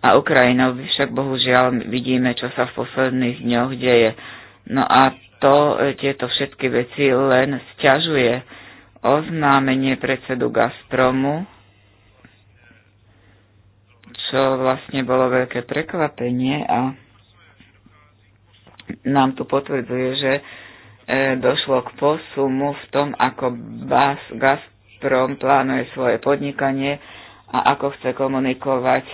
a Ukrajinou. Však bohužiaľ vidíme, čo sa v posledných dňoch deje. No a to e, tieto všetky veci len stiažuje oznámenie predsedu Gazpromu, čo vlastne bolo veľké prekvapenie a nám tu potvrdzuje, že e, došlo k posumu v tom, ako Gazprom plánuje svoje podnikanie a ako chce komunikovať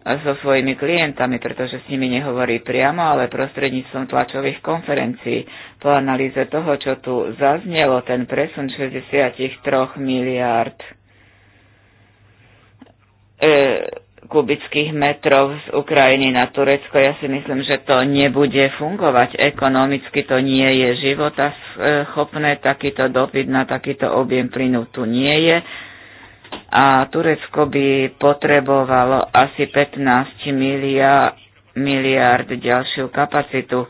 so svojimi klientami, pretože s nimi nehovorí priamo, ale prostredníctvom tlačových konferencií. Po analýze toho, čo tu zaznelo, ten presun 63 miliárd e, kubických metrov z Ukrajiny na Turecko, ja si myslím, že to nebude fungovať. Ekonomicky to nie je života schopné, takýto dopyt na takýto objem plynu tu nie je a Turecko by potrebovalo asi 15 miliard, miliard ďalšiu kapacitu.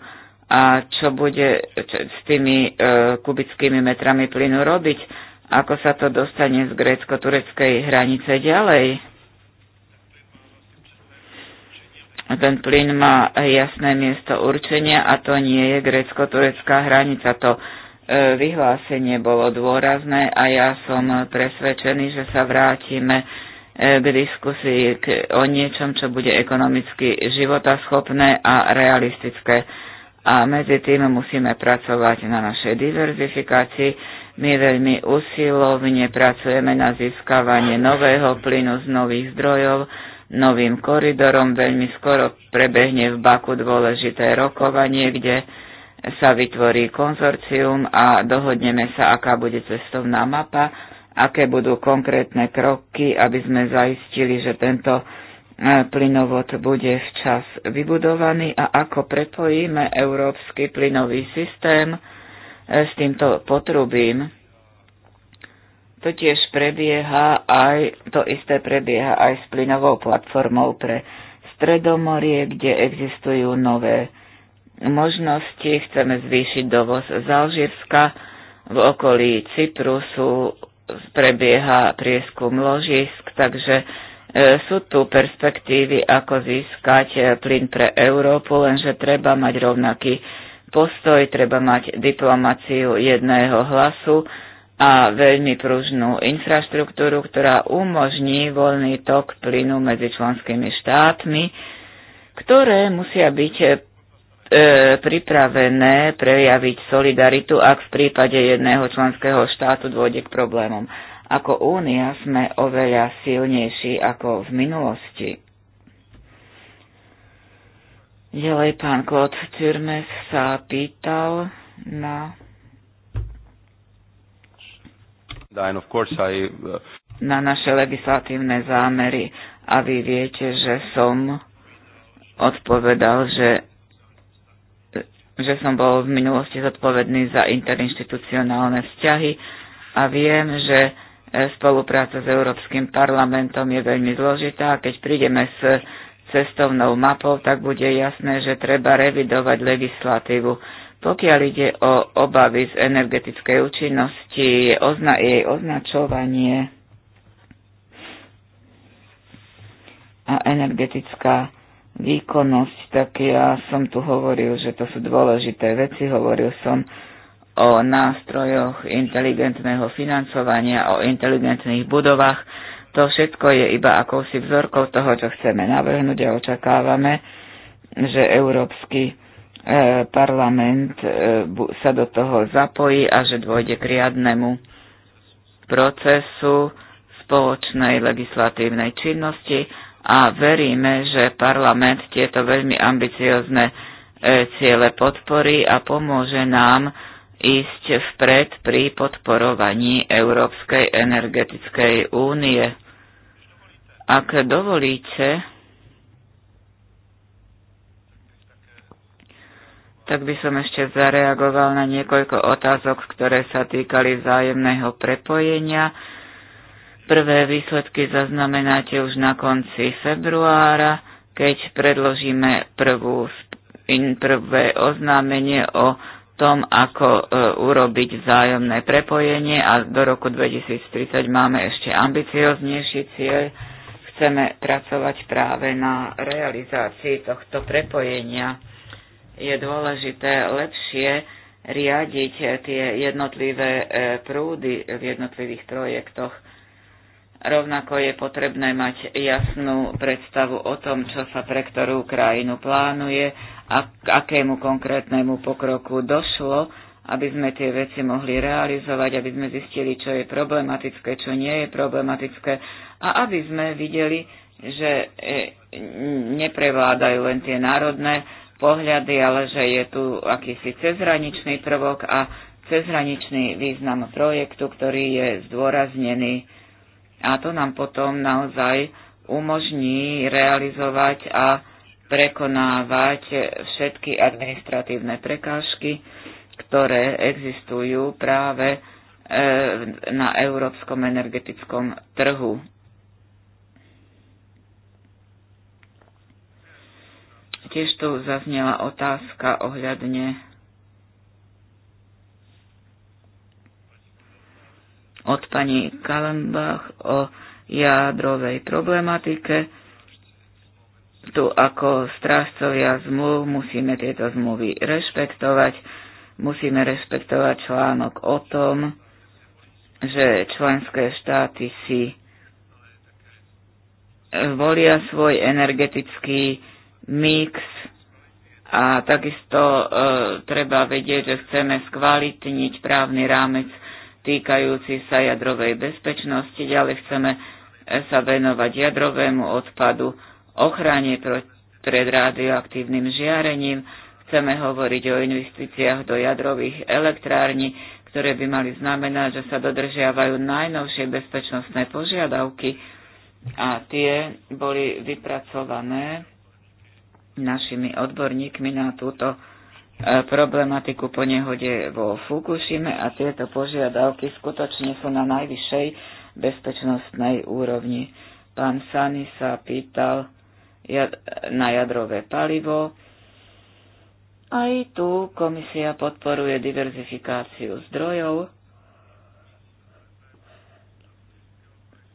A čo bude s tými e, kubickými metrami plynu robiť? Ako sa to dostane z grécko-tureckej hranice ďalej? Ten plyn má jasné miesto určenia a to nie je grécko-turecká hranica. To E, vyhlásenie bolo dôrazné a ja som presvedčený, že sa vrátime e, k diskusii k, o niečom, čo bude ekonomicky životaschopné a realistické. A medzi tým musíme pracovať na našej diverzifikácii. My veľmi usilovne pracujeme na získavanie nového plynu z nových zdrojov, novým koridorom. Veľmi skoro prebehne v Baku dôležité rokovanie, kde sa vytvorí konzorcium a dohodneme sa, aká bude cestovná mapa, aké budú konkrétne kroky, aby sme zaistili, že tento e, plynovod bude včas vybudovaný a ako prepojíme európsky plynový systém e, s týmto potrubím. To tiež prebieha aj, to isté prebieha aj s plynovou platformou pre Stredomorie, kde existujú nové možnosti, chceme zvýšiť dovoz z Alžírska, v okolí Cyprusu prebieha prieskum ložisk, takže e, sú tu perspektívy, ako získať e, plyn pre Európu, lenže treba mať rovnaký postoj, treba mať diplomáciu jedného hlasu a veľmi pružnú infraštruktúru, ktorá umožní voľný tok plynu medzi členskými štátmi, ktoré musia byť e, E, pripravené prejaviť solidaritu, ak v prípade jedného členského štátu dôjde k problémom. Ako únia sme oveľa silnejší ako v minulosti. Ďalej pán Klod Tyrmes sa pýtal na... Uh, na naše legislatívne zámery a vy viete, že som odpovedal, že že som bol v minulosti zodpovedný za interinstitucionálne vzťahy a viem, že e, spolupráca s Európskym parlamentom je veľmi zložitá a keď prídeme s cestovnou mapou, tak bude jasné, že treba revidovať legislatívu. Pokiaľ ide o obavy z energetickej účinnosti, ozna- jej označovanie a energetická výkonnosť, tak ja som tu hovoril, že to sú dôležité veci, hovoril som o nástrojoch inteligentného financovania, o inteligentných budovách. To všetko je iba akousi vzorkou toho, čo chceme navrhnúť a očakávame, že Európsky e, parlament e, sa do toho zapojí a že dôjde k riadnemu procesu spoločnej legislatívnej činnosti a veríme, že parlament tieto veľmi ambiciozne e, ciele podporí a pomôže nám ísť vpred pri podporovaní Európskej energetickej únie. Ak dovolíte, tak by som ešte zareagoval na niekoľko otázok, ktoré sa týkali vzájomného prepojenia Prvé výsledky zaznamenáte už na konci februára, keď predložíme prvú, prvé oznámenie o tom, ako e, urobiť vzájomné prepojenie a do roku 2030 máme ešte ambicioznejší cieľ. Chceme pracovať práve na realizácii tohto prepojenia. Je dôležité lepšie riadiť tie jednotlivé e, prúdy v jednotlivých projektoch. Rovnako je potrebné mať jasnú predstavu o tom, čo sa pre ktorú krajinu plánuje a k akému konkrétnemu pokroku došlo, aby sme tie veci mohli realizovať, aby sme zistili, čo je problematické, čo nie je problematické a aby sme videli, že e, neprevládajú len tie národné pohľady, ale že je tu akýsi cezhraničný prvok a cezhraničný význam projektu, ktorý je zdôraznený a to nám potom naozaj umožní realizovať a prekonávať všetky administratívne prekážky, ktoré existujú práve e, na európskom energetickom trhu. Tiež tu zaznela otázka ohľadne od pani Kalenbach o jadrovej problematike. Tu ako strážcovia zmluv musíme tieto zmluvy rešpektovať. Musíme rešpektovať článok o tom, že členské štáty si e, volia svoj energetický mix a takisto e, treba vedieť, že chceme skvalitniť právny rámec týkajúci sa jadrovej bezpečnosti. Ďalej chceme sa venovať jadrovému odpadu, ochrane pred radioaktívnym žiarením. Chceme hovoriť o investíciách do jadrových elektrární, ktoré by mali znamenať, že sa dodržiavajú najnovšie bezpečnostné požiadavky a tie boli vypracované našimi odborníkmi na túto E, problematiku po nehode vo Fukushime a tieto požiadavky skutočne sú na najvyššej bezpečnostnej úrovni. Pán Sani sa pýtal na jadrové palivo. Aj tu komisia podporuje diverzifikáciu zdrojov.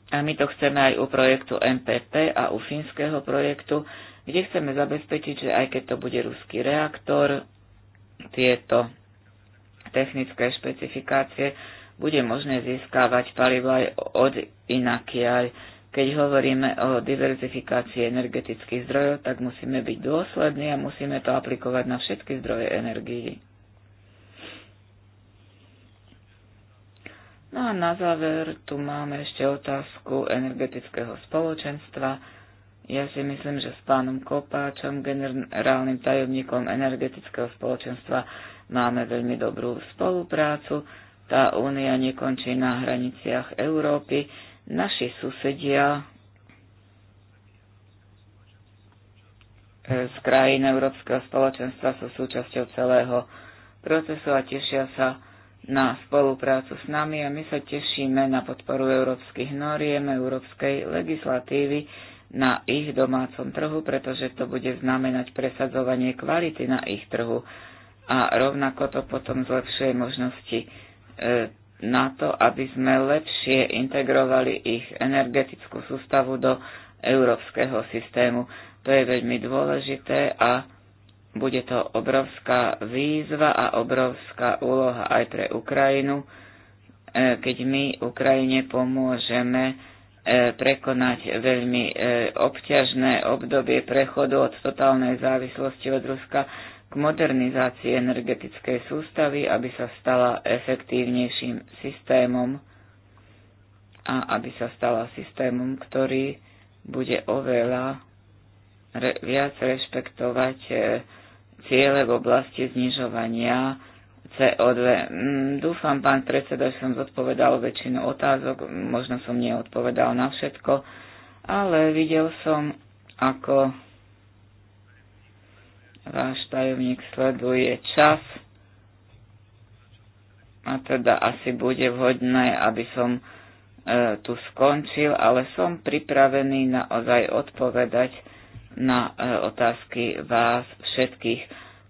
A my to chceme aj u projektu MPP a u fínskeho projektu, kde chceme zabezpečiť, že aj keď to bude ruský reaktor, tieto technické špecifikácie, bude možné získávať palivo aj od inakiaľ. Keď hovoríme o diverzifikácii energetických zdrojov, tak musíme byť dôslední a musíme to aplikovať na všetky zdroje energií. No a na záver tu máme ešte otázku energetického spoločenstva ja si myslím, že s pánom Kopáčom, generálnym tajomníkom energetického spoločenstva, máme veľmi dobrú spoluprácu. Tá únia nekončí na hraniciach Európy. Naši susedia eh, z krajín Európskeho spoločenstva sú súčasťou celého procesu a tešia sa na spoluprácu s nami a my sa tešíme na podporu európskych noriem, európskej legislatívy, na ich domácom trhu, pretože to bude znamenať presadzovanie kvality na ich trhu a rovnako to potom zlepšuje možnosti e, na to, aby sme lepšie integrovali ich energetickú sústavu do európskeho systému. To je veľmi dôležité a bude to obrovská výzva a obrovská úloha aj pre Ukrajinu, e, keď my Ukrajine pomôžeme E, prekonať veľmi e, obťažné obdobie prechodu od totálnej závislosti od Ruska k modernizácii energetickej sústavy, aby sa stala efektívnejším systémom a aby sa stala systémom, ktorý bude oveľa re, viac rešpektovať e, ciele v oblasti znižovania CO2. Mm, dúfam, pán predseda, že som zodpovedal väčšinu otázok, možno som neodpovedal na všetko, ale videl som, ako váš tajomník sleduje čas a teda asi bude vhodné, aby som e, tu skončil, ale som pripravený naozaj odpovedať na e, otázky vás všetkých.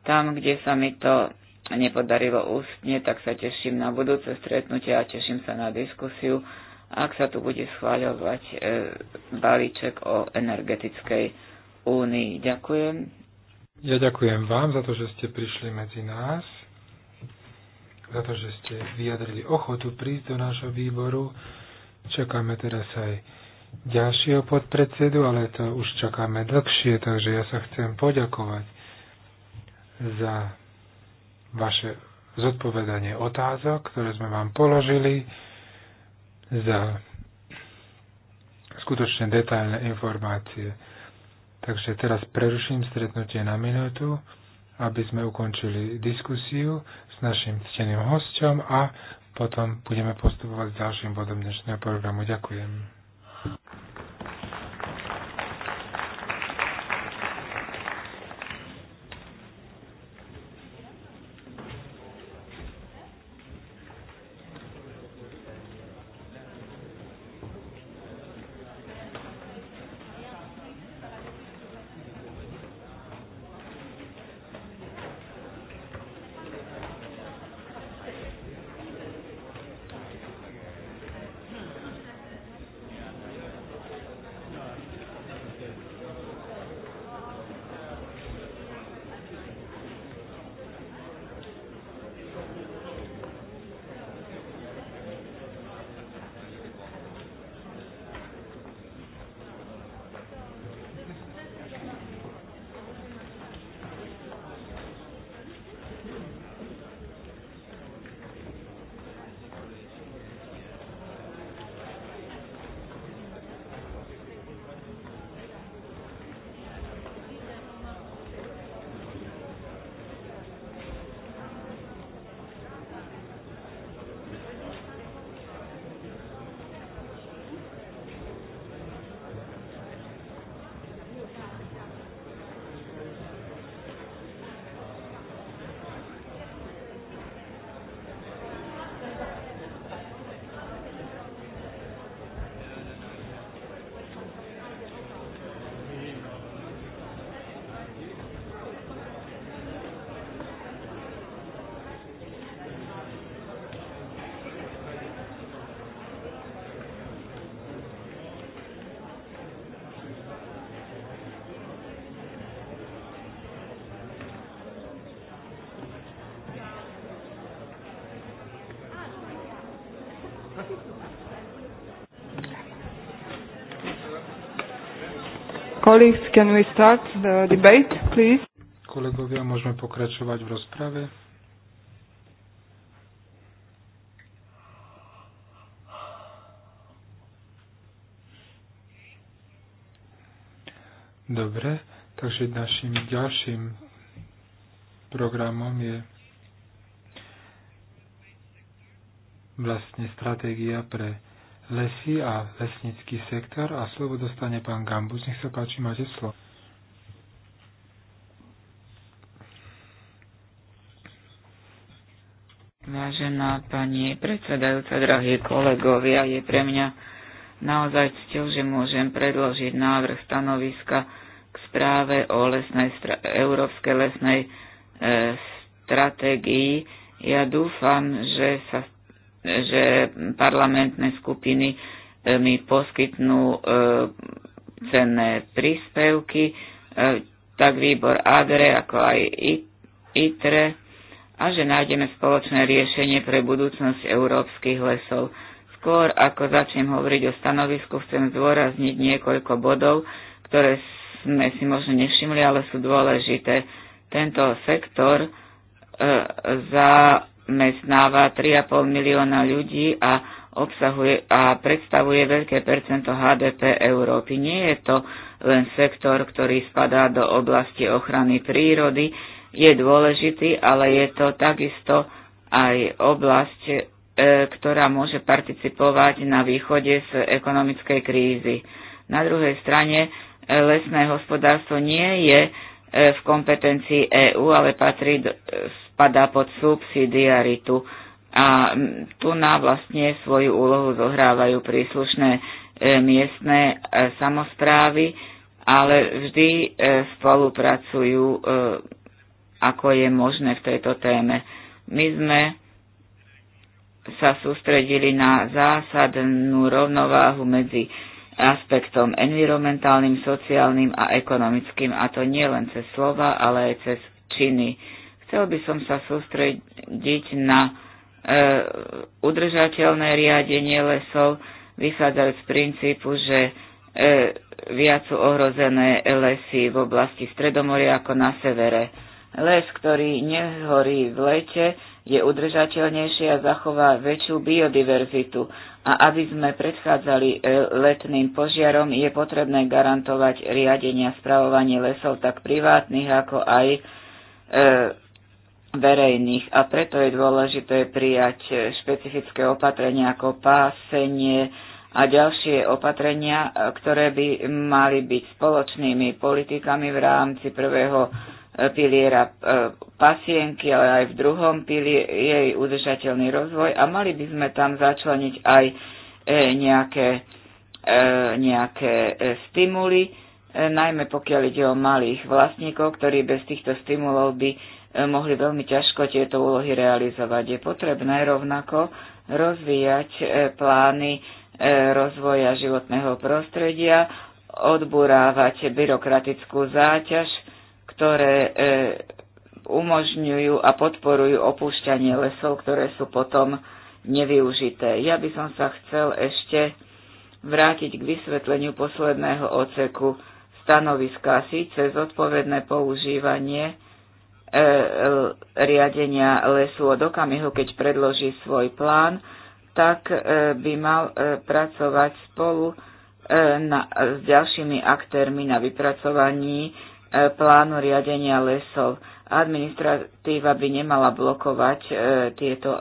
Tam, kde sa mi to nepodarilo ústne, tak sa teším na budúce stretnutie a teším sa na diskusiu, ak sa tu bude schváľovať e, balíček o energetickej únii. Ďakujem. Ja ďakujem vám za to, že ste prišli medzi nás, za to, že ste vyjadrili ochotu prísť do nášho výboru. Čakáme teraz aj ďalšieho podpredsedu, ale to už čakáme dlhšie, takže ja sa chcem poďakovať za vaše zodpovedanie otázok, ktoré sme vám položili, za skutočne detailné informácie. Takže teraz preruším stretnutie na minútu, aby sme ukončili diskusiu s našim cteným hosťom a potom budeme postupovať s ďalším bodom dnešného programu. Ďakujem. Colleagues, can we start the debate, please? Kolegovia, môžeme pokračovať v rozprave. Dobre, takže našim ďalším programom je vlastne stratégia pre lesy a lesnický sektor a slovo dostane pán Gambus. Nech sa páči, máte slovo. Vážená pani predsedajúca, drahí kolegovia, je pre mňa naozaj cťou, že môžem predložiť návrh stanoviska k správe o lesnej, európskej lesnej e, stratégii. Ja dúfam, že sa že parlamentné skupiny e, mi poskytnú e, cenné príspevky, e, tak výbor ADRE ako aj ITRE a že nájdeme spoločné riešenie pre budúcnosť európskych lesov. Skôr ako začnem hovoriť o stanovisku, chcem zdôrazniť niekoľko bodov, ktoré sme si možno nevšimli, ale sú dôležité. Tento sektor e, za zamestnáva 3,5 milióna ľudí a obsahuje a predstavuje veľké percento HDP Európy. Nie je to len sektor, ktorý spadá do oblasti ochrany prírody, je dôležitý, ale je to takisto aj oblasť, e, ktorá môže participovať na východe z ekonomickej krízy. Na druhej strane e, lesné hospodárstvo nie je e, v kompetencii EÚ, ale patrí do, e, padá pod subsidiaritu. A tu na vlastne svoju úlohu zohrávajú príslušné e, miestne e, samozprávy, ale vždy e, spolupracujú, ako je možné v tejto téme. My sme sa sústredili na zásadnú rovnováhu medzi aspektom environmentálnym, sociálnym a ekonomickým, a to nie len cez slova, ale aj cez činy. Chcel by som sa sústrediť na e, udržateľné riadenie lesov, vychádzajúc z princípu, že e, viac sú ohrozené lesy v oblasti Stredomoria ako na severe. Les, ktorý nehorí v lete, je udržateľnejší a zachová väčšiu biodiverzitu. A aby sme predchádzali e, letným požiarom, je potrebné garantovať riadenie a spravovanie lesov tak privátnych ako aj e, verejných a preto je dôležité prijať špecifické opatrenia ako pásenie a ďalšie opatrenia, e, ktoré by mali byť spoločnými politikami v rámci prvého e, piliera e, pasienky, ale aj v druhom pilieri jej udržateľný rozvoj a mali by sme tam začleniť aj nejaké, nejaké stimuly, najmä pokiaľ ide o malých vlastníkov, ktorí bez týchto stimulov by mohli veľmi ťažko tieto úlohy realizovať. Je potrebné rovnako rozvíjať e, plány e, rozvoja životného prostredia, odburávať byrokratickú záťaž, ktoré e, umožňujú a podporujú opúšťanie lesov, ktoré sú potom nevyužité. Ja by som sa chcel ešte vrátiť k vysvetleniu posledného oceku stanoviska, síce zodpovedné používanie E, e, riadenia lesu od okamihu, keď predloží svoj plán, tak e, by mal pracovať spolu na, s ďalšími aktérmi na vypracovaní plánu riadenia lesov. Administratíva by nemala blokovať tieto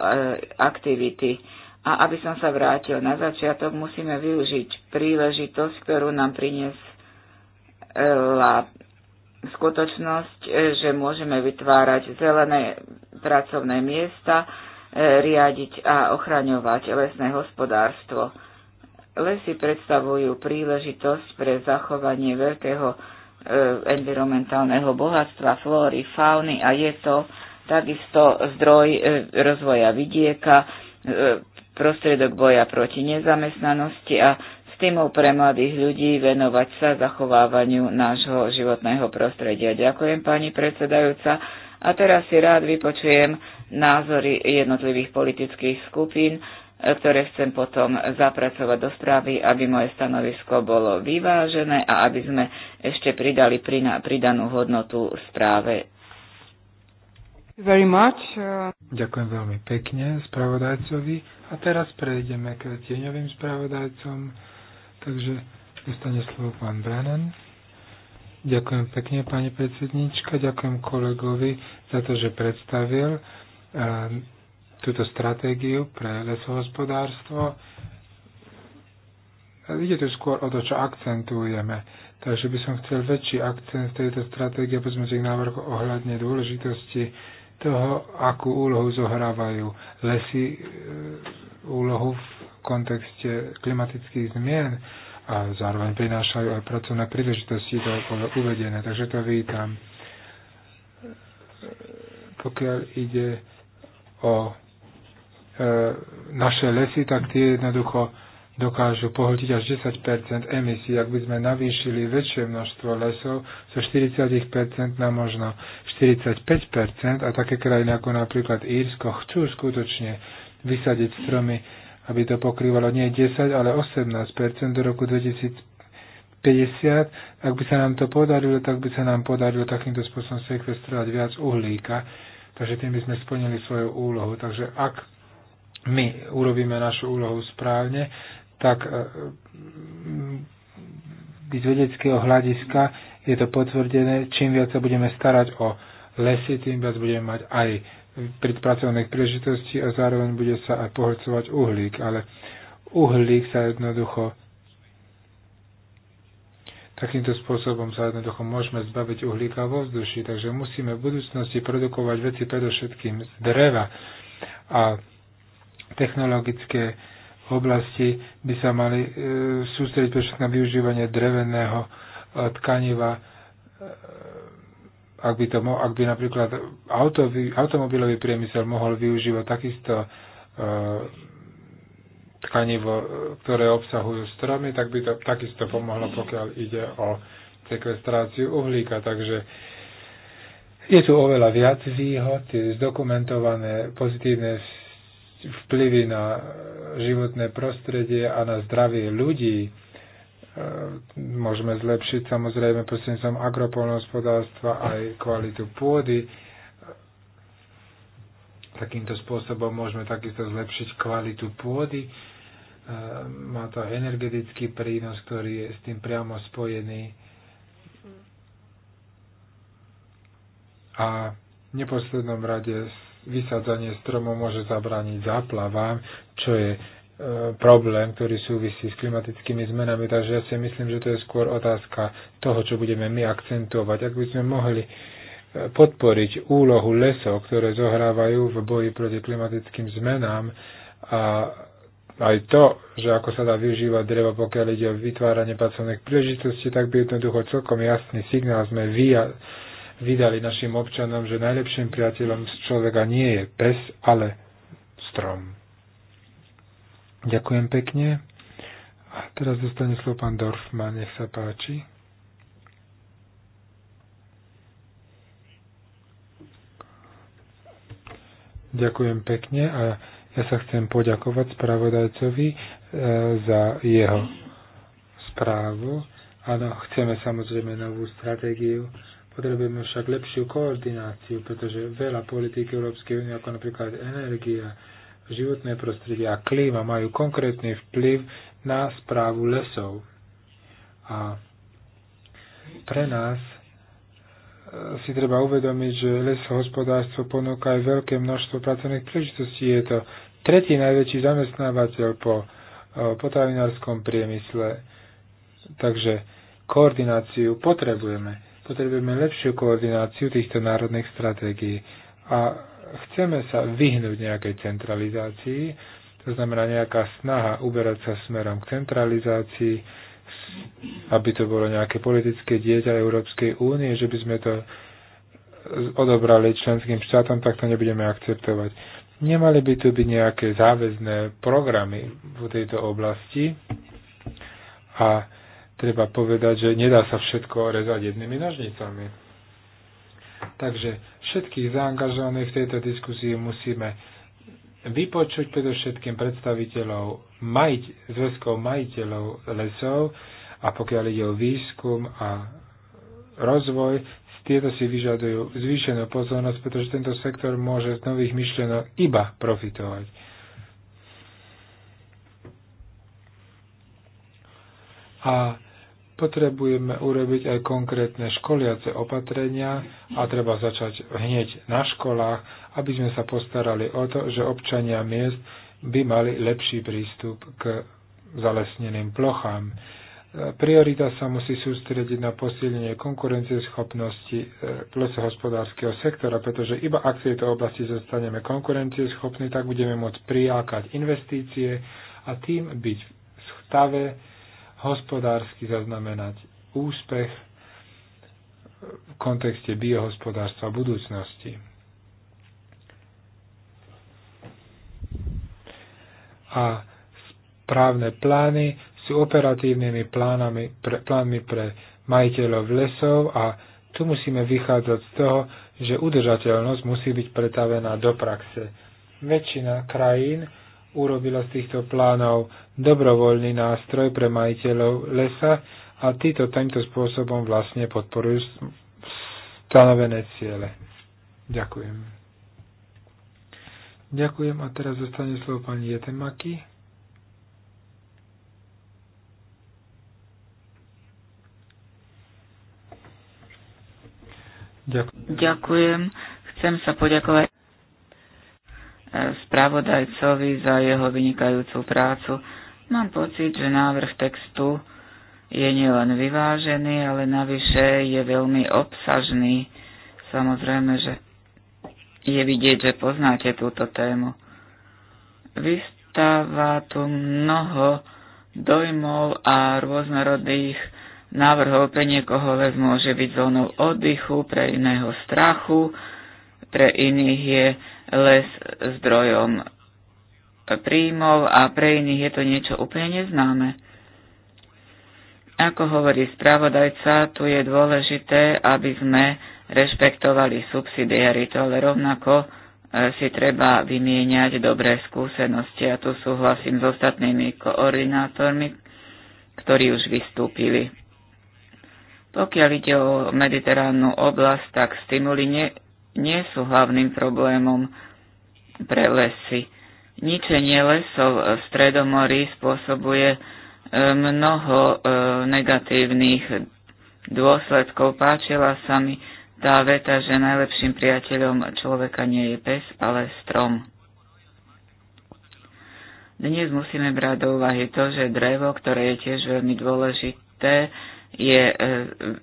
aktivity. A aby som sa vrátil na začiatok, musíme využiť príležitosť, ktorú nám priniesla skutočnosť, e, že môžeme vytvárať zelené pracovné miesta, e, riadiť a ochraňovať lesné hospodárstvo. Lesy predstavujú príležitosť pre zachovanie veľkého e, environmentálneho bohatstva, flóry, fauny a je to takisto zdroj rozvoja vidieka, prostriedok boja proti nezamestnanosti a stimul pre mladých ľudí venovať sa zachovávaniu nášho životného prostredia. Ďakujem pani predsedajúca a teraz si rád vypočujem názory jednotlivých politických skupín, ktoré chcem potom zapracovať do správy, aby moje stanovisko bolo vyvážené a aby sme ešte pridali pridanú hodnotu správe. Very much. Ďakujem veľmi pekne spravodajcovi. A teraz prejdeme k tieňovým spravodajcom. Takže dostane slovo pán Brennan. Ďakujem pekne, pani predsednička. Ďakujem kolegovi za to, že predstavil eh, túto stratégiu pre lesohospodárstvo. Ide tu skôr o to, čo akcentujeme. Takže by som chcel väčší akcent v tejto stratégie pozmeňujúcich návrh ohľadne dôležitosti toho, akú úlohu zohrávajú lesy, eh, úlohu v kontexte klimatických zmien a zároveň prinášajú aj pracovné príležitosti, to bolo uvedené, takže to vítam. Pokiaľ ide o e, naše lesy, tak tie jednoducho dokážu pohltiť až 10 emisí. Ak by sme navýšili väčšie množstvo lesov, zo so 40 na možno 45 a také krajiny ako napríklad Írsko chcú skutočne vysadiť stromy aby to pokrývalo nie 10, ale 18 do roku 2050. Ak by sa nám to podarilo, tak by sa nám podarilo takýmto spôsobom sekvestrovať viac uhlíka. Takže tým by sme splnili svoju úlohu. Takže ak my urobíme našu úlohu správne, tak e, z vedeckého hľadiska je to potvrdené, čím viac sa budeme starať o lesy, tým viac budeme mať aj pracovných príležitostí a zároveň bude sa aj pohľcovať uhlík, ale uhlík sa jednoducho Takýmto spôsobom sa jednoducho môžeme zbaviť uhlíka vo vzduši, takže musíme v budúcnosti produkovať veci predovšetkým z dreva a technologické oblasti by sa mali e, sústrediť na využívanie dreveného e, tkaniva e, ak by, to, ak by napríklad auto, automobilový priemysel mohol využívať takisto e, tkanivo, e, ktoré obsahujú stromy, tak by to takisto pomohlo, pokiaľ ide o sekvestráciu uhlíka. Takže je tu oveľa viac výhod, je zdokumentované pozitívne vplyvy na životné prostredie a na zdravie ľudí Ehm, môžeme zlepšiť samozrejme prostredníctvom agropolnohospodárstva aj kvalitu pôdy. Takýmto spôsobom môžeme takisto zlepšiť kvalitu pôdy. Ehm, má to energetický prínos, ktorý je s tým priamo spojený. A v neposlednom rade vysádzanie stromov môže zabrániť záplavám, čo je E, problém, ktorý súvisí s klimatickými zmenami, takže ja si myslím, že to je skôr otázka toho, čo budeme my akcentovať. Ak by sme mohli e, podporiť úlohu lesov, ktoré zohrávajú v boji proti klimatickým zmenám a aj to, že ako sa dá využívať drevo, pokiaľ ide o vytváranie pracovných príležitostí, tak by jednoducho celkom jasný signál sme vydali našim občanom, že najlepším priateľom človeka nie je pes, ale strom. Ďakujem pekne. A teraz dostane slovo pán Dorfman, nech sa páči. Ďakujem pekne a ja sa chcem poďakovať spravodajcovi eh, za jeho správu. Áno, chceme samozrejme novú stratégiu, potrebujeme však lepšiu koordináciu, pretože veľa politík Európskej únie, ako napríklad energia, životné prostredie a klíma majú konkrétny vplyv na správu lesov. A pre nás e, si treba uvedomiť, že lesohospodárstvo ponúka aj veľké množstvo pracovných príležitostí. Je to tretí najväčší zamestnávateľ po e, potravinárskom priemysle. Takže koordináciu potrebujeme. Potrebujeme lepšiu koordináciu týchto národných stratégií. A chceme sa vyhnúť nejakej centralizácii, to znamená nejaká snaha uberať sa smerom k centralizácii, aby to bolo nejaké politické dieťa Európskej únie, že by sme to odobrali členským štátom, tak to nebudeme akceptovať. Nemali by tu byť nejaké záväzné programy v tejto oblasti a treba povedať, že nedá sa všetko rezať jednými nožnicami. Takže všetkých zaangažovaných v tejto diskusii musíme vypočuť predovšetkým predstaviteľov maj, zväzkov majiteľov lesov a pokiaľ ide o výskum a rozvoj, tieto si vyžadujú zvýšenú pozornosť, pretože tento sektor môže z nových myšlienok iba profitovať. A potrebujeme urobiť aj konkrétne školiace opatrenia a treba začať hneď na školách, aby sme sa postarali o to, že občania miest by mali lepší prístup k zalesneným plochám. Priorita sa musí sústrediť na posilnenie konkurencieschopnosti e, lesohospodárskeho sektora, pretože iba ak v tejto oblasti zostaneme konkurencieschopní, tak budeme môcť prijákať investície a tým byť v stave, hospodársky zaznamenať úspech v kontexte biohospodárstva budúcnosti. A právne plány sú operatívnymi plánami pre, plánmi pre majiteľov lesov a tu musíme vychádzať z toho, že udržateľnosť musí byť pretavená do praxe. Väčšina krajín urobila z týchto plánov dobrovoľný nástroj pre majiteľov lesa a títo týmto spôsobom vlastne podporujú stanovené ciele. Ďakujem. Ďakujem a teraz zostane slovo pani Jetemaki. Ďakujem. Ďakujem. Chcem sa poďakovať eh, spravodajcovi za jeho vynikajúcu prácu. Mám pocit, že návrh textu je nielen vyvážený, ale navyše je veľmi obsažný. Samozrejme, že je vidieť, že poznáte túto tému. Vystáva tu mnoho dojmov a rôznorodých návrhov. Pre niekoho les môže byť zónou oddychu, pre iného strachu, pre iných je les zdrojom príjmov a pre iných je to niečo úplne neznáme. Ako hovorí spravodajca, tu je dôležité, aby sme rešpektovali subsidiaritu, ale rovnako e, si treba vymieňať dobré skúsenosti. A tu súhlasím s ostatnými koordinátormi, ktorí už vystúpili. Pokiaľ ide o mediteránnu oblasť, tak stimuli nie, nie sú hlavným problémom pre lesy ničenie lesov v Stredomorí spôsobuje e, mnoho e, negatívnych dôsledkov. Páčila sa mi tá veta, že najlepším priateľom človeka nie je pes, ale strom. Dnes musíme brať do úvahy to, že drevo, ktoré je tiež veľmi dôležité, je e,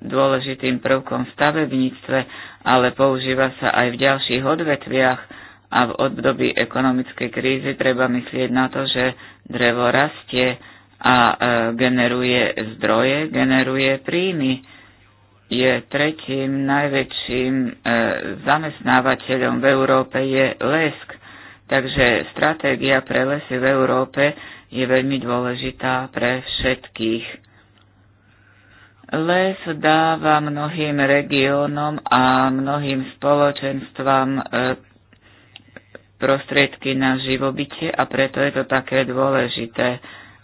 dôležitým prvkom v stavebníctve, ale používa sa aj v ďalších odvetviach a v období ekonomickej krízy treba myslieť na to, že drevo rastie a e, generuje zdroje, generuje príjmy. Je tretím najväčším e, zamestnávateľom v Európe je lesk, takže stratégia pre lesy v Európe je veľmi dôležitá pre všetkých. Les dáva mnohým regiónom a mnohým spoločenstvám e, prostriedky na živobytie a preto je to také dôležité.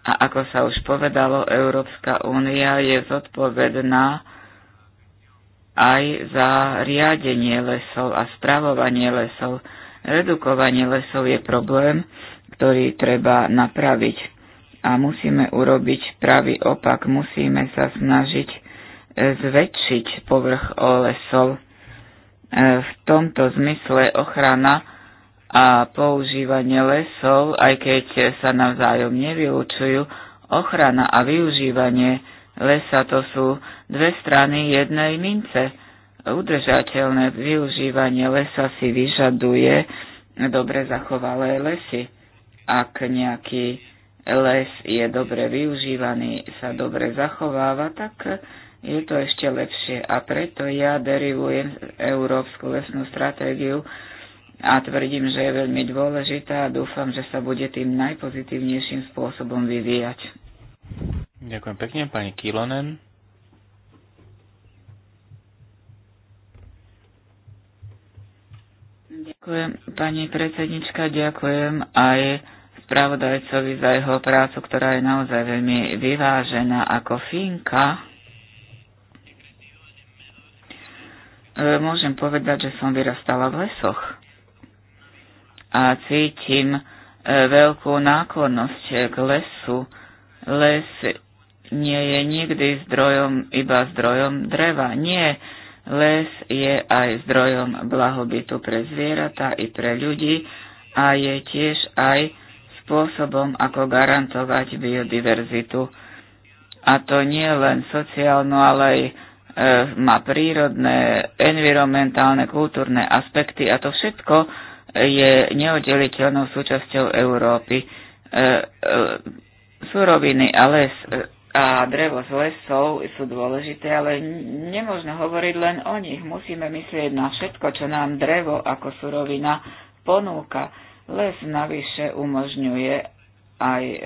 A ako sa už povedalo, Európska únia je zodpovedná aj za riadenie lesov a spravovanie lesov. Redukovanie lesov je problém, ktorý treba napraviť. A musíme urobiť pravý opak. Musíme sa snažiť e, zväčšiť povrch o lesov. E, v tomto zmysle ochrana a používanie lesov, aj keď sa navzájom nevylučujú, ochrana a využívanie lesa to sú dve strany jednej mince. Udržateľné využívanie lesa si vyžaduje dobre zachovalé lesy. Ak nejaký les je dobre využívaný, sa dobre zachováva, tak je to ešte lepšie. A preto ja derivujem európsku lesnú stratégiu a tvrdím, že je veľmi dôležitá a dúfam, že sa bude tým najpozitívnejším spôsobom vyvíjať. Ďakujem pekne, pani Kilonen. Ďakujem, pani predsednička, ďakujem aj spravodajcovi za jeho prácu, ktorá je naozaj veľmi vyvážená ako finka. E, môžem povedať, že som vyrastala v lesoch a cítim e, veľkú náklonnosť e, k lesu. Les nie je nikdy zdrojom, iba zdrojom dreva. Nie, les je aj zdrojom blahobytu pre zvieratá i pre ľudí a je tiež aj spôsobom, ako garantovať biodiverzitu. A to nie len sociálnu, ale aj e, má prírodné, environmentálne, kultúrne aspekty a to všetko je neoddeliteľnou súčasťou Európy. E, e, Súroviny a les e, a drevo z lesov sú dôležité, ale nemôžno hovoriť len o nich. Musíme myslieť na všetko, čo nám drevo ako surovina ponúka. Les navyše umožňuje aj e,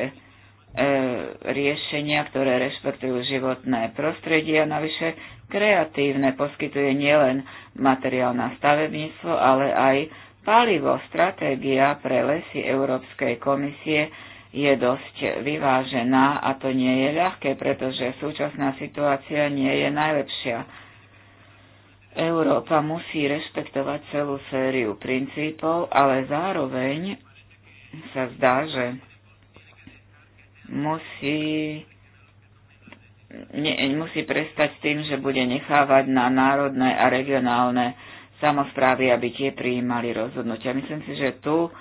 riešenia, ktoré rešpektujú životné prostredie a navyše kreatívne poskytuje nielen materiál na stavebníctvo, ale aj Palivo stratégia pre lesy Európskej komisie je dosť vyvážená a to nie je ľahké, pretože súčasná situácia nie je najlepšia. Európa musí rešpektovať celú sériu princípov, ale zároveň sa zdá, že musí, ne, musí prestať s tým, že bude nechávať na národné a regionálne samozprávy, aby tie prijímali rozhodnutia. Myslím si, že tu e,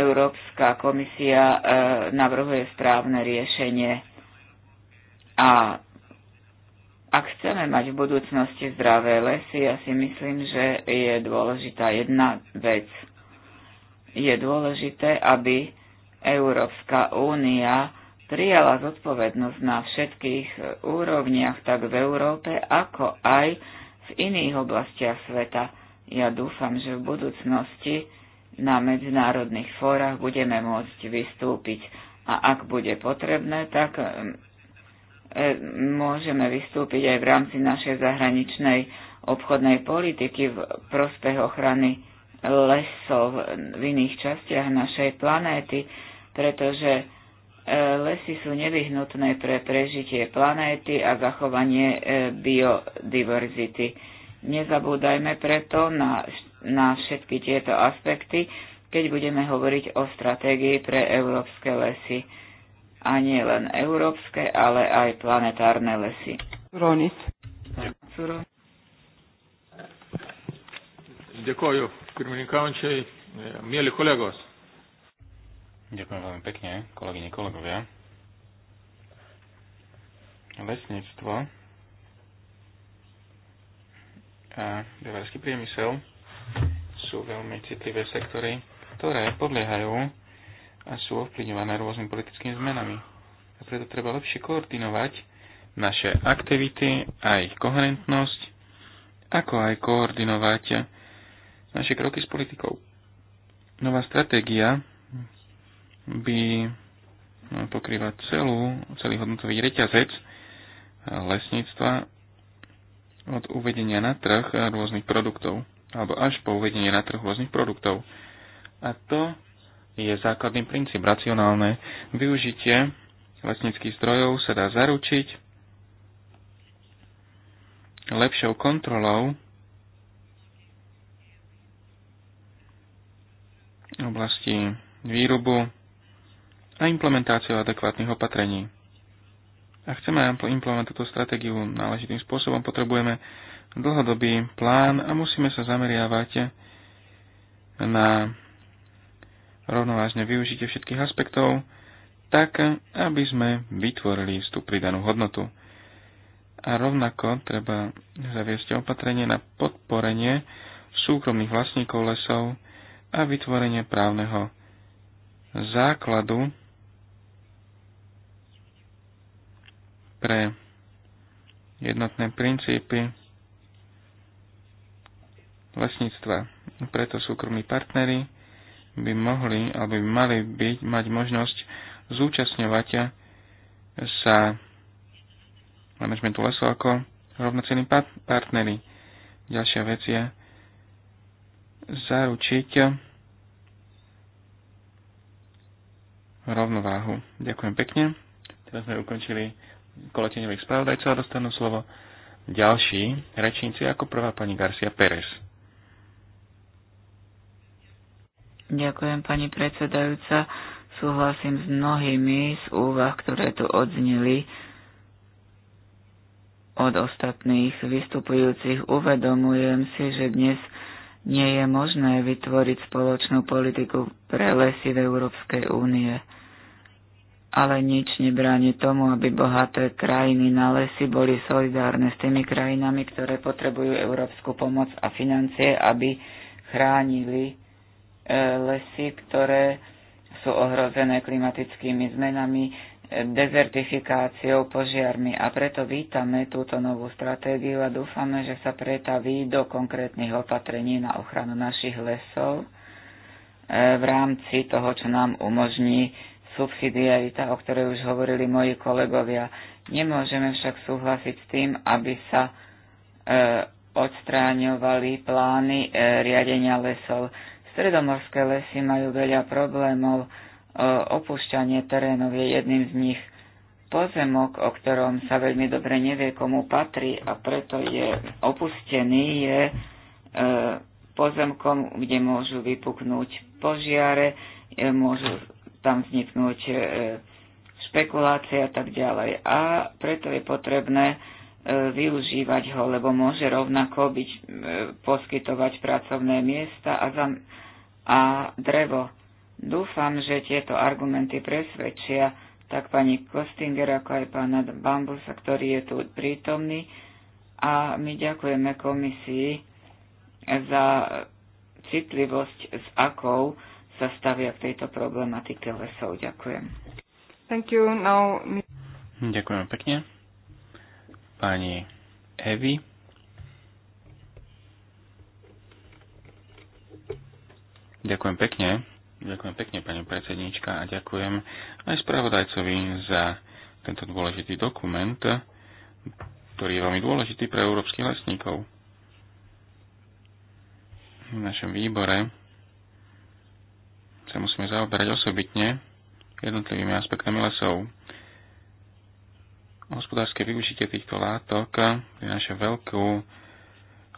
Európska komisia e, navrhuje správne riešenie a ak chceme mať v budúcnosti zdravé lesy, ja si myslím, že je dôležitá jedna vec. Je dôležité, aby Európska únia prijala zodpovednosť na všetkých úrovniach, tak v Európe, ako aj v iných oblastiach sveta. Ja dúfam, že v budúcnosti na medzinárodných fórach budeme môcť vystúpiť a ak bude potrebné, tak mm, e, môžeme vystúpiť aj v rámci našej zahraničnej obchodnej politiky v prospech ochrany lesov v iných častiach našej planéty, pretože E, lesy sú nevyhnutné pre prežitie planéty a zachovanie e, biodiverzity. Nezabúdajme preto na, na všetky tieto aspekty, keď budeme hovoriť o stratégii pre európske lesy. A nie len európske, ale aj planetárne lesy. Ronis. Dėkoju pirmininkaujančiai, mėly kolegos. Ďakujem veľmi pekne, kolegyne, kolegovia. Lesníctvo a bevarský priemysel sú veľmi citlivé sektory, ktoré podliehajú a sú ovplyvňované rôznymi politickými zmenami. A preto treba lepšie koordinovať naše aktivity a ich koherentnosť, ako aj koordinovať naše kroky s politikou. Nová stratégia by no, pokrýva celú, celý hodnotový reťazec eh, lesníctva od uvedenia na trh eh, rôznych produktov, alebo až po uvedenie na trh rôznych produktov. A to je základný princíp racionálne. Využitie lesníckých zdrojov sa dá zaručiť lepšou kontrolou oblasti výrobu, a implementáciou adekvátnych opatrení. A chceme implementovať túto stratégiu náležitým spôsobom, potrebujeme dlhodobý plán a musíme sa zameriavať na rovnovážne využitie všetkých aspektov, tak, aby sme vytvorili tú pridanú hodnotu. A rovnako treba zaviesť opatrenie na podporenie súkromných vlastníkov lesov a vytvorenie právneho základu pre jednotné princípy lesníctva. Preto súkromní partnery by mohli alebo by mali byť, mať možnosť zúčastňovať sa manažmentu lesov ako rovnocenní partnery. Ďalšia vec je zaručiť rovnováhu. Ďakujem pekne. Teraz sme ukončili koleteňových spravodajcov a dostanú slovo ďalší rečníci, ako prvá pani Garcia Pérez. Ďakujem, pani predsedajúca. Súhlasím s mnohými z úvah, ktoré tu odznili od ostatných vystupujúcich. Uvedomujem si, že dnes nie je možné vytvoriť spoločnú politiku pre lesy v Európskej únie ale nič nebráni tomu, aby bohaté krajiny na lesy boli solidárne s tými krajinami, ktoré potrebujú európsku pomoc a financie, aby chránili e, lesy, ktoré sú ohrozené klimatickými zmenami, e, dezertifikáciou, požiarmi. A preto vítame túto novú stratégiu a dúfame, že sa pretaví do konkrétnych opatrení na ochranu našich lesov e, v rámci toho, čo nám umožní subsidiarita, o ktorej už hovorili moji kolegovia. Nemôžeme však súhlasiť s tým, aby sa e, odstráňovali plány e, riadenia lesov. Stredomorské lesy majú veľa problémov, e, opúšťanie terénov je jedným z nich. Pozemok, o ktorom sa veľmi dobre nevie, komu patrí a preto je opustený, je e, pozemkom, kde môžu vypuknúť požiare, e, môžu tam vzniknúť e, špekulácie a tak ďalej. A preto je potrebné e, využívať ho, lebo môže rovnako byť, e, poskytovať pracovné miesta a, zam, a drevo. Dúfam, že tieto argumenty presvedčia tak pani Kostinger, ako aj pána Bambusa, ktorý je tu prítomný. A my ďakujeme komisii za citlivosť, s akou sa stavia k tejto problematike lesov. Ďakujem. Thank you. Now... Ďakujem pekne. Pani Evi. Ďakujem pekne. Ďakujem pekne, pani predsedníčka, a ďakujem aj spravodajcovi za tento dôležitý dokument, ktorý je veľmi dôležitý pre európskych lesníkov. V našom výbore sa musíme zaoberať osobitne jednotlivými aspektami lesov. Hospodárske využitie týchto látok prináša veľkú,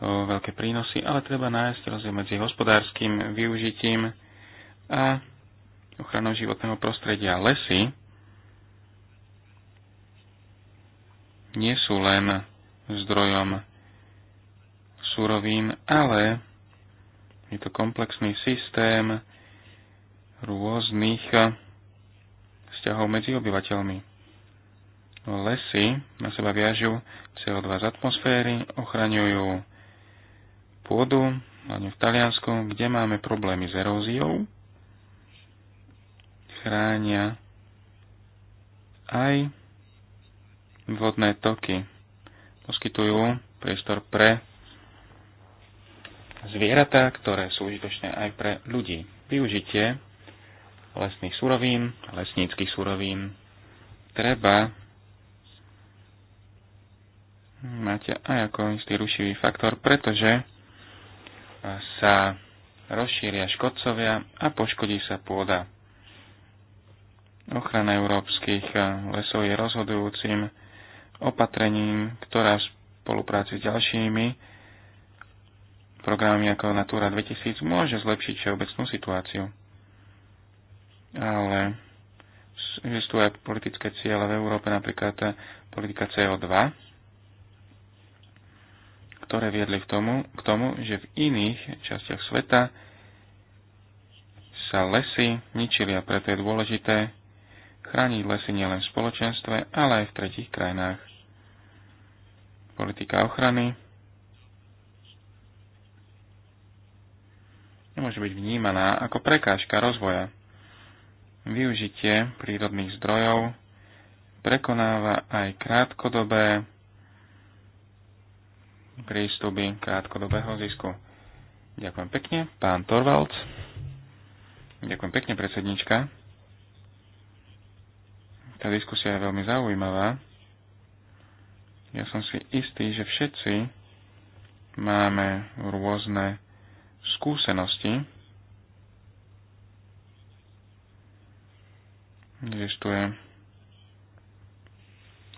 veľké prínosy, ale treba nájsť rozdiel medzi hospodárskym využitím a ochranou životného prostredia. Lesy nie sú len zdrojom surovým, ale je to komplexný systém rôznych eh, vzťahov medzi obyvateľmi. Lesy na seba viažu CO2 z atmosféry, ochraňujú pôdu, hlavne v Taliansku, kde máme problémy s eróziou, chránia aj vodné toky. Poskytujú priestor pre zvieratá, ktoré sú užitočné aj pre ľudí. Využitie lesných surovín, lesníckých surovín. Treba máte aj ako istý rušivý faktor, pretože sa rozšíria škodcovia a poškodí sa pôda. Ochrana európskych lesov je rozhodujúcim opatrením, ktorá v spolupráci s ďalšími programy ako Natura 2000 môže zlepšiť všeobecnú situáciu ale existujú aj politické ciele v Európe, napríklad politika CO2, ktoré viedli k tomu, k tomu, že v iných častiach sveta sa lesy ničili a preto je dôležité chrániť lesy nielen v spoločenstve, ale aj v tretich krajinách. Politika ochrany nemôže byť vnímaná ako prekážka rozvoja využitie prírodných zdrojov prekonáva aj krátkodobé prístupy krátkodobého zisku. Ďakujem pekne, pán Torvalc, Ďakujem pekne, predsednička. Tá diskusia je veľmi zaujímavá. Ja som si istý, že všetci máme rôzne skúsenosti existuje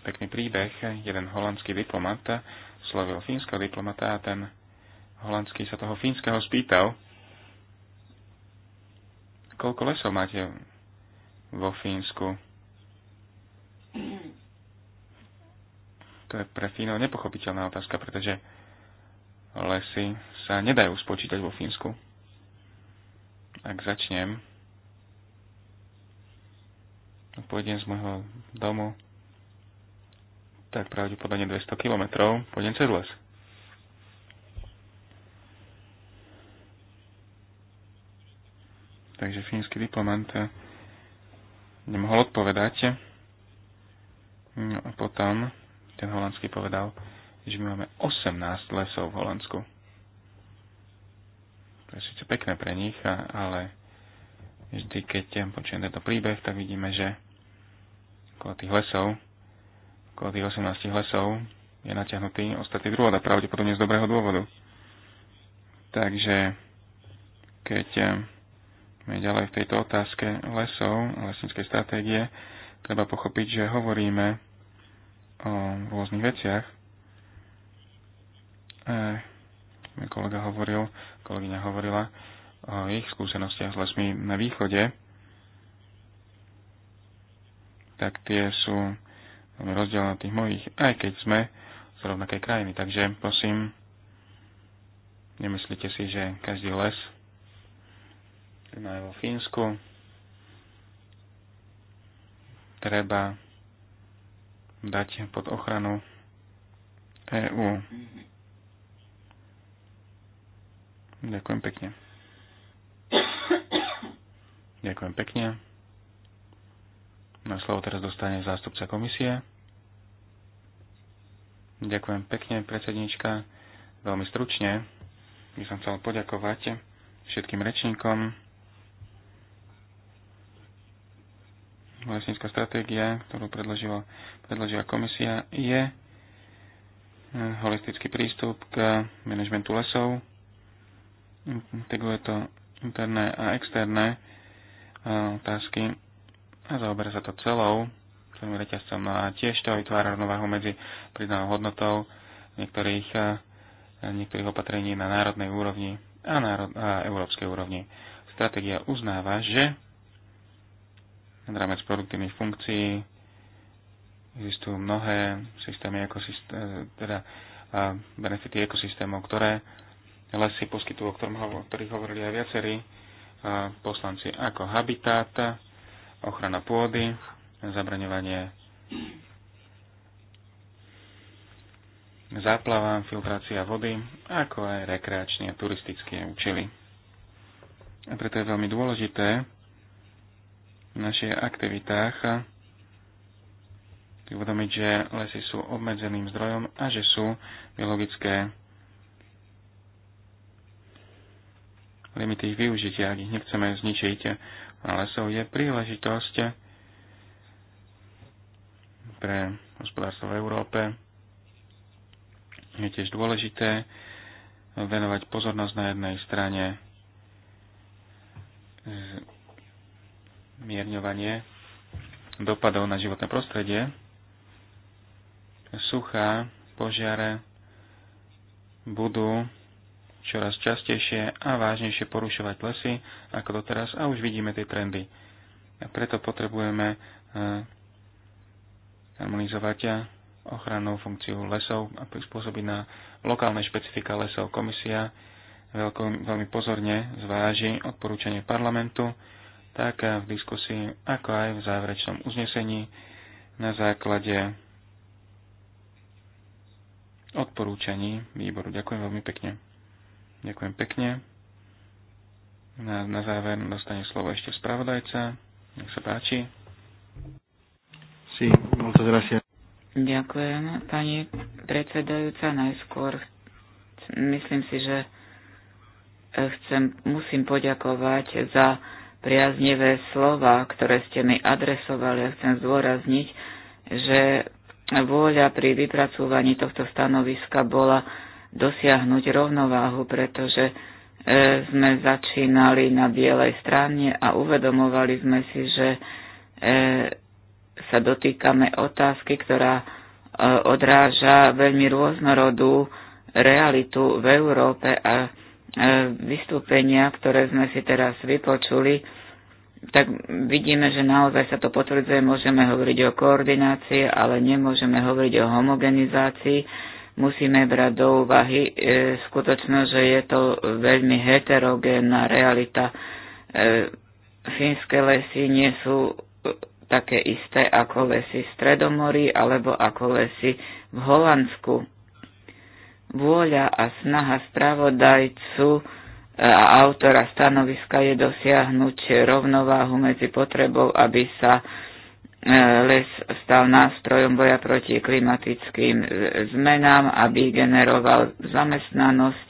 pekný príbeh. Jeden holandský diplomat slovil fínskeho diplomata a ten holandský sa toho fínskeho spýtal, koľko lesov máte vo Fínsku. To je pre Fínov nepochopiteľná otázka, pretože lesy sa nedajú spočítať vo Fínsku. Ak začnem pôjdem z môjho domu tak pravdepodobne 200 km pôjdem cez les. Takže fínsky diplomat nemohol odpovedať. No a potom ten holandský povedal, že my máme 18 lesov v Holandsku. To je síce pekné pre nich, ale vždy, keď počujem tento príbeh, tak vidíme, že okolo tých lesov, okolo tých 18 lesov je natiahnutý ostatný druhod a pravdepodobne z dobrého dôvodu. Takže keď sme eh, ďalej v tejto otázke lesov, lesníckej stratégie, treba pochopiť, že hovoríme o rôznych veciach. E, kolega hovoril, kolegyňa hovorila o ich skúsenostiach s lesmi na východe, tak tie sú rozdielne od tých mojich, aj keď sme z rovnakej krajiny. Takže prosím, nemyslíte si, že každý les, ktorý vo Fínsku, treba dať pod ochranu EÚ. Ďakujem pekne. Ďakujem pekne. No slovo teraz dostane zástupca komisie. Ďakujem pekne, predsednička. Veľmi stručne by som chcel poďakovať všetkým rečníkom. Lesnícka stratégia, ktorú predložila, predložila komisia, je eh, holistický prístup k manažmentu lesov. Integruje to interné a externé eh, otázky a zaoberá sa to celou celým reťazcom. No a tiež to vytvára rovnováhu medzi pridanou hodnotou niektorých, eh, niektorých opatrení na národnej úrovni a, národ, a európskej úrovni. Stratégia uznáva, že rámec produktívnych funkcií existujú mnohé systémy, eh, teda eh, benefity ekosystémov, ktoré lesy poskytujú, o, ktorom, o ktorých hovorili aj viacerí poslanci, ako habitat, ochrana pôdy, zabraňovanie záplava, filtrácia vody, ako aj rekreačné a turistické účely. A preto je veľmi dôležité v našich aktivitách uvedomiť, že lesy sú obmedzeným zdrojom a že sú biologické limity ich využitia. Ak ich nechceme zničiť, lesov je príležitosť pre hospodárstvo v Európe. Je tiež dôležité venovať pozornosť na jednej strane mierňovanie dopadov na životné prostredie, suchá, požiare budú čoraz častejšie a vážnejšie porušovať lesy ako doteraz a už vidíme tie trendy. A preto potrebujeme e, harmonizovať ochrannú funkciu lesov a spôsobiť na lokálne špecifika lesov. Komisia veľko, veľmi pozorne zváži odporúčanie parlamentu, tak v diskusii, ako aj v záverečnom uznesení na základe odporúčaní výboru. Ďakujem veľmi pekne. Ďakujem pekne. Na, na záver dostane slovo ešte spravodajca. Nech sa páči. Sí, muchas gracias. Ďakujem, pani predsedajúca. Najskôr myslím si, že eh, chcem, musím poďakovať za priaznivé slova, ktoré ste mi adresovali a chcem zdôrazniť, že vôľa pri vypracúvaní tohto stanoviska bola dosiahnuť rovnováhu, pretože e, sme začínali na bielej strane a uvedomovali sme si, že e, sa dotýkame otázky, ktorá e, odráža veľmi rôznorodú realitu v Európe a vystúpenia, ktoré sme si teraz vypočuli, tak vidíme, že naozaj sa to potvrdzuje. Môžeme hovoriť o koordinácii, ale nemôžeme hovoriť o homogenizácii musíme brať do úvahy e, skutočnosť, že je to veľmi heterogénna realita. E, fínske lesy nie sú e, také isté ako lesy v Stredomorí alebo ako lesy v Holandsku. Vôľa a snaha spravodajcu e, a autora stanoviska je dosiahnuť rovnováhu medzi potrebou, aby sa E, les stal nástrojom boja proti klimatickým e, zmenám, aby generoval zamestnanosť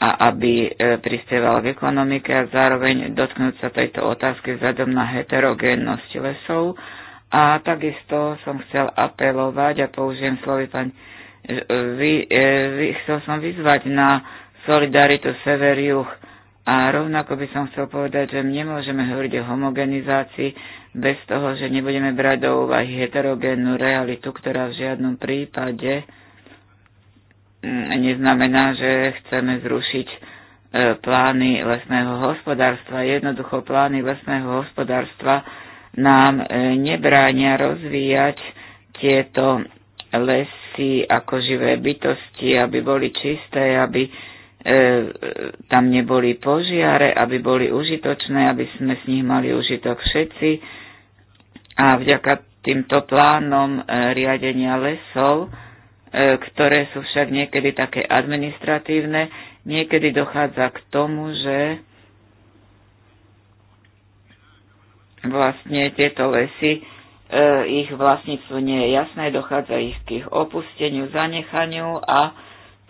a aby e, prispieval k ekonomike a zároveň dotknúť sa tejto otázky vzhľadom na heterogénnosť lesov. A takisto som chcel apelovať a použijem slovy pani, vy, vy, chcel som vyzvať na solidaritu sever-juh. A rovnako by som chcel povedať, že nemôžeme hovoriť o homogenizácii bez toho, že nebudeme brať do úvahy heterogénnu realitu, ktorá v žiadnom prípade mm, neznamená, že chceme zrušiť e, plány lesného hospodárstva. Jednoducho plány lesného hospodárstva nám e, nebránia rozvíjať tieto lesy ako živé bytosti, aby boli čisté, aby e, tam neboli požiare, aby boli užitočné, aby sme s nich mali užitok všetci a vďaka týmto plánom e, riadenia lesov, e, ktoré sú však niekedy také administratívne, niekedy dochádza k tomu, že vlastne tieto lesy, e, ich vlastníctvo nie je jasné, dochádza ich k ich opusteniu, zanechaniu a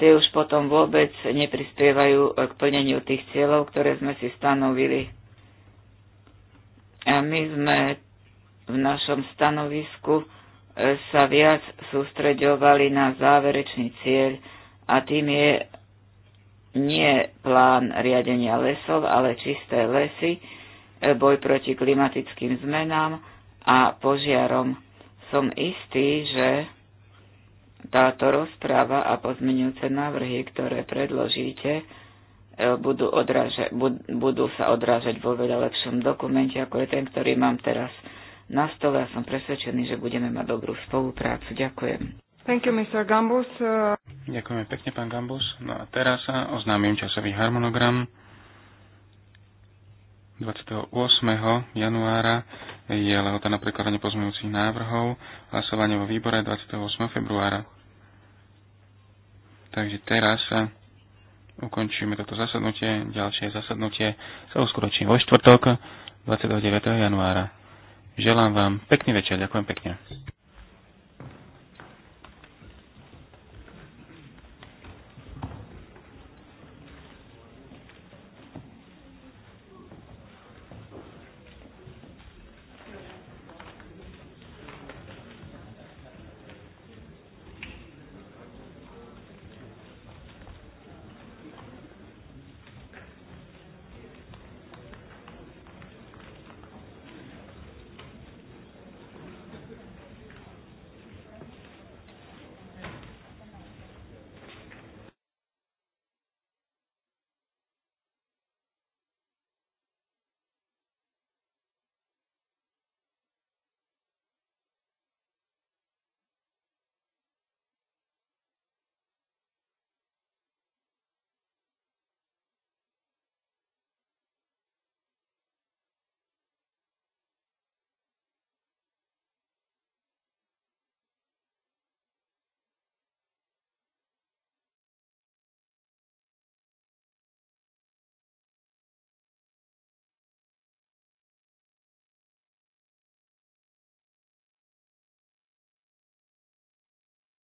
tie už potom vôbec neprispievajú k plneniu tých cieľov, ktoré sme si stanovili. A my sme v našom stanovisku e, sa viac sústreďovali na záverečný cieľ a tým je nie plán riadenia lesov, ale čisté lesy, e, boj proti klimatickým zmenám a požiarom. Som istý, že táto rozpráva a pozmenujúce návrhy, ktoré predložíte, e, budú, odraže, budú sa odrážať vo veľa lepšom dokumente, ako je ten, ktorý mám teraz na stole a som presvedčený, že budeme mať dobrú spoluprácu. Ďakujem. Thank you, Mr. Gambus. Ďakujeme pekne, pán Gambus. No a teraz sa oznámim časový harmonogram. 28. januára je lehota na prekladanie pozmeňujúcich návrhov, hlasovanie vo výbore 28. februára. Takže teraz ukončíme toto zasadnutie. Ďalšie zasadnutie sa uskutoční vo štvrtok 29. januára. Želám vám pekný večer. Ďakujem pekne.